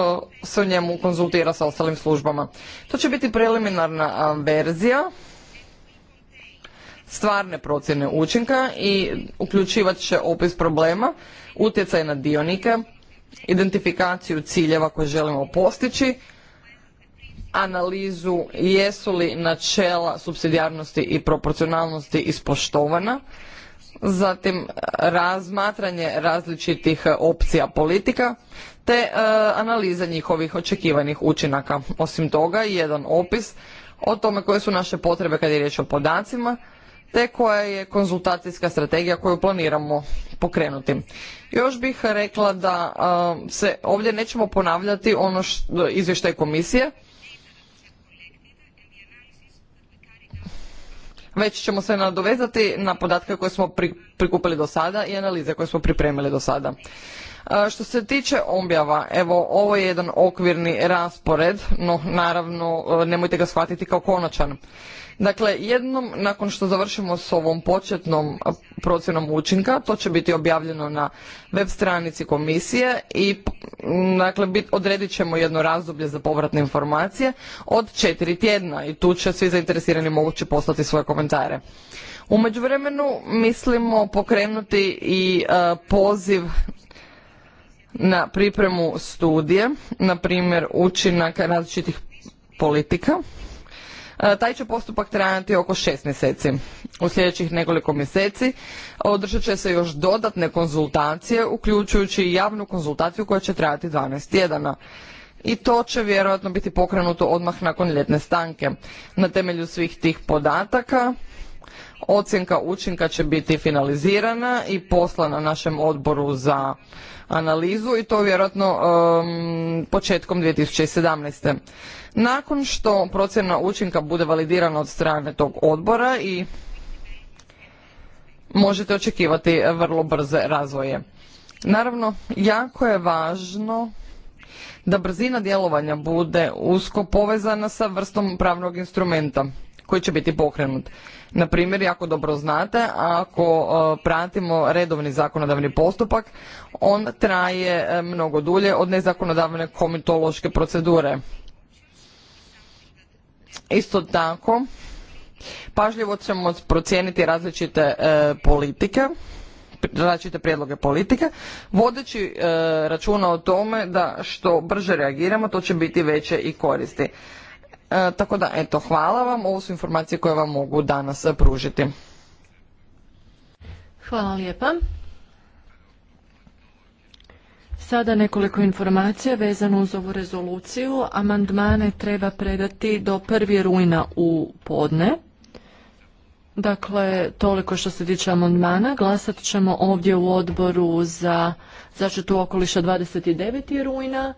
se o njemu konzultira sa ostalim službama. To će biti preliminarna verzija stvarne procjene učinka i uključivat će opis problema, utjecaj na dionike, identifikaciju ciljeva koje želimo postići, analizu jesu li načela subsidijarnosti i proporcionalnosti ispoštovana, zatim razmatranje različitih opcija politika te e, analiza njihovih očekivanih učinaka. Osim toga, jedan opis o tome koje su naše potrebe kad je riječ o podacima, te koja je konzultacijska strategija koju planiramo pokrenuti. Još bih rekla da se ovdje nećemo ponavljati ono izvještaj komisije, već ćemo se nadovezati na podatke koje smo prikupili do sada i analize koje smo pripremili do sada. Što se tiče objava, evo ovo je jedan okvirni raspored, no naravno nemojte ga shvatiti kao konačan. Dakle, jednom nakon što završimo s ovom početnom procjenom učinka, to će biti objavljeno na web stranici komisije i mm, dakle, bit, odredit ćemo jedno razdoblje za povratne informacije od četiri tjedna i tu će svi zainteresirani moguće poslati svoje komentare. U međuvremenu mislimo pokrenuti i e, poziv na pripremu studije, na primjer učinaka različitih politika E, taj će postupak trajati oko šest mjeseci. U sljedećih nekoliko mjeseci održat će se još dodatne konzultacije, uključujući i javnu konzultaciju koja će trajati 12 tjedana i to će vjerojatno biti pokrenuto odmah nakon ljetne stanke. Na temelju svih tih podataka ocjenka učinka će biti finalizirana i poslana našem odboru za analizu i to vjerojatno um, početkom 2017. Nakon što procjena učinka bude validirana od strane tog odbora i možete očekivati vrlo brze razvoje. Naravno, jako je važno da brzina djelovanja bude usko povezana sa vrstom pravnog instrumenta koji će biti pokrenut. Na primjer, jako dobro znate, ako e, pratimo redovni zakonodavni postupak, on traje e, mnogo dulje od nezakonodavne komitološke procedure. Isto tako, pažljivo ćemo procijeniti različite e, politike, različite prijedloge politike, vodeći računa o tome da što brže reagiramo, to će biti veće i koristi. E, tako da, eto, hvala vam. Ovo su informacije koje vam mogu danas pružiti. Hvala lijepa. Sada nekoliko informacija vezano uz ovu rezoluciju. Amandmane treba predati do 1. rujna u podne. Dakle, toliko što se tiče amandmana. Glasat ćemo ovdje u odboru za zaštitu okoliša 29. rujna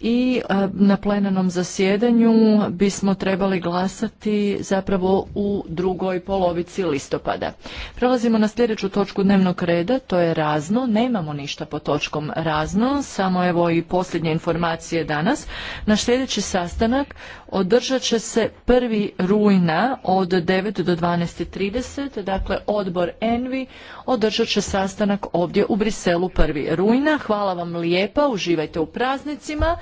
i e, na plenarnom zasjedanju bismo trebali glasati zapravo u drugoj polovici listopada. Prelazimo na sljedeću točku dnevnog reda, to je razno, nemamo ništa po točkom razno, samo evo i posljednje informacije danas. Na sljedeći sastanak održat će se prvi rujna od 9 do 12.30, dakle odbor Envi održat će sastanak ovdje u Briselu prvi rujna. Hvala vam lijepa, uživajte u praznicima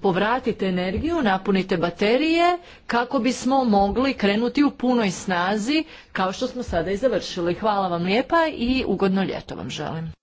povratite energiju, napunite baterije kako bismo mogli krenuti u punoj snazi kao što smo sada i završili. Hvala vam lijepa i ugodno ljeto vam želim.